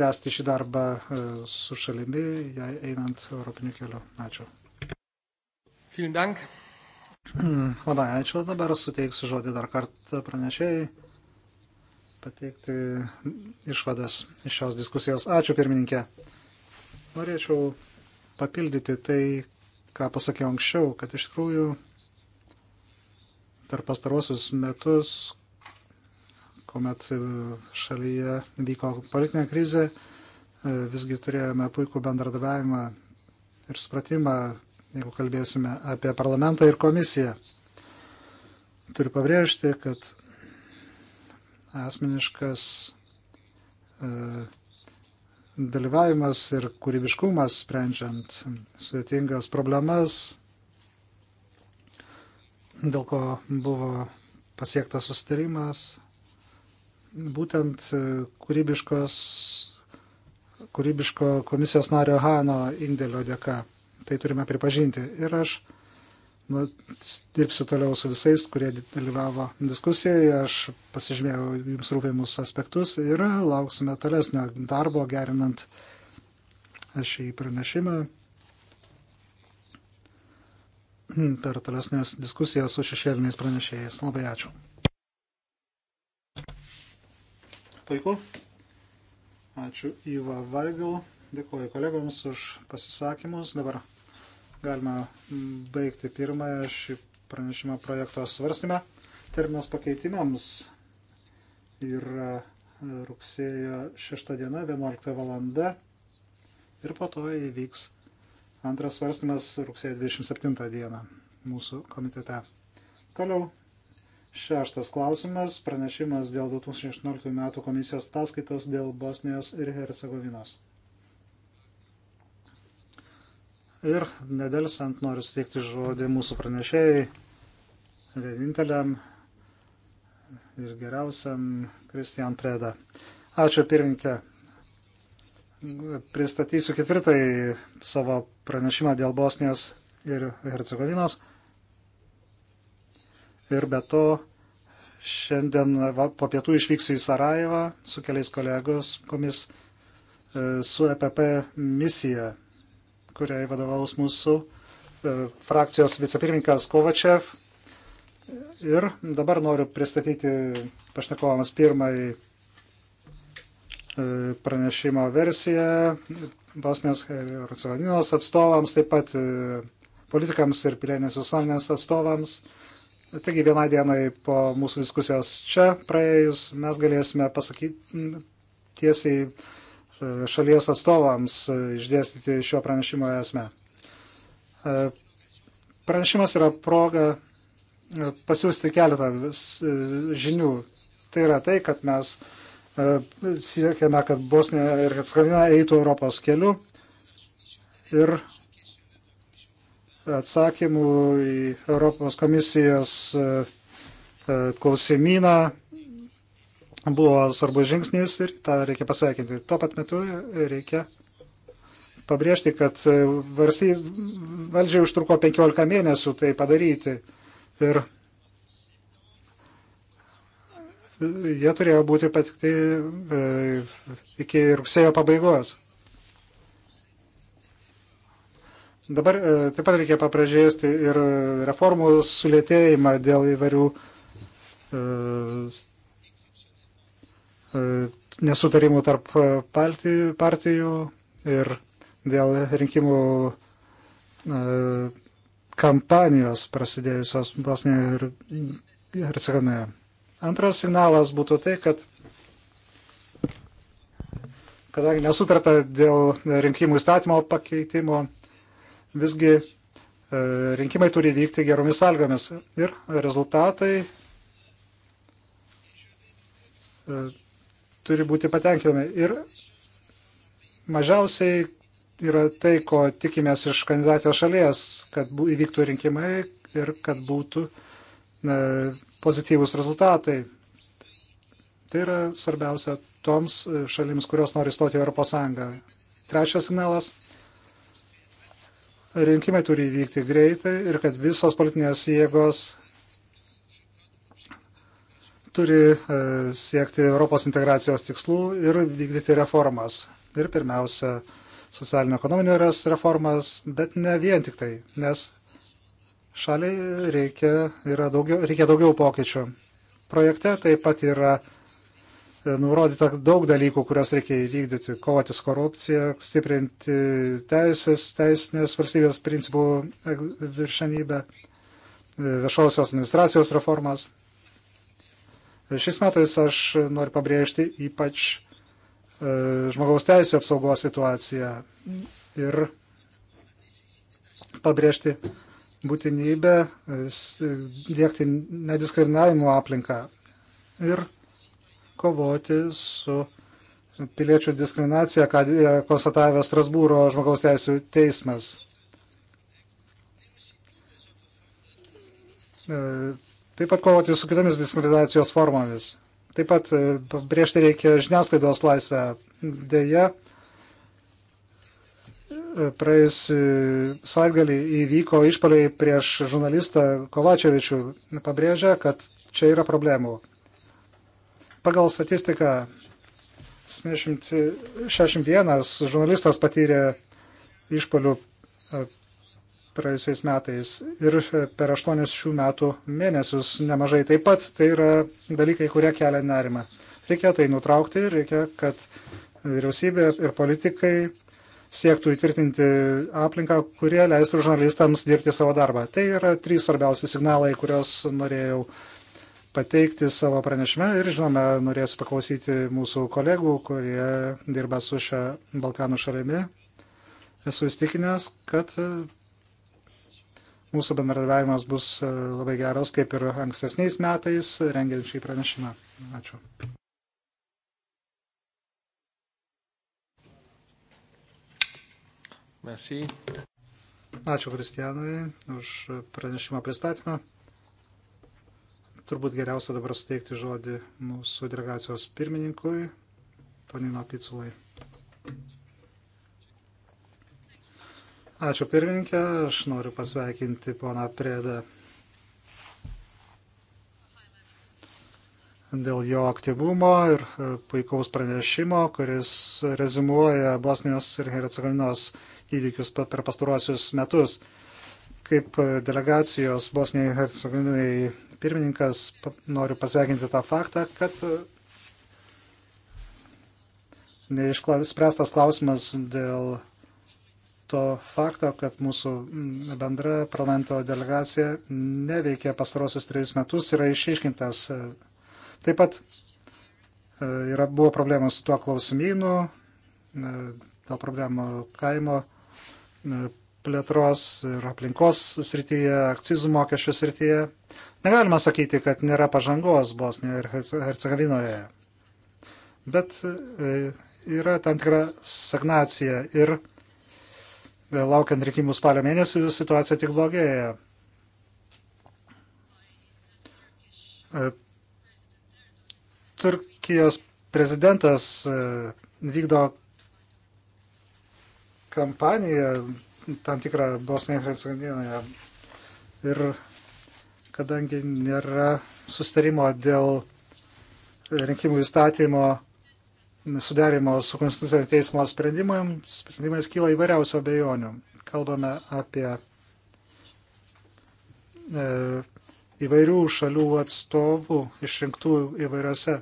tęsti šį darbą e, su šalimi, jai einant europiniu keliu. Ačiū. Vielen Dank. Hmm, labai ačiū. Dabar suteiksiu žodį dar kartą pranešėjai pateikti išvadas iš šios diskusijos. Ačiū pirmininkė. Norėčiau papildyti tai, ką pasakiau anksčiau, kad iš tikrųjų per pastarosius metus, kuomet šalyje vyko politinė krizė, visgi turėjome puikų bendradarbiavimą ir supratimą jeigu kalbėsime apie parlamentą ir komisiją. Turiu pabrėžti, kad asmeniškas e, dalyvavimas ir kūrybiškumas sprendžiant sudėtingas problemas, dėl ko buvo pasiektas sustarimas, būtent e, kūrybiškos, kūrybiško komisijos nario Hano indėlio dėka. Tai turime pripažinti. Ir aš nu, dirbsiu toliau su visais, kurie dalyvavo diskusijoje. Aš pasižymėjau jums rūpimus aspektus ir lauksime tolesnio darbo gerinant šį pranešimą hmm, per tolesnės diskusijas su šešėliniais pranešėjais. Labai ačiū. Puiku. Ačiū Iva Vaigal. Dėkuoju kolegoms už pasisakymus. Dabar galima baigti pirmąją šį pranešimo projekto svarstymą. Terminas pakeitimams yra rugsėjo 6 diena, 11 valanda. Ir po to įvyks antras svarstymas rugsėjo 27 dieną mūsų komitete. Toliau Šeštas klausimas - pranešimas dėl 2018 m. komisijos ataskaitos dėl Bosnijos ir Hercegovinos. Ir nedelsant noriu suteikti žodį mūsų pranešėjai, vieninteliam ir geriausiam Kristijan Preda. Ačiū pirmininkė. Pristatysiu ketvirtąjį savo pranešimą dėl Bosnijos ir Hercegovinos. Ir be to, šiandien va, po pietų išvyksiu į Sarajevą su keliais kolegos, komis e, su EPP misija kuriai vadovaus mūsų e, frakcijos vicepirmininkas Kovačev. Ir dabar noriu pristatyti pašnekovams pirmąjį e, pranešimo versiją Bosnijos ir Hercegovinos atstovams, taip pat e, politikams ir pilietinės visuomenės atstovams. Taigi vienai dienai po mūsų diskusijos čia praėjus mes galėsime pasakyti tiesiai šalies atstovams e, išdėstyti šio pranešimo esmę. E, pranešimas yra proga e, pasiūsti keletą žinių. Tai yra tai, kad mes siekiame, kad Bosnija ir Hercegovina eitų Europos keliu ir atsakymų į Europos komisijos klausimyną buvo svarbus žingsnis ir tą reikia pasveikinti. Tuo pat metu reikia pabrėžti, kad varsiai, valdžiai užtruko 15 mėnesių tai padaryti. Ir jie turėjo būti patikti e, iki rugsėjo pabaigos. Dabar e, taip pat reikia papražėsti ir reformų sulėtėjimą dėl įvairių e, E, nesutarimų tarp partijų, partijų ir dėl rinkimų e, kampanijos prasidėjusios Bosnijoje ir Hercegovinoje. Antras signalas būtų tai, kad kadangi nesutarta dėl rinkimų įstatymo pakeitimo, visgi e, rinkimai turi vykti geromis sąlygomis ir rezultatai turi būti patenkinami. Ir mažiausiai yra tai, ko tikimės iš kandidatės šalies, kad įvyktų rinkimai ir kad būtų na, pozityvus rezultatai. Tai yra svarbiausia toms šalims, kurios nori stoti į Europos Sąjungą. Trečias signalas. Rinkimai turi įvykti greitai ir kad visos politinės jėgos turi e, siekti Europos integracijos tikslų ir vykdyti reformas. Ir pirmiausia, socialinio-ekonominio reformas, bet ne vien tik tai, nes šaliai reikia daugiau, reikia daugiau pokyčių. Projekte taip pat yra e, nurodyta daug dalykų, kurios reikia įvykdyti - kovoti su korupcija, stiprinti teisės, teisinės valstybės principų e, viršenybę, viešosios administracijos reformas. Šiais metais aš noriu pabrėžti ypač e, žmogaus teisų apsaugos situaciją ir pabrėžti būtinybę e, e, dėkti nediskriminavimo aplinką ir kovoti su piliečių diskriminacija, ką konstatavė Strasbūro žmogaus teisų teismas. Taip pat kovoti su kitomis diskriminacijos formomis. Taip pat e, priešti reikia žiniasklaidos laisvę. Deja, e, praėjus e, savaitgalį įvyko išpaliai prieš žurnalistą Kovačevičių, pabrėžia, kad čia yra problemų. Pagal statistiką 61 žurnalistas patyrė išpalių praėjusiais metais ir per aštuonius šių metų mėnesius nemažai taip pat. Tai yra dalykai, kurie kelia nerimą. Reikia tai nutraukti, reikia, kad vyriausybė ir politikai siektų įtvirtinti aplinką, kurie leistų žurnalistams dirbti savo darbą. Tai yra trys svarbiausi signalai, kuriuos norėjau pateikti savo pranešime ir, žinome, norėsiu paklausyti mūsų kolegų, kurie dirba su šia Balkanų šalimi. Esu įstikinęs, kad Mūsų bendradarbiavimas bus e, labai geras, kaip ir ankstesniais metais, rengiant šį pranešimą. Ačiū. Merci. Ačiū Kristijanai už pranešimą pristatymą. Turbūt geriausia dabar suteikti žodį mūsų delegacijos pirmininkui, Tonino Piculai. Ačiū pirmininkė, aš noriu pasveikinti poną Prėdą dėl jo aktyvumo ir e, puikaus pranešimo, kuris rezimuoja Bosnijos ir Hercegovinos įvykius per pastaruosius metus. Kaip e, delegacijos Bosnijai ir Hercegovinai pirmininkas noriu pasveikinti tą faktą, kad e, neišspręstas klausimas dėl to fakto, kad mūsų bendra parlamento delegacija neveikė pastarosius trejus metus, yra išaiškintas. Taip pat e, yra, buvo problemų su tuo klausimynu, e, dėl problemų kaimo e, plėtros ir aplinkos srityje, akcizų mokesčių srityje. Negalima sakyti, kad nėra pažangos Bosnijoje ir Hercegovinoje. Bet yra tam tikra stagnacija ir laukiant rinkimų spalio mėnesį situacija tik blogėja. E, Turkijos prezidentas e, vykdo kampaniją tam tikrą Bosniją ir Hercegovinoje. Ir kadangi nėra sustarimo dėl rinkimų įstatymo sudarimo su Konstitucinio teismo sprendimais kyla įvairiausio abejonių. Kalbame apie e, įvairių šalių atstovų išrinktų įvairiose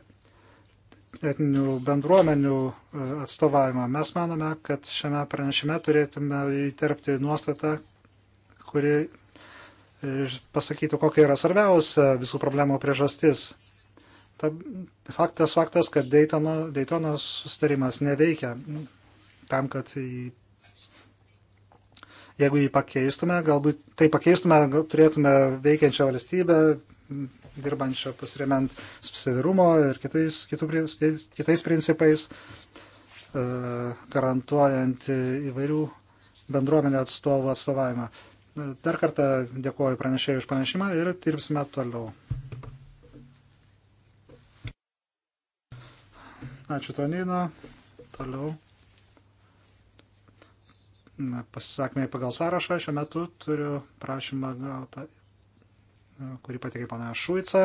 etninių bendruomenių e, atstovavimą. Mes manome, kad šiame pranešime turėtume įterpti nuostatą, kuri e, pasakytų, kokia yra svarbiausia visų problemų priežastis. Ta, faktas faktas, kad Daytono, Daytono sustarimas neveikia tam, kad jį, jeigu jį pakeistume, galbūt tai pakeistume, gal, turėtume veikiančią valstybę, dirbančią pasiremiant subsidirumo ir kitais, kitų, kitais principais, e, garantuojant įvairių bendruomenė atstovų atstovavimą. Dar kartą dėkuoju pranešėjui už pranešimą ir dirbsime toliau. Ačiū, Tonino. Toliau. Na, pasisakymai pagal sąrašą. Šiuo metu turiu prašymą gautą, kurį patikė pana Šuica,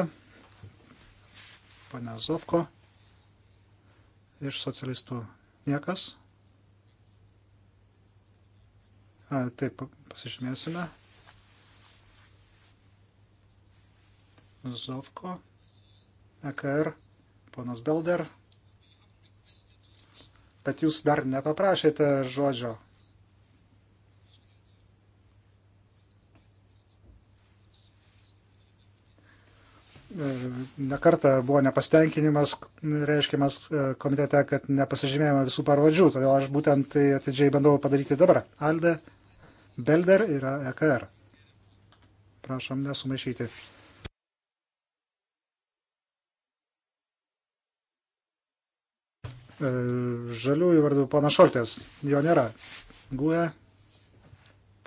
pana Zovko iš socialistų. Niekas? A, taip, pasižymėsime. Zovko, EKR, ponas Belder bet jūs dar nepaprašėte žodžio. E, nekarta buvo nepastenkinimas, reiškiamas e, komitete, kad nepasižymėjome visų parodžių, todėl aš būtent tai atidžiai bandau padaryti dabar. Alde, Belder yra EKR. Prašom nesumaišyti. E, žaliųjų vardų panašoltės, jo nėra. Gue,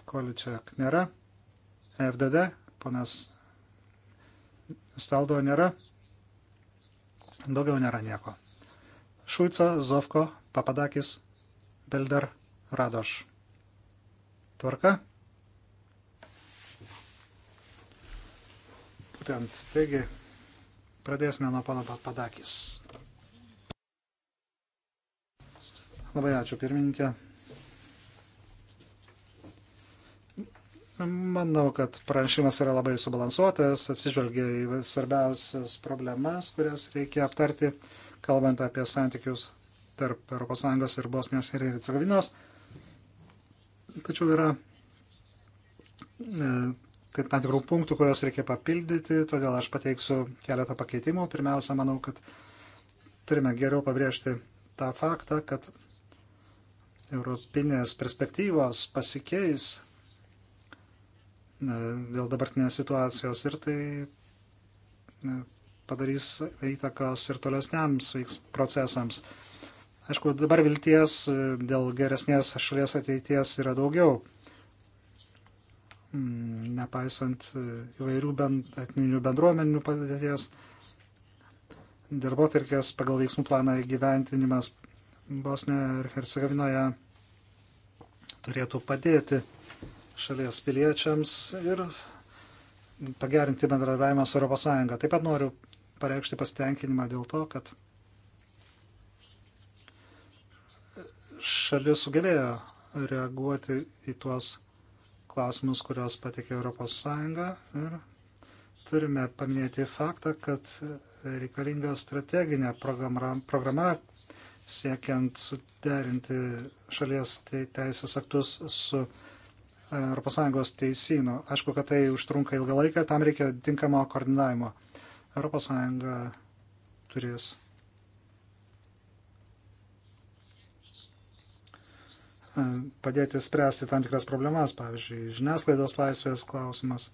Količiak nėra. FDD, ponas Staldo nėra. Daugiau nėra nieko. Šuica, Zovko, Papadakis, Belder, Radoš. Tvarka? Būtent, taigi, pradėsime nuo pana Papadakis. Labai ačiū, pirmininkė. Manau, kad pranešimas yra labai subalansuotas, atsižvelgia į svarbiausias problemas, kurias reikia aptarti, kalbant apie santykius tarp ES ir Bosnijos ir Hercegovinos. Tačiau yra kaip e, tam tikrų punktų, kuriuos reikia papildyti, todėl aš pateiksiu keletą pakeitimų. Pirmiausia, manau, kad turime geriau pabrėžti tą faktą, kad europinės perspektyvos pasikeis e, dėl dabartinės situacijos ir tai e, padarys įtakos ir tolesniams procesams. Aišku, dabar vilties e, dėl geresnės šalies ateities yra daugiau, mm, nepaisant įvairių bend, etninių bendruomenių padėties. Darbotvarkės pagal veiksmų planą įgyventinimas Bosnijoje ir Hercegovinoje turėtų padėti šalies piliečiams ir pagerinti bendradarbiavimą su ES. Taip pat noriu pareikšti pasitenkinimą dėl to, kad šalis sugebėjo reaguoti į tuos klausimus, kuriuos patikė ES. Ir turime paminėti faktą, kad reikalinga strateginė programa, programa siekiant suderinti šalies teisės aktus su ES teisynu. Aišku, kad tai užtrunka ilgą laiką, tam reikia tinkamo koordinavimo. ES turės. E, padėti spręsti tam tikras problemas, pavyzdžiui, žiniasklaidos laisvės klausimas.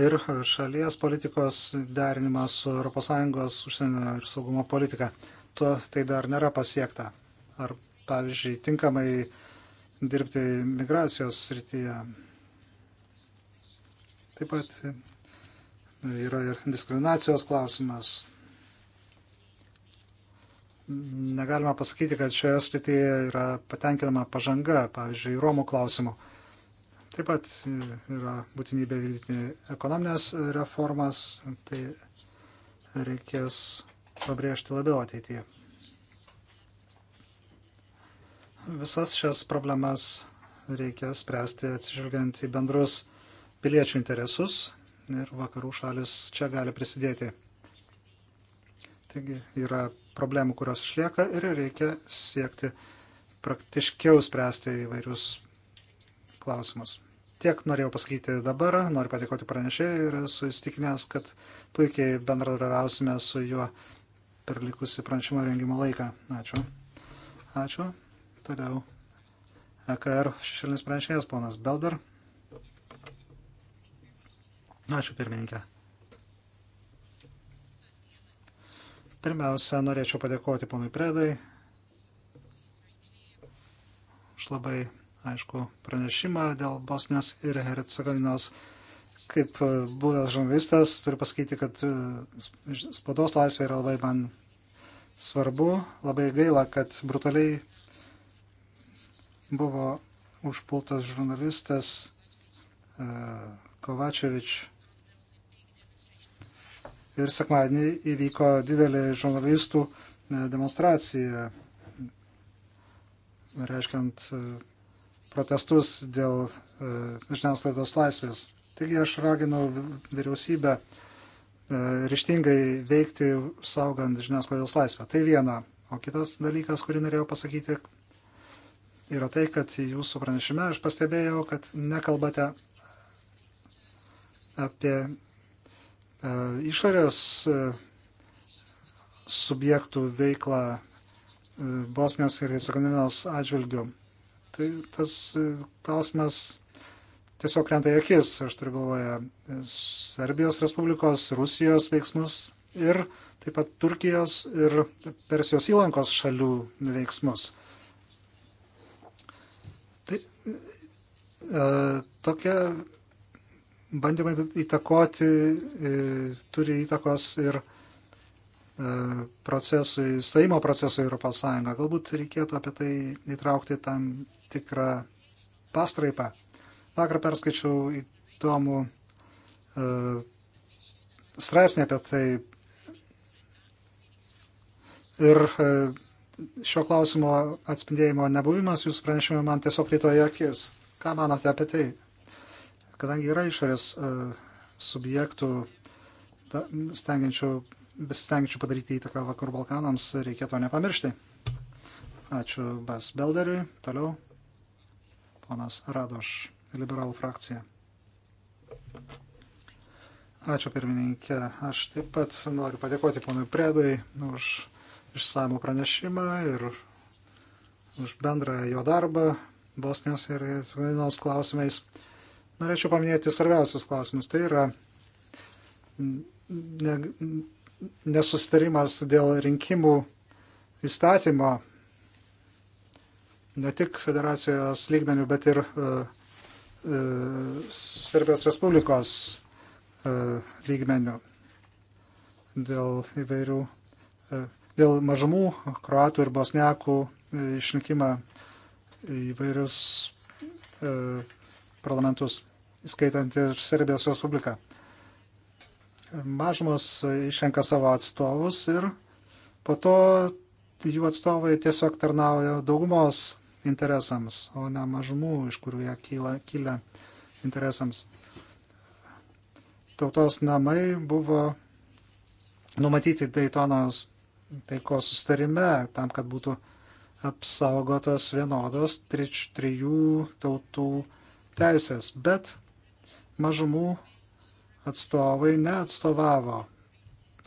ir šalies politikos derinimas su ES užsienio ir saugumo politika. To tai dar nėra pasiekta. Ar, pavyzdžiui, tinkamai dirbti migracijos srityje. Taip pat yra ir diskriminacijos klausimas. Negalima pasakyti, kad šioje srityje yra patenkinama pažanga, pavyzdžiui, Romų klausimu. Taip pat yra būtinybė vykdyti ekonominės reformas, tai reikės pabrėžti labiau ateityje. Visas šias problemas reikia spręsti atsižvelgiant į bendrus piliečių interesus ir vakarų šalis čia gali prisidėti. Taigi yra problemų, kurios išlieka ir reikia siekti praktiškiau spręsti įvairius klausimus. Tiek norėjau pasakyti dabar, noriu patikoti pranešėjai ir esu įstikinęs, kad puikiai bendradarbiausime su juo per likusi pranešimo rengimo laiką. Ačiū. Ačiū. Toliau. EKR šešėlinis pranešėjas, ponas Belder. Ačiū pirmininkė. Pirmiausia, norėčiau padėkoti ponui Predai už labai aišku, pranešimą dėl Bosnijos ir Hercegovinos. Kaip buvęs žurnalistas, turiu pasakyti, kad e, spaudos laisvė yra labai man svarbu. Labai gaila, kad brutaliai buvo užpultas žurnalistas e, Kovačevič. Ir sekmadienį įvyko didelė žurnalistų e, demonstracija, reiškiant protestus dėl e, žiniasklaidos laisvės. Taigi aš raginu vyriausybę e, ryštingai veikti saugant žiniasklaidos laisvę. Tai viena. O kitas dalykas, kurį norėjau pasakyti, yra tai, kad jūsų pranešime aš pastebėjau, kad nekalbate apie e, išorės subjektų veiklą Bosnijos ir Hercegovinos atžvilgių. Tai tas e, klausimas tiesiog krenta į akis, aš turiu galvoje e, Serbijos Respublikos, Rusijos veiksmus ir taip pat Turkijos ir Persijos įlankos šalių veiksmus. Tai e, e tokia bandymai įtakoti e, turi įtakos ir e, procesui, stojimo procesui Europos Sąjungą. Galbūt reikėtų apie tai įtraukti tam tikrą pastraipą. Vakar perskaičiau įdomų uh, straipsnį apie tai. Ir uh, šio klausimo atspindėjimo nebuvimas jūsų pranešime man tiesiog ryto į akis. Ką manote apie tai? Kadangi yra išorės uh, subjektų ta, stengiančių besistengiančių padaryti įtaką Vakarų Balkanams, reikėtų nepamiršti. Ačiū Bas Belderiui. Toliau ponas Radoš, liberalų frakcija. Ačiū pirmininkė. Aš taip pat noriu padėkoti ponui Predai už išsamų pranešimą ir už bendrą jo darbą Bosnijos ir Hercegovinos klausimais. Norėčiau paminėti svarbiausius klausimus. Tai yra ne, nesustarimas dėl rinkimų įstatymo ne tik federacijos lygmenių, bet ir e, e, Serbijos Respublikos e, lygmenių dėl įvairių, dėl mažumų, kroatų ir bosnekų išrinkimą įvairius parlamentus, įskaitant ir Serbijos Respubliką. Mažumos išrenka savo atstovus ir po to jų atstovai tiesiog tarnauja daugumos interesams, o ne mažumų, iš kurių jie kyla, kyla interesams. Tautos namai buvo numatyti Daytonos taikos sustarime tam, kad būtų apsaugotos vienodos trič, trijų tautų teisės, bet mažumų atstovai neatstovavo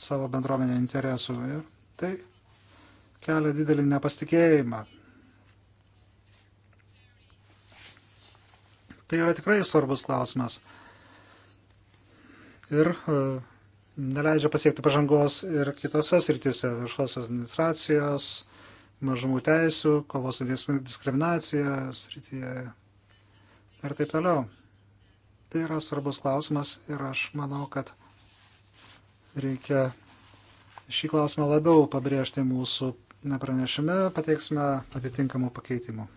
savo bendruomenė interesų ir tai kelia didelį nepasitikėjimą. Tai yra tikrai svarbus klausimas. Ir e, neleidžia pasiekti pažangos ir kitose srityse - viešosios administracijos, mažumų teisų, kovos su diskriminacija srityje ir taip toliau. Tai yra svarbus klausimas ir aš manau, kad reikia šį klausimą labiau pabrėžti mūsų nepranešime, pateiksime atitinkamų pakeitimų.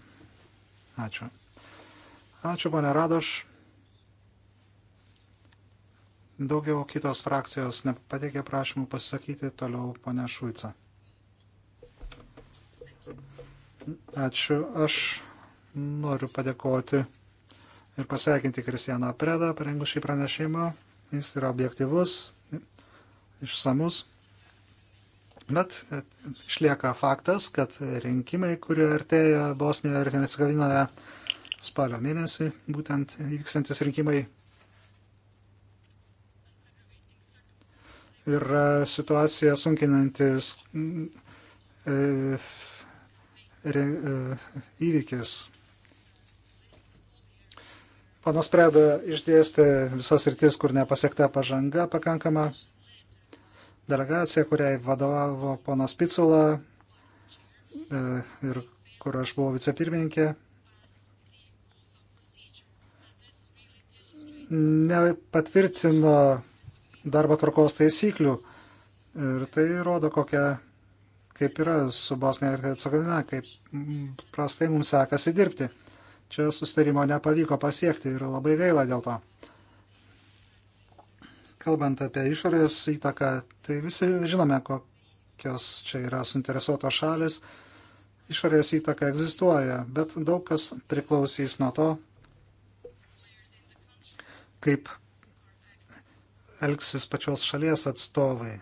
Ačiū. Ačiū, pane Radoš. Daugiau kitos frakcijos nepateikė prašymų pasisakyti, toliau pane Šuica. Ačiū. Aš noriu padėkoti ir pasveikinti Kristianą Predą, parengus šį pranešimą. Jis yra objektivus, išsamus. Bet išlieka faktas, kad rinkimai, kurie artėja Bosnijoje ir Hercegovinoje, spalio mėnesį, būtent vykstantis rinkimai. Ir situacija sunkinantis e, e, įvykis. Panas Preda išdėstė visas rytis, kur nepasiekta pažanga pakankama. Delegacija, kuriai vadovavo ponas Picula e, ir kur aš buvau vicepirmininkė, nepatvirtino darbo tvarkos taisyklių. Ir tai rodo, kokia, kaip yra su Bosnija ir Hercegovina, kaip prastai mums sekasi dirbti. Čia sustarimo nepavyko pasiekti ir labai gaila dėl to. Kalbant apie išorės įtaką, tai visi žinome, kokios čia yra suinteresuotos šalis. Išorės įtaka egzistuoja, bet daug kas priklausys nuo to, kaip elgsis pačios šalies atstovai.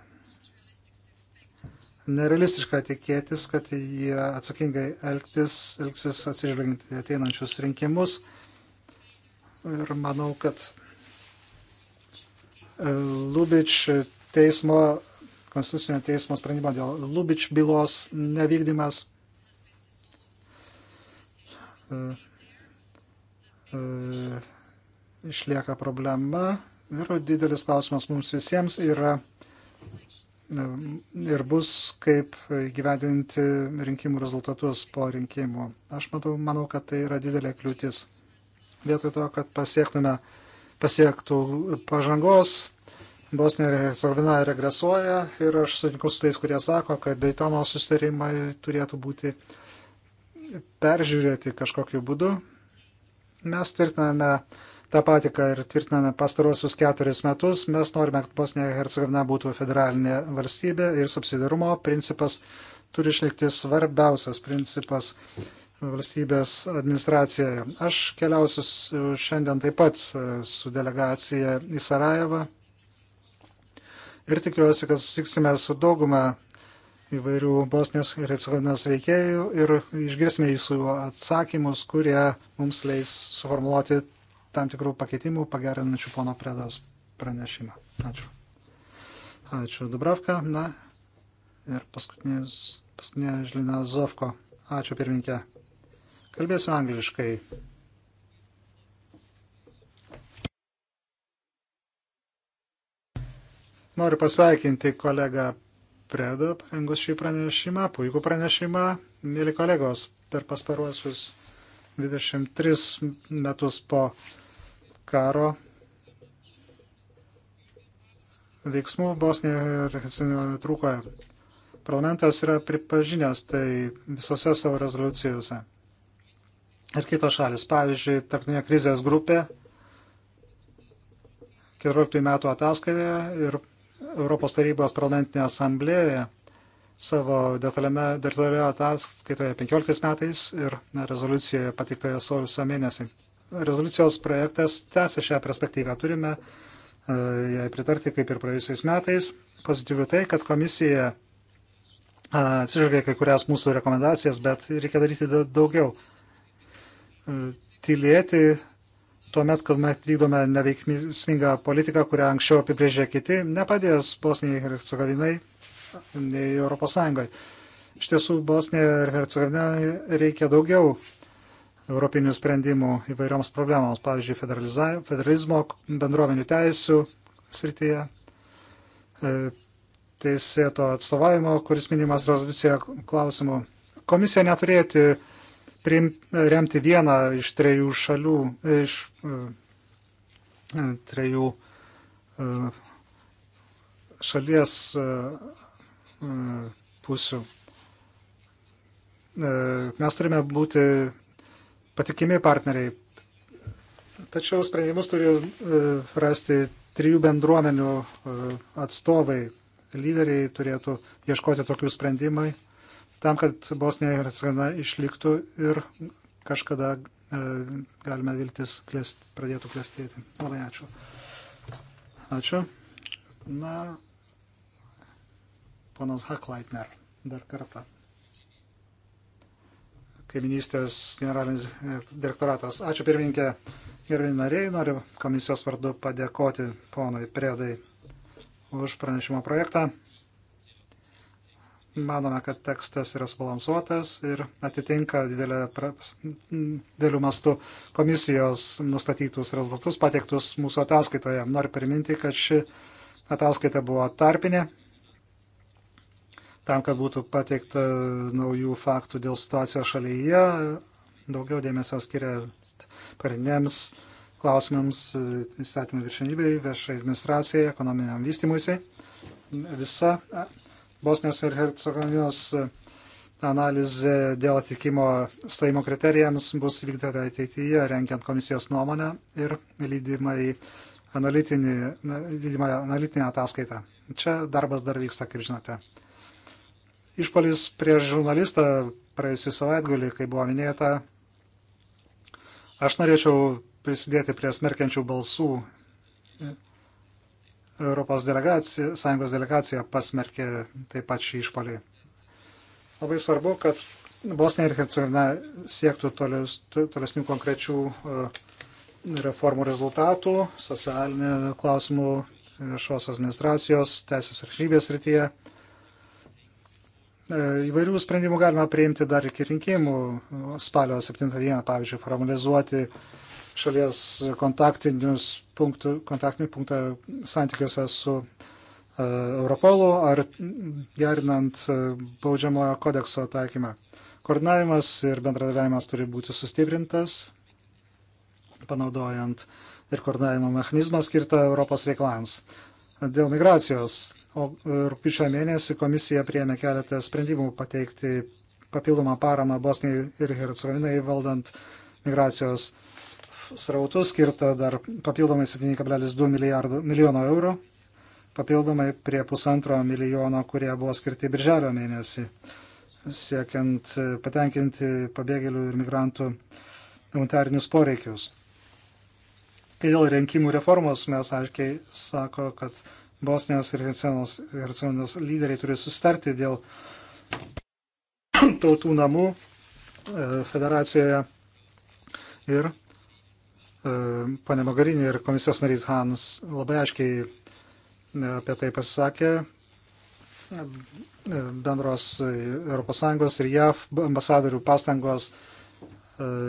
Nerealistiška tikėtis, kad jie atsakingai elgtis, elgsis atsižvelgiant į ateinančius rinkimus. Ir manau, kad e, Lubič teismo, konstitucinio teismo sprendimo dėl Lubič bylos nevykdymas e, e, išlieka problema ir didelis klausimas mums visiems yra e, ir bus, kaip gyvendinti rinkimų rezultatus po rinkimų. Aš matau, manau, kad tai yra didelė kliūtis. Vietoj to, kad pasiektume, pasiektų pažangos, Bosnija ir Hercegovina regresuoja ir aš sutinku su tais, kurie sako, kad Daytono susitarimai turėtų būti peržiūrėti kažkokiu būdu. Mes tvirtiname tą patį, ką ir tvirtiname pastarosius keturis metus, mes norime, kad Bosnija Hercegovina būtų federalinė valstybė ir subsidarumo principas turi išlikti svarbiausias principas valstybės administracijoje. Aš keliausiu šiandien taip pat e, su delegacija į Sarajevą ir tikiuosi, kad susitiksime su dauguma įvairių Bosnijos ir Hercegovinos veikėjų ir išgirsime jūsų atsakymus, kurie mums leis suformuoluoti tam tikrų pakeitimų pagerinančių pono Predos pranešimą. Ačiū. Ačiū Dubravka. Na ir paskutinis, paskutinė Žlina Zovko. Ačiū pirminkė. Kalbėsiu angliškai. Noriu pasveikinti kolegą Predą, parengus šį pranešimą, puikų pranešimą, mėly kolegos, per pastaruosius 23 metus po karo veiksmų Bosnijoje ir Hercegovinoje trūko. Parlamentas yra pripažinęs tai visose savo rezoliucijose. Ir kitos šalis, pavyzdžiui, tarptautinė krizės grupė 14 metų ataskaitoje ir Europos tarybos parlamentinė asamblėje savo detaliame, detalioje ataskaitoje 15 metais ir rezoliucijoje patiktoje sausio mėnesį rezoliucijos projektas tęsia šią perspektyvą. Turime e, jai pritarti kaip ir praėjusiais metais. Pozityviu tai, kad komisija e, atsižvelgia kai kurias mūsų rekomendacijas, bet reikia daryti daugiau. E, tylėti tuomet, kai mes vykdome neveiksmingą politiką, kurią anksčiau apibrėžė kiti, nepadės Bosnijai ir Hercegovinai nei Europos Sąjungai. Iš tiesų, Bosnija ir Hercegovina reikia daugiau europinių sprendimų įvairioms problemams, pavyzdžiui, federalizmo bendruomenių teisų srityje, e, teisėto atstovavimo, kuris minimas rezoliucijoje klausimu. Komisija neturėti priim, remti vieną iš trejų šalių, e, iš e, trejų šalies pusių. Mes turime būti patikimi partneriai. Tačiau sprendimus turi e, rasti trijų bendruomenių e, atstovai. Lyderiai turėtų ieškoti tokių sprendimai tam, kad Bosnija ir Hercegovina išliktų ir kažkada e, galime viltis klėst, pradėtų klestėti. Labai ačiū. Ačiū. Na, ponas Haklaitner, dar kartą kaiminystės generalinis e, direktoratas. Ačiū pirmininkė, gerbėjai nariai, noriu komisijos vardu padėkoti ponui Priedai už pranešimo projektą. Manome, kad tekstas yra subalansuotas ir atitinka didelė, didelių mastų komisijos nustatytus rezultatus pateiktus mūsų ataskaitoje. Noriu priminti, kad ši ataskaita buvo tarpinė tam, kad būtų pateikta naujų faktų dėl situacijos šalyje, daugiau dėmesio skiria parinėms klausimams įstatymų viršinybei, viešai administracijai, ekonominiam vystimuisi. Visa Bosnijos ir Hercegovinos analizė dėl atitikimo stojimo kriterijams bus vykdyta ateityje, renkiant komisijos nuomonę ir lydimą į analitinį, lydimą analitinę ataskaitą. Čia darbas dar vyksta, kaip žinote. Išpolis prieš žurnalistą praėjusį savaitgalį, kai buvo minėta, aš norėčiau prisidėti prie smerkiančių balsų. Europos delegacija, sąjungos delegacija pasmerkė taip pat šį išpolį. Labai svarbu, kad Bosnija ir Hercegovina siektų tolius, tolesnių konkrečių e, reformų rezultatų, socialinių klausimų, viešos administracijos, teisės viršybės rytyje. E, įvairių sprendimų galima priimti dar iki rinkimų spalio 7 dieną, pavyzdžiui, formalizuoti šalies kontaktinius punktų, kontaktinį punktą santykiuose su e, Europolu ar gerinant e, baudžiamojo kodekso taikymą. Koordinavimas ir bendradarbiavimas turi būti sustiprintas, panaudojant ir koordinavimo mechanizmą skirtą Europos reikalams. Dėl migracijos O rūpiučio mėnesį komisija priėmė keletą sprendimų pateikti papildomą paramą Bosniai ir Hercegovinai valdant migracijos srautus, skirta dar papildomai 7,2 milijono eurų, papildomai prie pusantro milijono, kurie buvo skirti birželio mėnesį, siekiant patenkinti pabėgėlių ir migrantų humanitarinius poreikius. Kai dėl rinkimų reformos mes aiškiai sako, kad Bosnijos ir Hercegovinos lyderiai turi sustarti dėl tautų namų e, federacijoje ir e, pane Magarinė ir komisijos narys Hans labai aiškiai e, apie tai pasisakė bendros ES ir JAV ambasadorių pastangos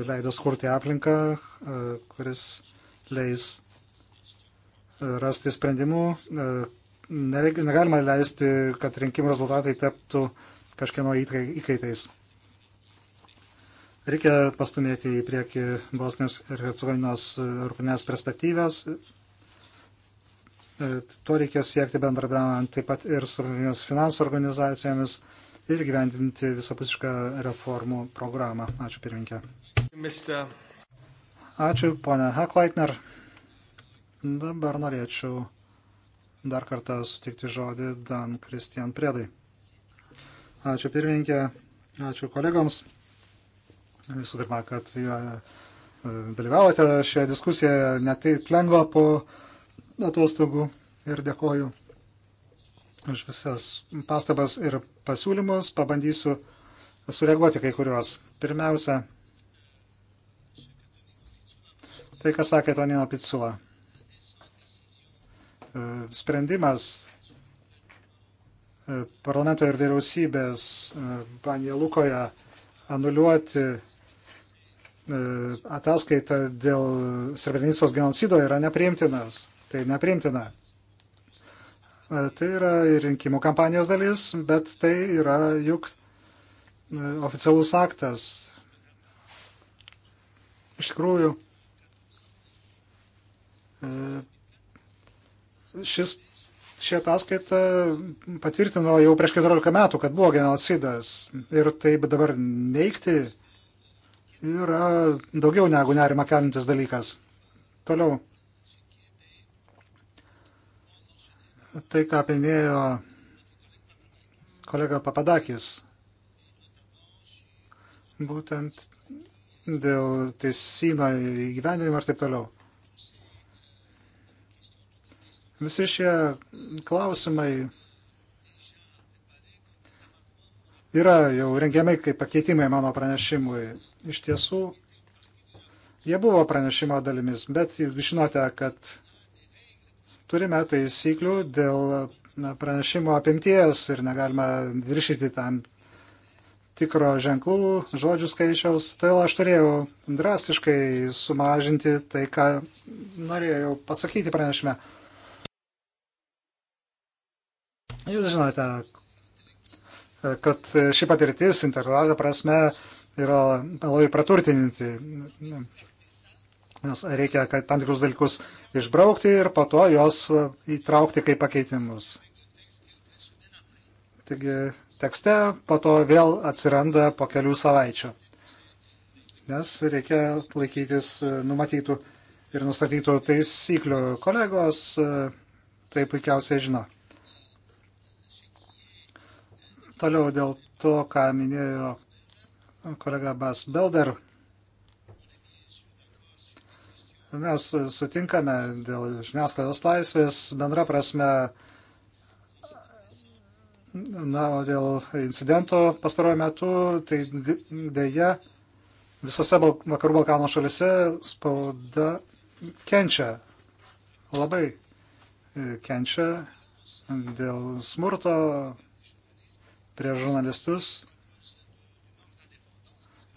leido skurti aplinką, kuris leis rasti sprendimų. E, negalima leisti, kad rinkimų rezultatai taptų kažkieno įkaitais. Reikia pastumėti į priekį Bosnijos ir Hercegovinos europinės perspektyvas. E, to reikia siekti bendrabiavant taip pat ir su finansų organizacijomis ir gyvendinti visapusišką reformų programą. Ačiū pirminkė. Ačiū, ponia Heklaitner. Dabar norėčiau dar kartą sutikti žodį Dan Kristian Priedai. Ačiū pirmininkė, ačiū kolegoms. Visų pirma, kad e, e, dalyvavote šioje diskusijoje netaip lengva po atostogų ir dėkoju už visas pastabas ir pasiūlymus. Pabandysiu sureaguoti kai kuriuos. Pirmiausia, tai, ką sakė Tonino Pitsula. E, sprendimas e, parlamento ir vyriausybės panie e, Lukoje anuliuoti ataskaitą dėl Srebrenicos genocido yra nepriimtinas. Tai nepriimtina. Tai yra ir rinkimų kampanijos dalis, bet tai yra juk oficialus aktas. Iš tikrųjų, šis, šie ataskaita patvirtino jau prieš 14 metų, kad buvo genocidas ir taip dabar neikti yra daugiau negu nerima kelintis dalykas. Toliau. Tai, ką paminėjo kolega Papadakis, būtent dėl teisino įgyvendinimo ir taip toliau. Visi šie klausimai yra jau rengiami kaip pakeitimai mano pranešimui. Iš tiesų, jie buvo pranešimo dalimis, bet žinote, kad turime taisyklių dėl pranešimo apimties ir negalima viršyti tam tikro ženklų žodžių skaičiaus. Todėl aš turėjau drastiškai sumažinti tai, ką norėjau pasakyti pranešime. Jūs žinote, kad ši patirtis intelektualinė prasme yra labai praturtinti. Nes reikia tam tikrus dalykus išbraukti ir po to juos įtraukti kaip pakeitimus. Taigi tekste po to vėl atsiranda po kelių savaičių. Nes reikia laikytis numatytų ir nustatytų taisyklių. Kolegos tai puikiausiai žino. Toliau dėl to, ką minėjo kolega Bas Belder. Mes sutinkame dėl žiniasklaidos laisvės, bendra prasme, na, o dėl incidento pastaruoju metu, tai dėja visose Balk vakarų Balkano šalise spauda kenčia, labai e, kenčia dėl smurto, prieš žurnalistus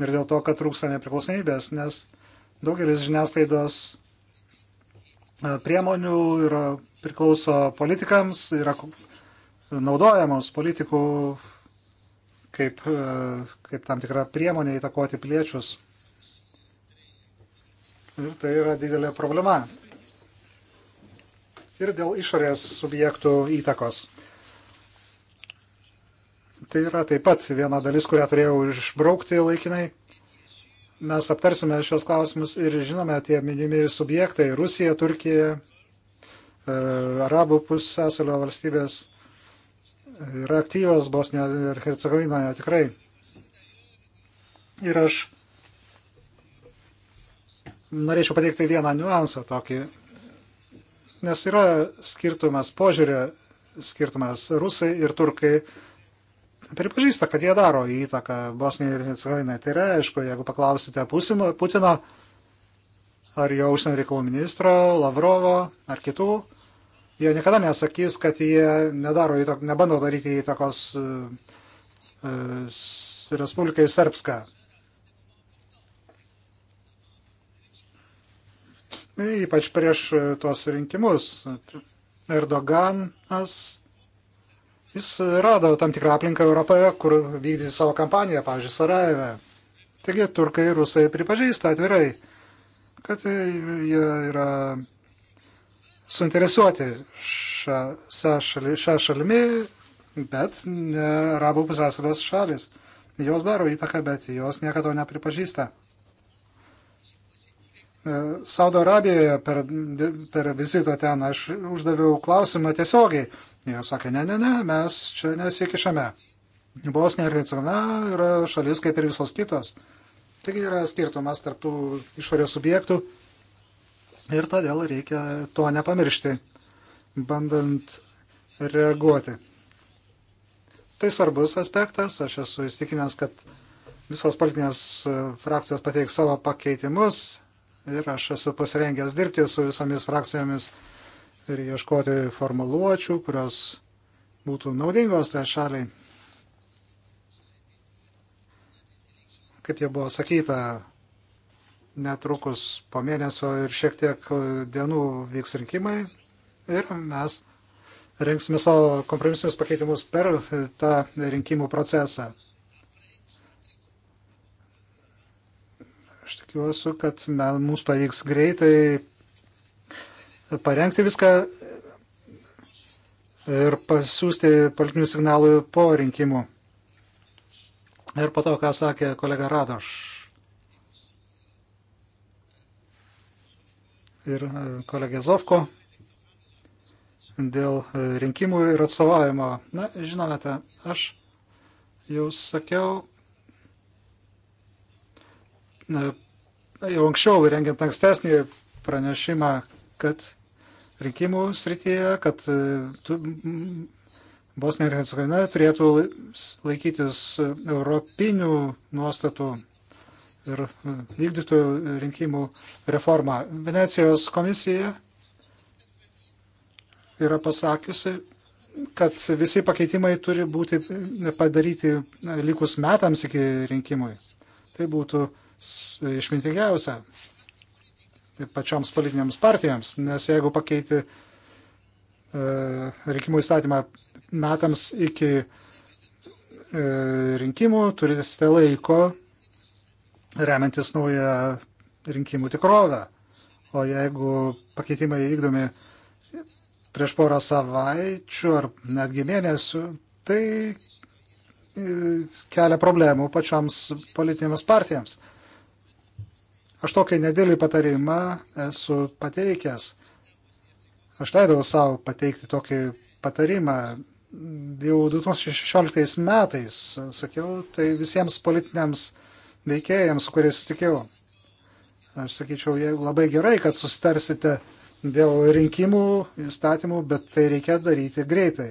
ir dėl to, kad trūksta nepriklausomybės, nes daugelis žiniasklaidos e, priemonių yra, priklauso politikams, yra naudojamos politikų kaip, e, kaip tam tikra priemonė įtakoti piliečius. Ir tai yra didelė problema. Ir dėl išorės subjektų įtakos. Tai yra taip pat viena dalis, kurią turėjau išbraukti laikinai. Mes aptarsime šios klausimus ir žinome tie minimi subjektai - Rusija, Turkija, e, Arabų pusėsalio valstybės yra aktyvios Bosnijoje ir Hercegovinoje tikrai. Ir aš norėčiau pateikti vieną niuansą tokį, nes yra skirtumas požiūrė, skirtumas rusai ir turkai pripažįsta, kad jie daro įtaką Bosnijai ir Hercegovinai. Tai yra, aišku, jeigu paklausite Pusino, Putino ar jo užsienio reikalų ministro, Lavrovo ar kitų, jie niekada nesakys, kad jie nedaro įtakos, nebando daryti įtakos uh, uh, Respublikai Serbska. Ypač prieš e, tuos rinkimus. Erdoganas Jis rado tam tikrą aplinką Europoje, kur vykdyti savo kampaniją, pavyzdžiui, Sarajeve. Taigi turkai ir rusai pripažįsta atvirai, kad jie yra suinteresuoti šią, šali, šią šalimi, bet ne arabų pusėsalos šalis. Jos daro įtaką, bet jos niekada to nepripažįsta. E, Saudo Arabijoje per, per vizitą ten aš uždaviau klausimą tiesiogiai. Jie sakė, ne, ne, ne, mes čia nesikišame. Bosnija ir Hercegovina yra šalis kaip ir visos kitos. Taigi yra skirtumas tarptų išorės subjektų ir todėl reikia to nepamiršti, bandant reaguoti. Tai svarbus aspektas, aš esu įstikinęs, kad visos politinės frakcijos pateiks savo pakeitimus ir aš esu pasirengęs dirbti su visomis frakcijomis ir ieškoti formuluočių, kurios būtų naudingos tai šaliai. Kaip jau buvo sakyta, netrukus po mėnesio ir šiek tiek dienų vyks rinkimai ir mes rinksime savo kompromisinius pakeitimus per tą rinkimų procesą. tikiuosi, kad mums pavyks greitai parengti viską ir pasiūsti politinių signalų po rinkimų. Ir po to, ką sakė kolega Radoš. Ir e, kolegė Zovko dėl e, rinkimų ir atstovavimo. Na, žinote, aš jau sakiau e, jau anksčiau, rengiant ankstesnį pranešimą, kad rinkimų srityje, kad e, Bosnija ir Hercegovina turėtų laikytis europinių nuostatų ir e, vykdytų rinkimų reformą. Venecijos komisija yra pasakiusi, kad visi pakeitimai turi būti padaryti likus metams iki rinkimui. Tai būtų uh, išmintingiausia pačioms politinėms partijoms, nes jeigu pakeiti e, rinkimų įstatymą metams iki e, rinkimų, turite laiko remiantis naują rinkimų tikrovę. O jeigu pakeitimai vykdomi prieš porą savaičių ar netgi mėnesių, tai e, kelia problemų pačioms politinėms partijams. Aš tokį nedėlį patarimą esu pateikęs. Aš leidau savo pateikti tokį patarimą. Jau 2016 metais, sakiau, tai visiems politiniams veikėjams, su kuriais sutikėjau. Aš sakyčiau, labai gerai, kad sustarsite dėl rinkimų įstatymų, bet tai reikia daryti greitai.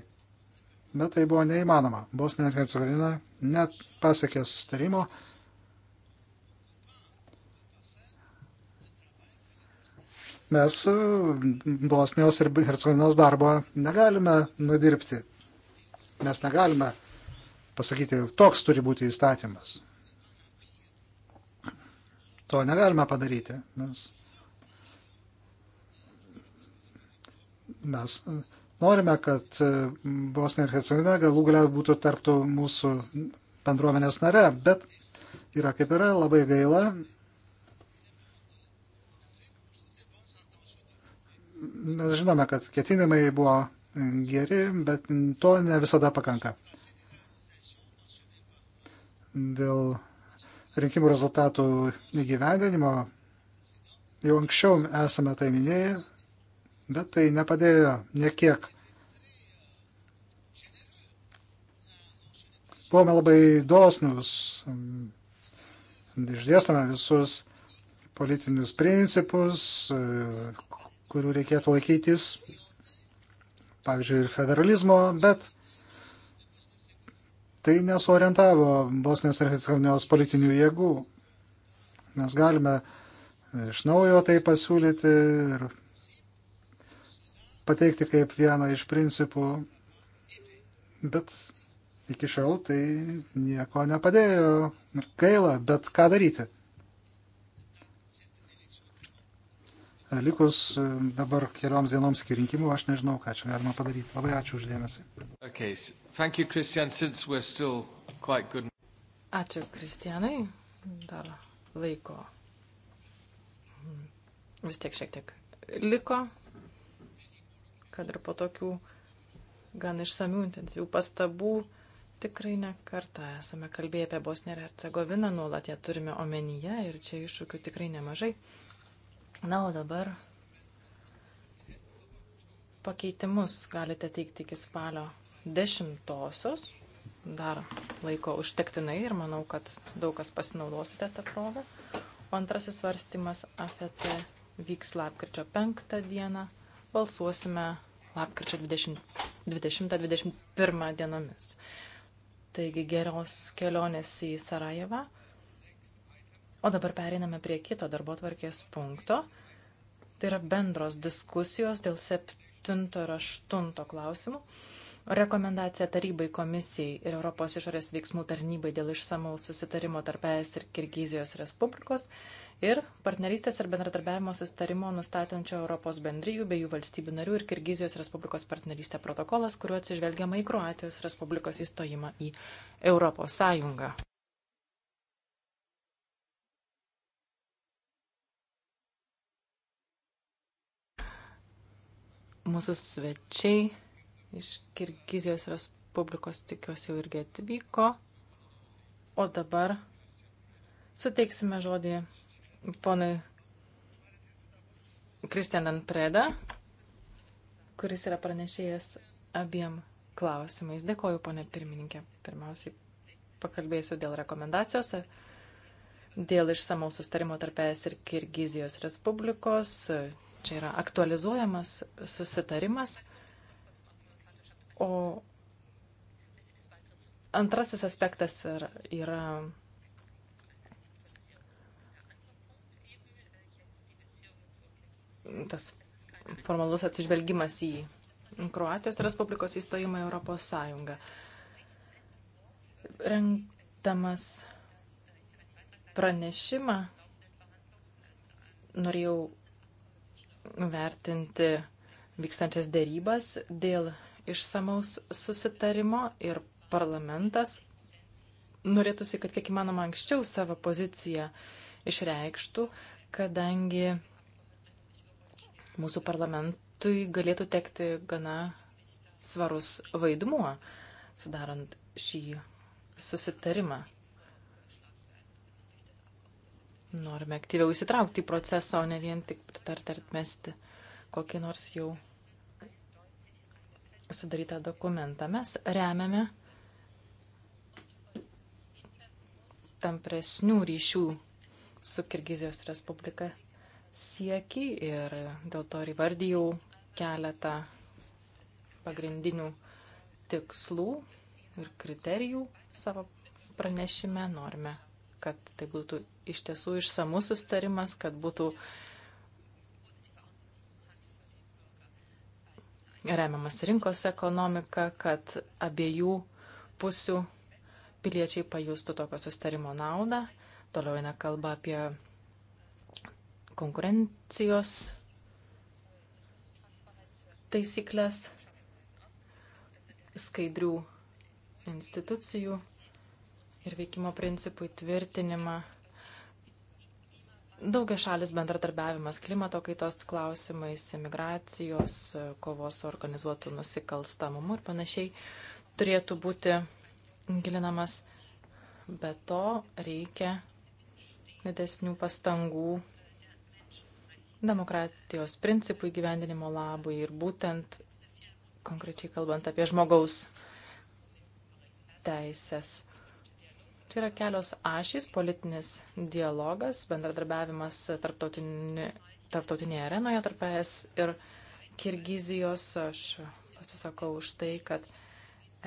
Bet tai buvo neįmanoma. Bosnija ir Hercegovina net pasiekė sustarimo mes e, Bosnijos ir Hercegovinos darbo negalime nudirbti. Mes negalime pasakyti, toks turi būti įstatymas. To negalime padaryti. Mes, mes norime, kad e, Bosnija ir Hercegovina galų galia būtų tarptų mūsų bendruomenės nare, bet yra kaip yra, labai gaila, mes žinome, kad ketinimai buvo geri, bet to ne visada pakanka. Dėl rinkimų rezultatų įgyvendinimo jau anksčiau esame tai minėję, bet tai nepadėjo niekiek. Buvome labai dosnus, išdėstome visus politinius principus, kurių reikėtų laikytis, pavyzdžiui, ir federalizmo, bet tai nesuorientavo Bosnijos ir Hercegovinos politinių jėgų. Mes galime iš naujo tai pasiūlyti ir pateikti kaip vieną iš principų, bet iki šiol tai nieko nepadėjo ir gaila, bet ką daryti. E, likus e, dabar kelioms dienoms iki rinkimų, aš nežinau, ką čia galima padaryti. Labai ačiū uždėmesi. Okay. You, Christian, good... Ačiū, Kristianai. Dar laiko. Vis tiek šiek tiek liko, kad ir po tokių gan išsamių intensyvių pastabų tikrai ne kartą esame kalbėję apie Bosnę ir Hercegoviną, nuolat ją turime omenyje ir čia iššūkių tikrai nemažai. Na, o dabar pakeitimus galite teikti iki spalio dešimtosios. Dar laiko užtektinai ir manau, kad daug kas pasinaudosite tą progą. O antrasis svarstymas AFT vyks lapkričio 5 dieną. Balsuosime lapkričio 20-21 dienomis. Taigi geros kelionės į Sarajevą. O dabar pereiname prie kito darbo tvarkės punkto. Tai yra bendros diskusijos dėl septinto ir aštunto klausimų. Rekomendacija tarybai komisijai ir Europos išorės veiksmų tarnybai dėl išsamaus susitarimo tarp ES ir Kirgizijos Respublikos ir partnerystės ir bendradarbiavimo susitarimo nustatančio Europos bendryjų bei jų valstybių narių ir Kirgizijos Respublikos partnerystė protokolas, kuriuo atsižvelgiama į Kroatijos Respublikos įstojimą į Europos Sąjungą. Mūsų svečiai iš Kirgizijos Respublikos tikiuosi jau irgi atvyko. O dabar suteiksime žodį ponui Kristianan Preda, kuris yra pranešėjęs abiem klausimais. Dėkoju, ponė pirmininkė. Pirmiausiai pakalbėsiu dėl rekomendacijos, dėl išsamaus sustarimo tarp ES ir Kirgizijos Respublikos. Čia yra aktualizuojamas susitarimas. O antrasis aspektas yra, yra tas formalus atsižvelgimas į Kroatijos Respublikos įstojimą į Europos Sąjungą. Rengdamas pranešimą norėjau vertinti vykstančias dėrybas dėl išsamaus susitarimo ir parlamentas norėtųsi, kad kiek įmanoma anksčiau savo poziciją išreikštų, kadangi mūsų parlamentui galėtų tekti gana svarus vaidmuo sudarant šį susitarimą. Norime aktyviau įsitraukti į procesą, o ne vien tik pritarti ar atmesti kokį nors jau sudarytą dokumentą. Mes remiame tampresnių ryšių su Kirgizijos Respublika sieki ir dėl to ir įvardyjau keletą pagrindinių tikslų ir kriterijų savo pranešime. Norime kad tai būtų iš tiesų išsamus sustarimas, kad būtų remiamas rinkos ekonomika, kad abiejų pusių piliečiai pajustų tokio sustarimo naudą. Toliau eina kalba apie konkurencijos taisyklės, skaidrių institucijų ir veikimo principų įtvirtinimą. Daugia šalis bendradarbiavimas klimato kaitos klausimais, imigracijos, kovos su organizuotų nusikalstamumu ir panašiai turėtų būti gilinamas. Be to reikia didesnių pastangų demokratijos principų įgyvendinimo labui ir būtent konkrečiai kalbant apie žmogaus teisės. Tai yra kelios ašys - politinis dialogas, bendradarbiavimas tarptautinė, tarptautinėje arenoje tarp ES ir Kirgizijos. Aš pasisakau už tai, kad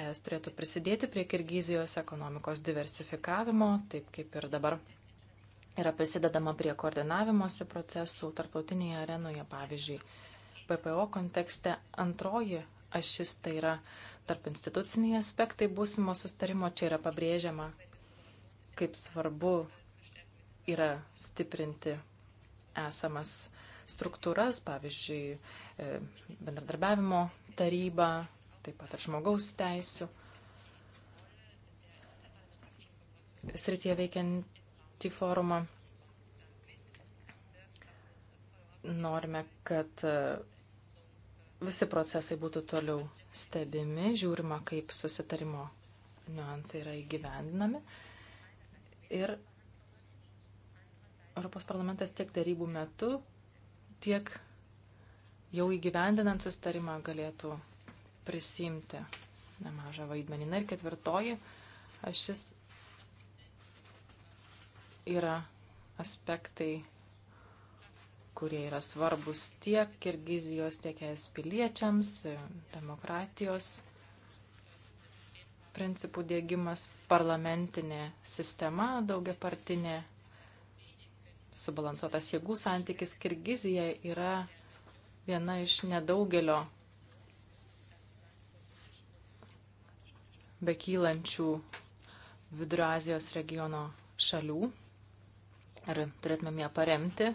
ES turėtų prisidėti prie Kirgizijos ekonomikos diversifikavimo, taip kaip ir dabar yra prisidedama prie koordinavimosi procesų tarptautinėje arenoje, pavyzdžiui, PPO kontekste. Antroji ašis tai yra tarp instituciniai aspektai būsimo sustarimo, čia yra pabrėžiama, kaip svarbu yra stiprinti esamas struktūras, pavyzdžiui, e, bendradarbiavimo tarybą, taip pat ir žmogaus teisų. Srityje veikianti forumą. Norime, kad e, visi procesai būtų toliau stebimi, žiūrima, kaip susitarimo niuansai yra įgyvendinami. Ir Europos parlamentas tiek darybų metu, tiek jau įgyvendinant sustarimą galėtų prisimti nemažą vaidmenį. Na ir ketvirtoji ašis yra aspektai, kurie yra svarbus tiek Kirgizijos, tiek es piliečiams, demokratijos principų dėgymas, parlamentinė sistema, daugiapartinė, subalansuotas jėgų santykis Kirgizija yra viena iš nedaugelio bekylančių Vidurio Azijos regiono šalių ir turėtumėm ją paremti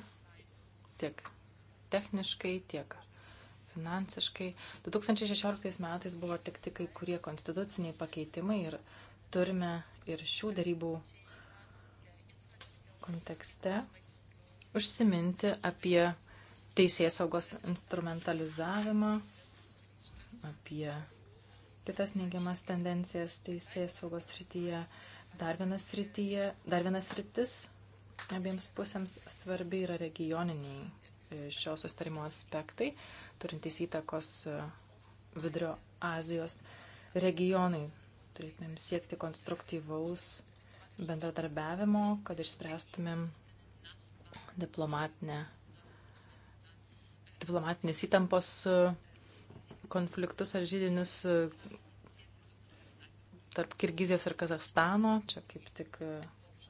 tiek techniškai, tiek finansiškai. 2016 metais buvo atlikti kai kurie konstituciniai pakeitimai ir turime ir šių darybų kontekste užsiminti apie teisės saugos instrumentalizavimą, apie kitas neigiamas tendencijas teisės saugos srityje. Dar vienas, srityje, dar vienas rytis abiems pusėms svarbi yra regioniniai e, šio sustarimo aspektai turintys įtakos e, Vidurio Azijos regionai. Turėtumėm siekti konstruktyvaus bendradarbiavimo, kad išspręstumėm diplomatinę, diplomatinės įtampos e, konfliktus ar žydinius e, tarp Kirgizijos ir Kazakstano. Čia kaip tik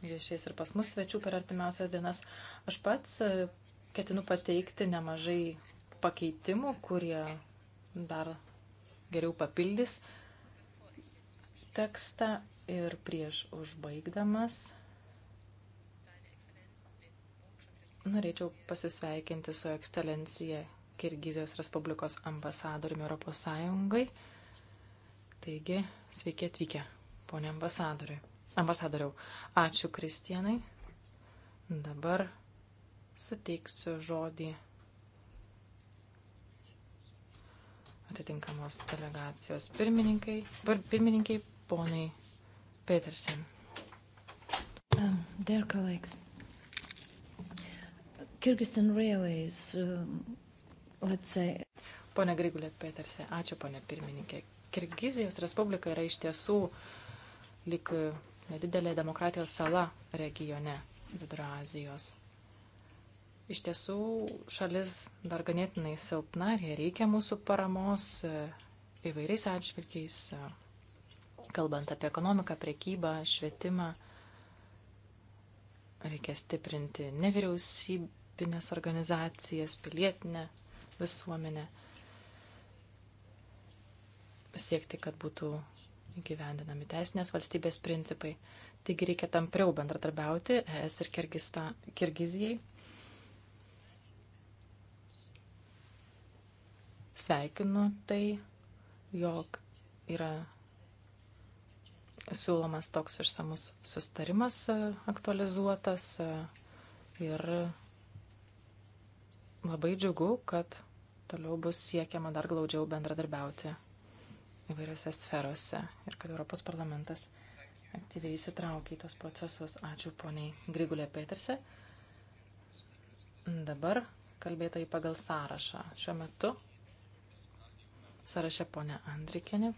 viešės ir pas mus svečių per artimiausias dienas. Aš pats ketinu pateikti nemažai pakeitimų, kurie dar geriau papildys tekstą ir prieš užbaigdamas norėčiau pasisveikinti su ekscelencija Kirgizijos Respublikos ambasadoriumi Europos Sąjungai. Taigi, sveiki atvykę, ponė ambasadoriui. Ambasadoriau, ačiū Kristijanai. Dabar suteiksiu žodį atitinkamos delegacijos pirmininkai, pirmininkai ponai Petersen. Um, dear colleagues, Kyrgyzstan Railways, um, let's say. Pone Grigulėt Petersen, ačiū pone pirmininkė. Kirgizijos Respublika yra iš tiesų lik nedidelė demokratijos sala regione Vidurio Azijos. Iš tiesų, šalis dar ganėtinai silpna ir jie reikia mūsų paramos e, įvairiais atžvilgiais, e, kalbant apie ekonomiką, prekybą, švietimą. Reikia stiprinti nevyriausybinės organizacijas, pilietinę visuomenę, siekti, kad būtų įgyvendinami teisinės valstybės principai. Taigi reikia tampriau bendradarbiauti ES ir Kirgista, Kirgizijai Sveikinu tai, jog yra siūlomas toks išsamus sustarimas e, aktualizuotas e, ir labai džiugu, kad toliau bus siekiama dar glaudžiau bendradarbiauti įvairiose sferose ir kad Europos parlamentas aktyviai įsitraukia į tos procesus. Ačiū poniai Grigulė Peterse. Dabar kalbėtojai pagal sąrašą. Šiuo metu sąraše ponia Andrikienė,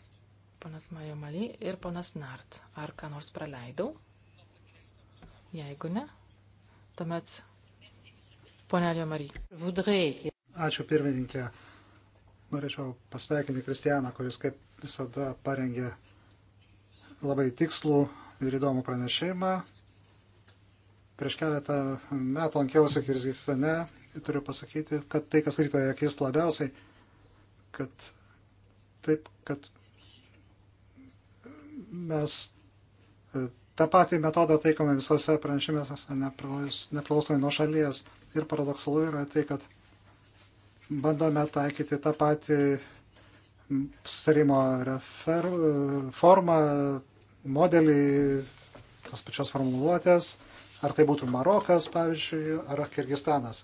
ponas Mario Maly ir ponas Nart. Ar ką nors praleidau? Jeigu ne, tuomet ponia Alio Maly. Ačiū pirmininkė. Norėčiau pasveikinti Kristianą, kuris kaip visada parengė labai tikslų ir įdomų pranešimą. Prieš keletą metų lankiausi Kirgizstane ir turiu pasakyti, kad tai, kas rytoje akis labiausiai, kad taip, kad mes e, tą patį metodą taikome visose pranešimuose nepriklausomai nuo šalies. Ir paradoksalu yra tai, kad bandome taikyti tą patį sustarimo refer, formą, modelį, tos pačios formuluotės, ar tai būtų Marokas, pavyzdžiui, ar Kirgistanas.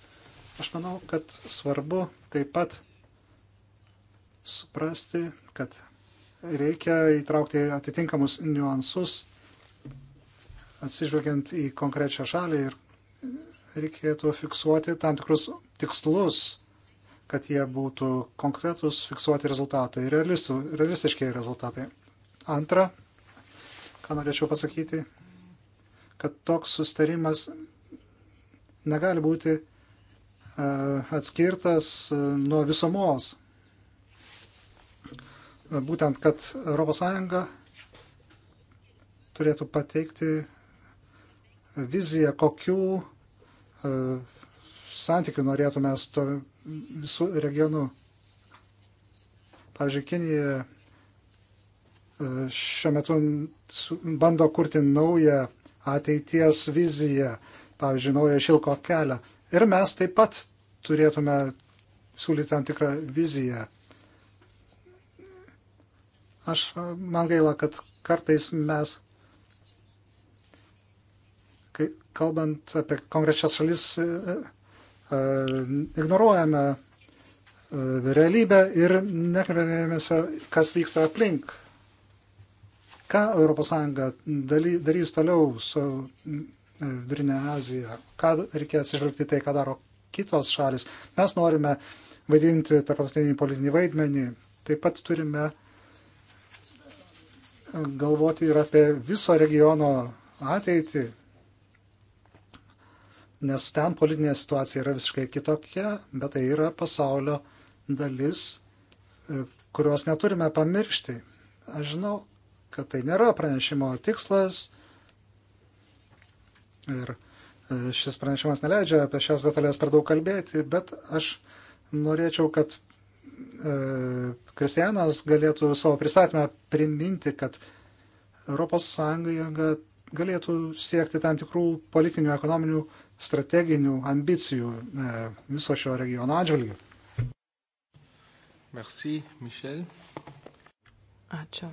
Aš manau, kad svarbu taip pat suprasti, kad reikia įtraukti atitinkamus niuansus, atsižvelgiant į konkrečią šalį ir reikėtų fiksuoti tam tikrus tikslus, kad jie būtų konkretus fiksuoti rezultatai, realistų, realistiškiai rezultatai. Antra, ką norėčiau pasakyti, kad toks sustarimas negali būti e, atskirtas e, nuo visomos būtent, kad ES turėtų pateikti viziją, kokių e, santykių norėtume su to visų regionu. Pavyzdžiui, Kinija e, šiuo metu bando kurti naują ateities viziją, pavyzdžiui, naują šilko kelią. Ir mes taip pat turėtume siūlyti tam tikrą viziją Aš man gaila, kad kartais mes, kai kalbant apie konkrečias šalis, e, e, ignoruojame e, realybę ir nekreipiamėmėsio, kas vyksta aplink. Ką ES darys toliau su Vidurinė Azija, ką reikia atsižvelgti tai, ką daro kitos šalis. Mes norime vaidinti tarptautinį politinį vaidmenį, taip pat turime uh, galvoti ir apie viso regiono ateitį, nes ten politinė situacija yra visiškai kitokia, bet tai yra pasaulio dalis, e, kurios neturime pamiršti. Aš žinau, kad tai nėra pranešimo tikslas ir e, šis pranešimas neleidžia apie šias detalės per daug kalbėti, bet aš norėčiau, kad E, Kristianas galėtų savo pristatymę priminti, kad ES galėtų siekti tam tikrų politinių, ekonominių, strateginių ambicijų e, viso šio regiono atžvilgių. Merci, Michel. Ačiū,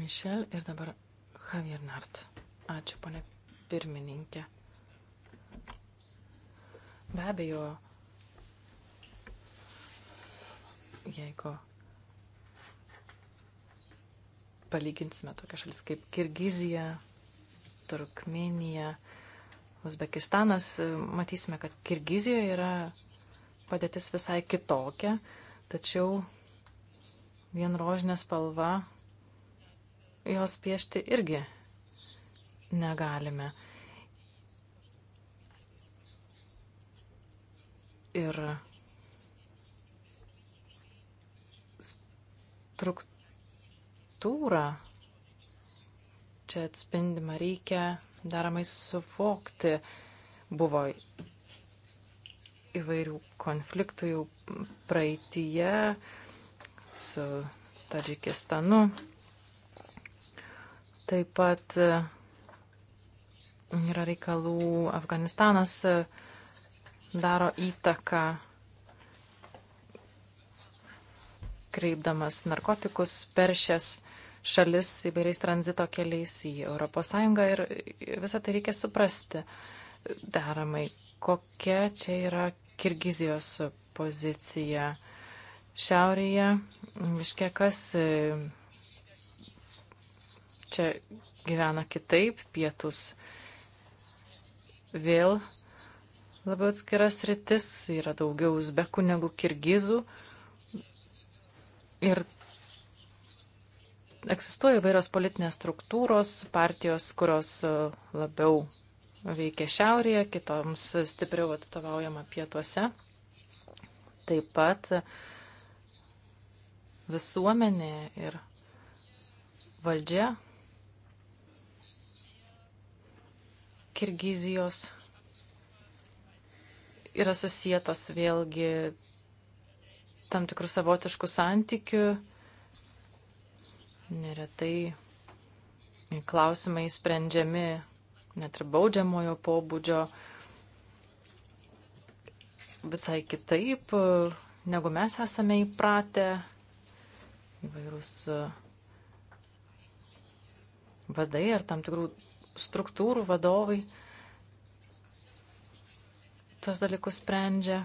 Michel ir dabar Javier Nart. Ačiū, ponė pirmininkė. Be abejo, jeigu palyginsime tokias šalis kaip Kirgizija, Turkmenija, Uzbekistanas, matysime, kad Kirgizijoje yra padėtis visai kitokia, tačiau vien rožinė spalva jos piešti irgi negalime. Ir struktūrą čia atspindima reikia deramai suvokti. Buvo įvairių konfliktų jau praeitįje su Tadžikistanu. Taip pat e, yra reikalų, Afganistanas e, daro įtaką kreipdamas narkotikus per šias šalis įvairiais tranzito keliais į ES ir, ir visą tai reikia suprasti deramai. Kokia čia yra Kirgizijos pozicija šiaurėje, viškė kas e, čia gyvena kitaip, pietus vėl labiau atskiras rytis, yra daugiau uzbekų negu kirgizų. Uh, Ir egzistuoja įvairios politinės struktūros, partijos, kurios e, labiau veikia šiaurėje, kitoms stipriau atstovaujama pietuose. Taip pat visuomenė ir valdžia Kirgizijos yra susijėtos vėlgi tam tikrų savotiškų santykių. Neretai klausimai sprendžiami net ir baudžiamojo pobūdžio visai kitaip, negu mes esame įpratę. Įvairūs uh, vadai ar tam tikrų struktūrų vadovai tos dalykus sprendžia.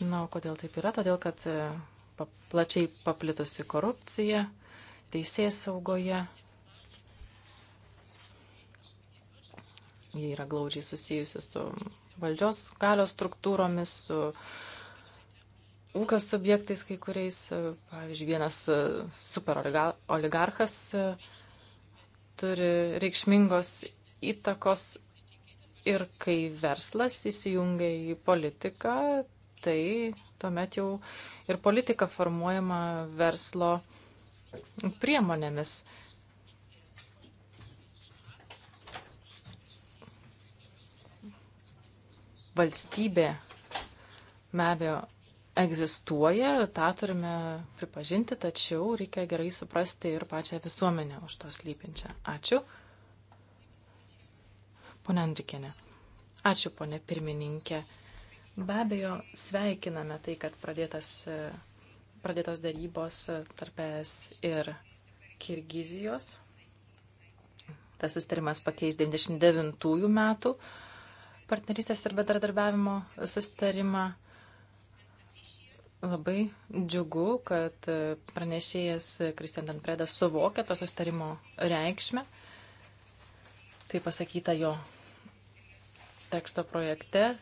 Na, o kodėl taip yra? Todėl, kad e, plačiai paplitusi korupcija, teisės saugoje. Jie yra glaudžiai susijusi su valdžios galios struktūromis, su ūkio subjektais kai kuriais. E, pavyzdžiui, vienas e, super oligarchas turi reikšmingos įtakos ir kai verslas įsijungia į politiką, tai tuomet jau ir politika formuojama verslo priemonėmis. Valstybė be abejo egzistuoja, tą turime pripažinti, tačiau reikia gerai suprasti ir pačią visuomenę už to slypinčią. Ačiū. Pone Andrikėne. Ačiū, pone pirmininkė. Be abejo, sveikiname tai, kad pradėtas, e, pradėtos darybos tarp ES ir Kirgizijos. Tas sustarimas pakeis 99 metų partnerystės ir bedradarbiavimo sustarimą. Labai džiugu, kad e, pranešėjas Kristian Danpredas suvokė to sustarimo reikšmę. Tai pasakyta jo teksto projekte,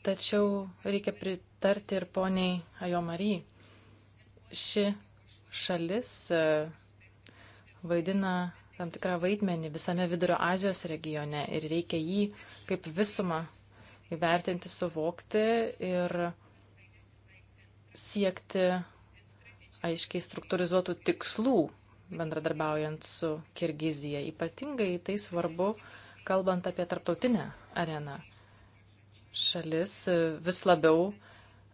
Tačiau reikia pritarti ir poniai Ajo Marijai. Ši šalis e, vaidina tam tikrą vaidmenį visame Vidurio Azijos regione ir reikia jį kaip visumą įvertinti, suvokti ir siekti aiškiai struktūrizuotų tikslų bendradarbiaujant su Kirgizija. Ypatingai tai svarbu, kalbant apie tarptautinę areną šalis e, vis labiau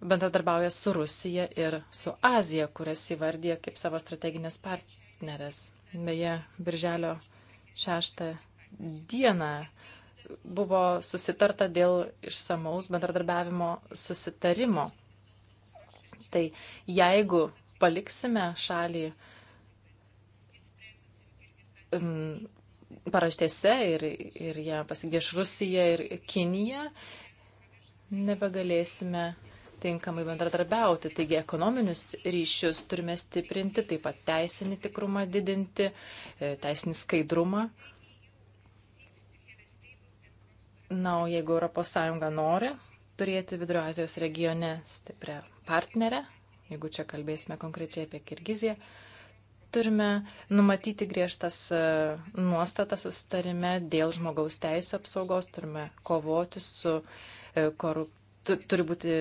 bendradarbiauja su Rusija ir su Azija, kurias įvardyja kaip savo strateginės partnerės. Beje, birželio 6 dieną buvo susitarta dėl išsamaus bendradarbiavimo susitarimo. Tai jeigu paliksime šalį paraštėse ir, ir ją pasigvieš Rusija ir Kinija, nebegalėsime tinkamai bendradarbiauti. Taigi ekonominius ryšius turime stiprinti, taip pat teisinį tikrumą didinti, e, teisinį skaidrumą. Na, o jeigu ES nori turėti Vidurio Azijos regione stiprią partnerę, jeigu čia kalbėsime konkrečiai apie Kirgiziją, turime numatyti griežtas e, nuostatas susitarime dėl žmogaus teisų apsaugos, turime kovoti su uh, korup... turi būti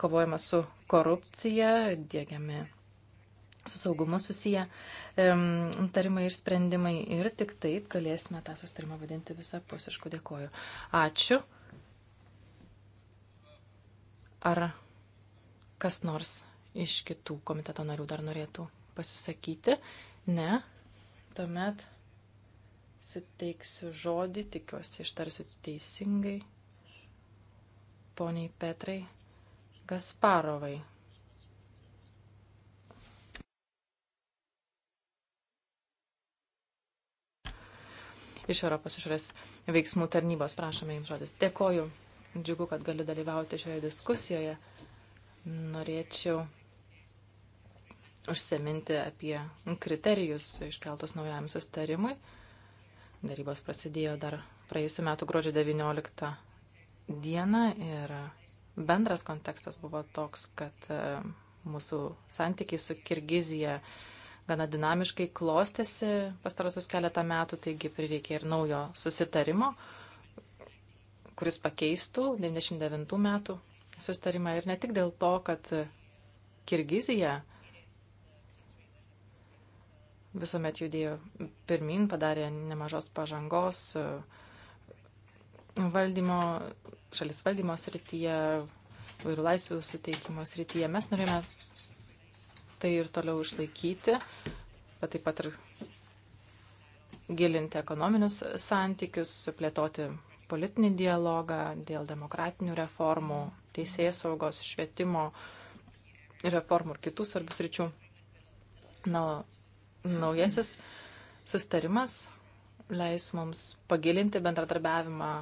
kovojama su korupcija, dėgiami su saugumu susiję nutarimai ir sprendimai ir tik taip galėsime tą sustarimą vadinti visapusišku. Dėkoju. Ačiū. Ar kas nors iš kitų komiteto narių dar norėtų pasisakyti? Ne. Tuomet suteiksiu žodį, tikiuosi ištarsiu teisingai poniai Petrai Gasparovai. Iš Europos išorės veiksmų tarnybos prašome jums žodis. Dėkoju, džiugu, kad galiu dalyvauti šioje diskusijoje. Norėčiau užsiminti apie kriterijus iškeltos naujam sustarimui. Darybos prasidėjo dar praėjusiu metu gruodžio 19 dieną ir bendras kontekstas buvo toks, kad e, mūsų santykiai su Kirgizija gana dinamiškai klostėsi pastarosius keletą metų, taigi prireikė ir naujo susitarimo, kuris pakeistų 99 metų susitarimą ir ne tik dėl to, kad Kirgizija visuomet judėjo pirmin, padarė nemažos pažangos, uh, valdymo, šalis valdymo srityje, vairių laisvių suteikimo srityje. Mes norime tai ir toliau išlaikyti, bet taip pat ir gilinti ekonominius santykius, plėtoti politinį dialogą dėl demokratinių reformų, teisės saugos, švietimo reformų ir kitų svarbių sričių. Na, naujasis sustarimas leis mums pagilinti bendradarbiavimą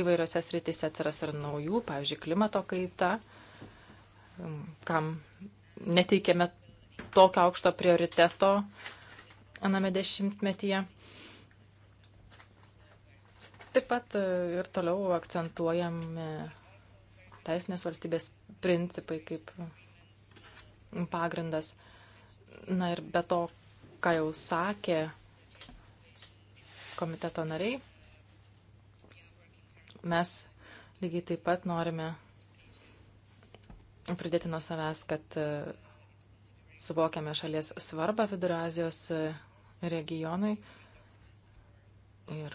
įvairiose srityse atsiras ir naujų, pavyzdžiui, klimato kaita, um, kam neteikėme tokio aukšto prioriteto aname dešimtmetyje. Taip pat e, ir toliau akcentuojame teisinės valstybės principai kaip pagrindas. Na ir be to, ką jau sakė komiteto nariai, mes lygiai taip pat norime pridėti nuo savęs, kad e, suvokiame šalies svarbą Vidurio Azijos e, regionui. Ir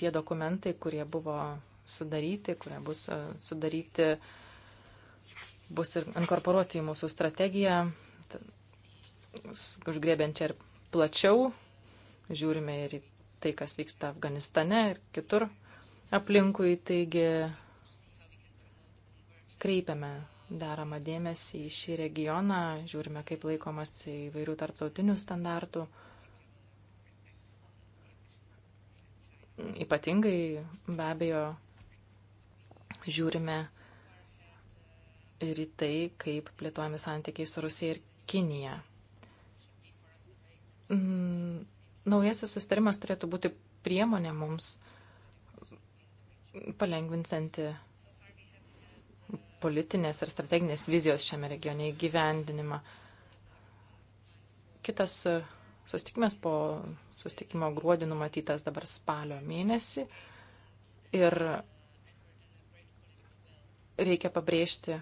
tie dokumentai, kurie buvo sudaryti, kurie bus e, sudaryti, bus ir inkorporuoti į mūsų strategiją, užgrėbiančią ir plačiau. Žiūrime ir į tai, kas vyksta Afganistane ir kitur aplinkui, taigi kreipiame daromą dėmesį į šį regioną, žiūrime, kaip laikomas įvairių tarptautinių standartų. Ypatingai be abejo žiūrime ir į tai, kaip plėtojami santykiai su Rusija ir Kinija. Mm, naujasis sustarimas turėtų būti priemonė mums palengvinsanti politinės ir strateginės vizijos šiame regione įgyvendinimą. Kitas e, susitikimas po susitikimo gruodį numatytas dabar spalio mėnesį ir reikia pabrėžti,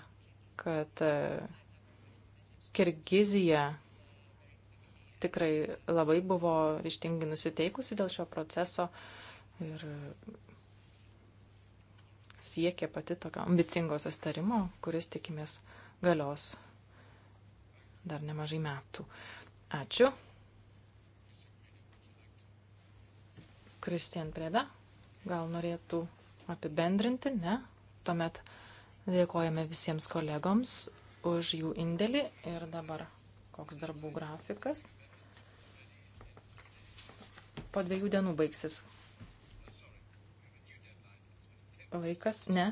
kad e, Kirgizija tikrai labai buvo ryštingai nusiteikusi dėl šio proceso ir siekia pati tokio ambicingo sustarimo, kuris tikimės galios dar nemažai metų. Ačiū. Kristian Preda, gal norėtų apibendrinti, ne? Tuomet dėkojame visiems kolegoms už jų indėlį ir dabar koks darbų grafikas. Po dviejų dienų baigsis laikas, ne,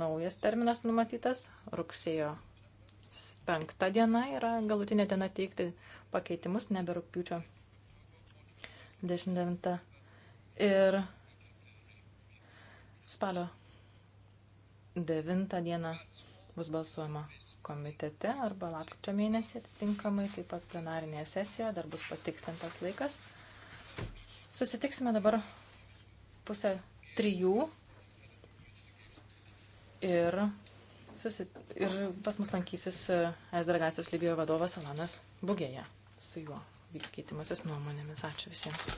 naujas terminas numatytas, rugsėjo penktą dieną yra galutinė diena teikti pakeitimus, nebe rūpiučio 29. Ir spalio 9 dieną bus balsuojama komitete arba lapkričio mėnesį atitinkamai, taip pat plenarinėje sesijoje dar bus patikslintas laikas. Susitiksime dabar pusę trijų ir, susit... ir pas mus lankysis e, es delegacijos Libijoje vadovas Alanas Bugėje. Su juo vyks keitimasis nuomonėmis. Ačiū visiems.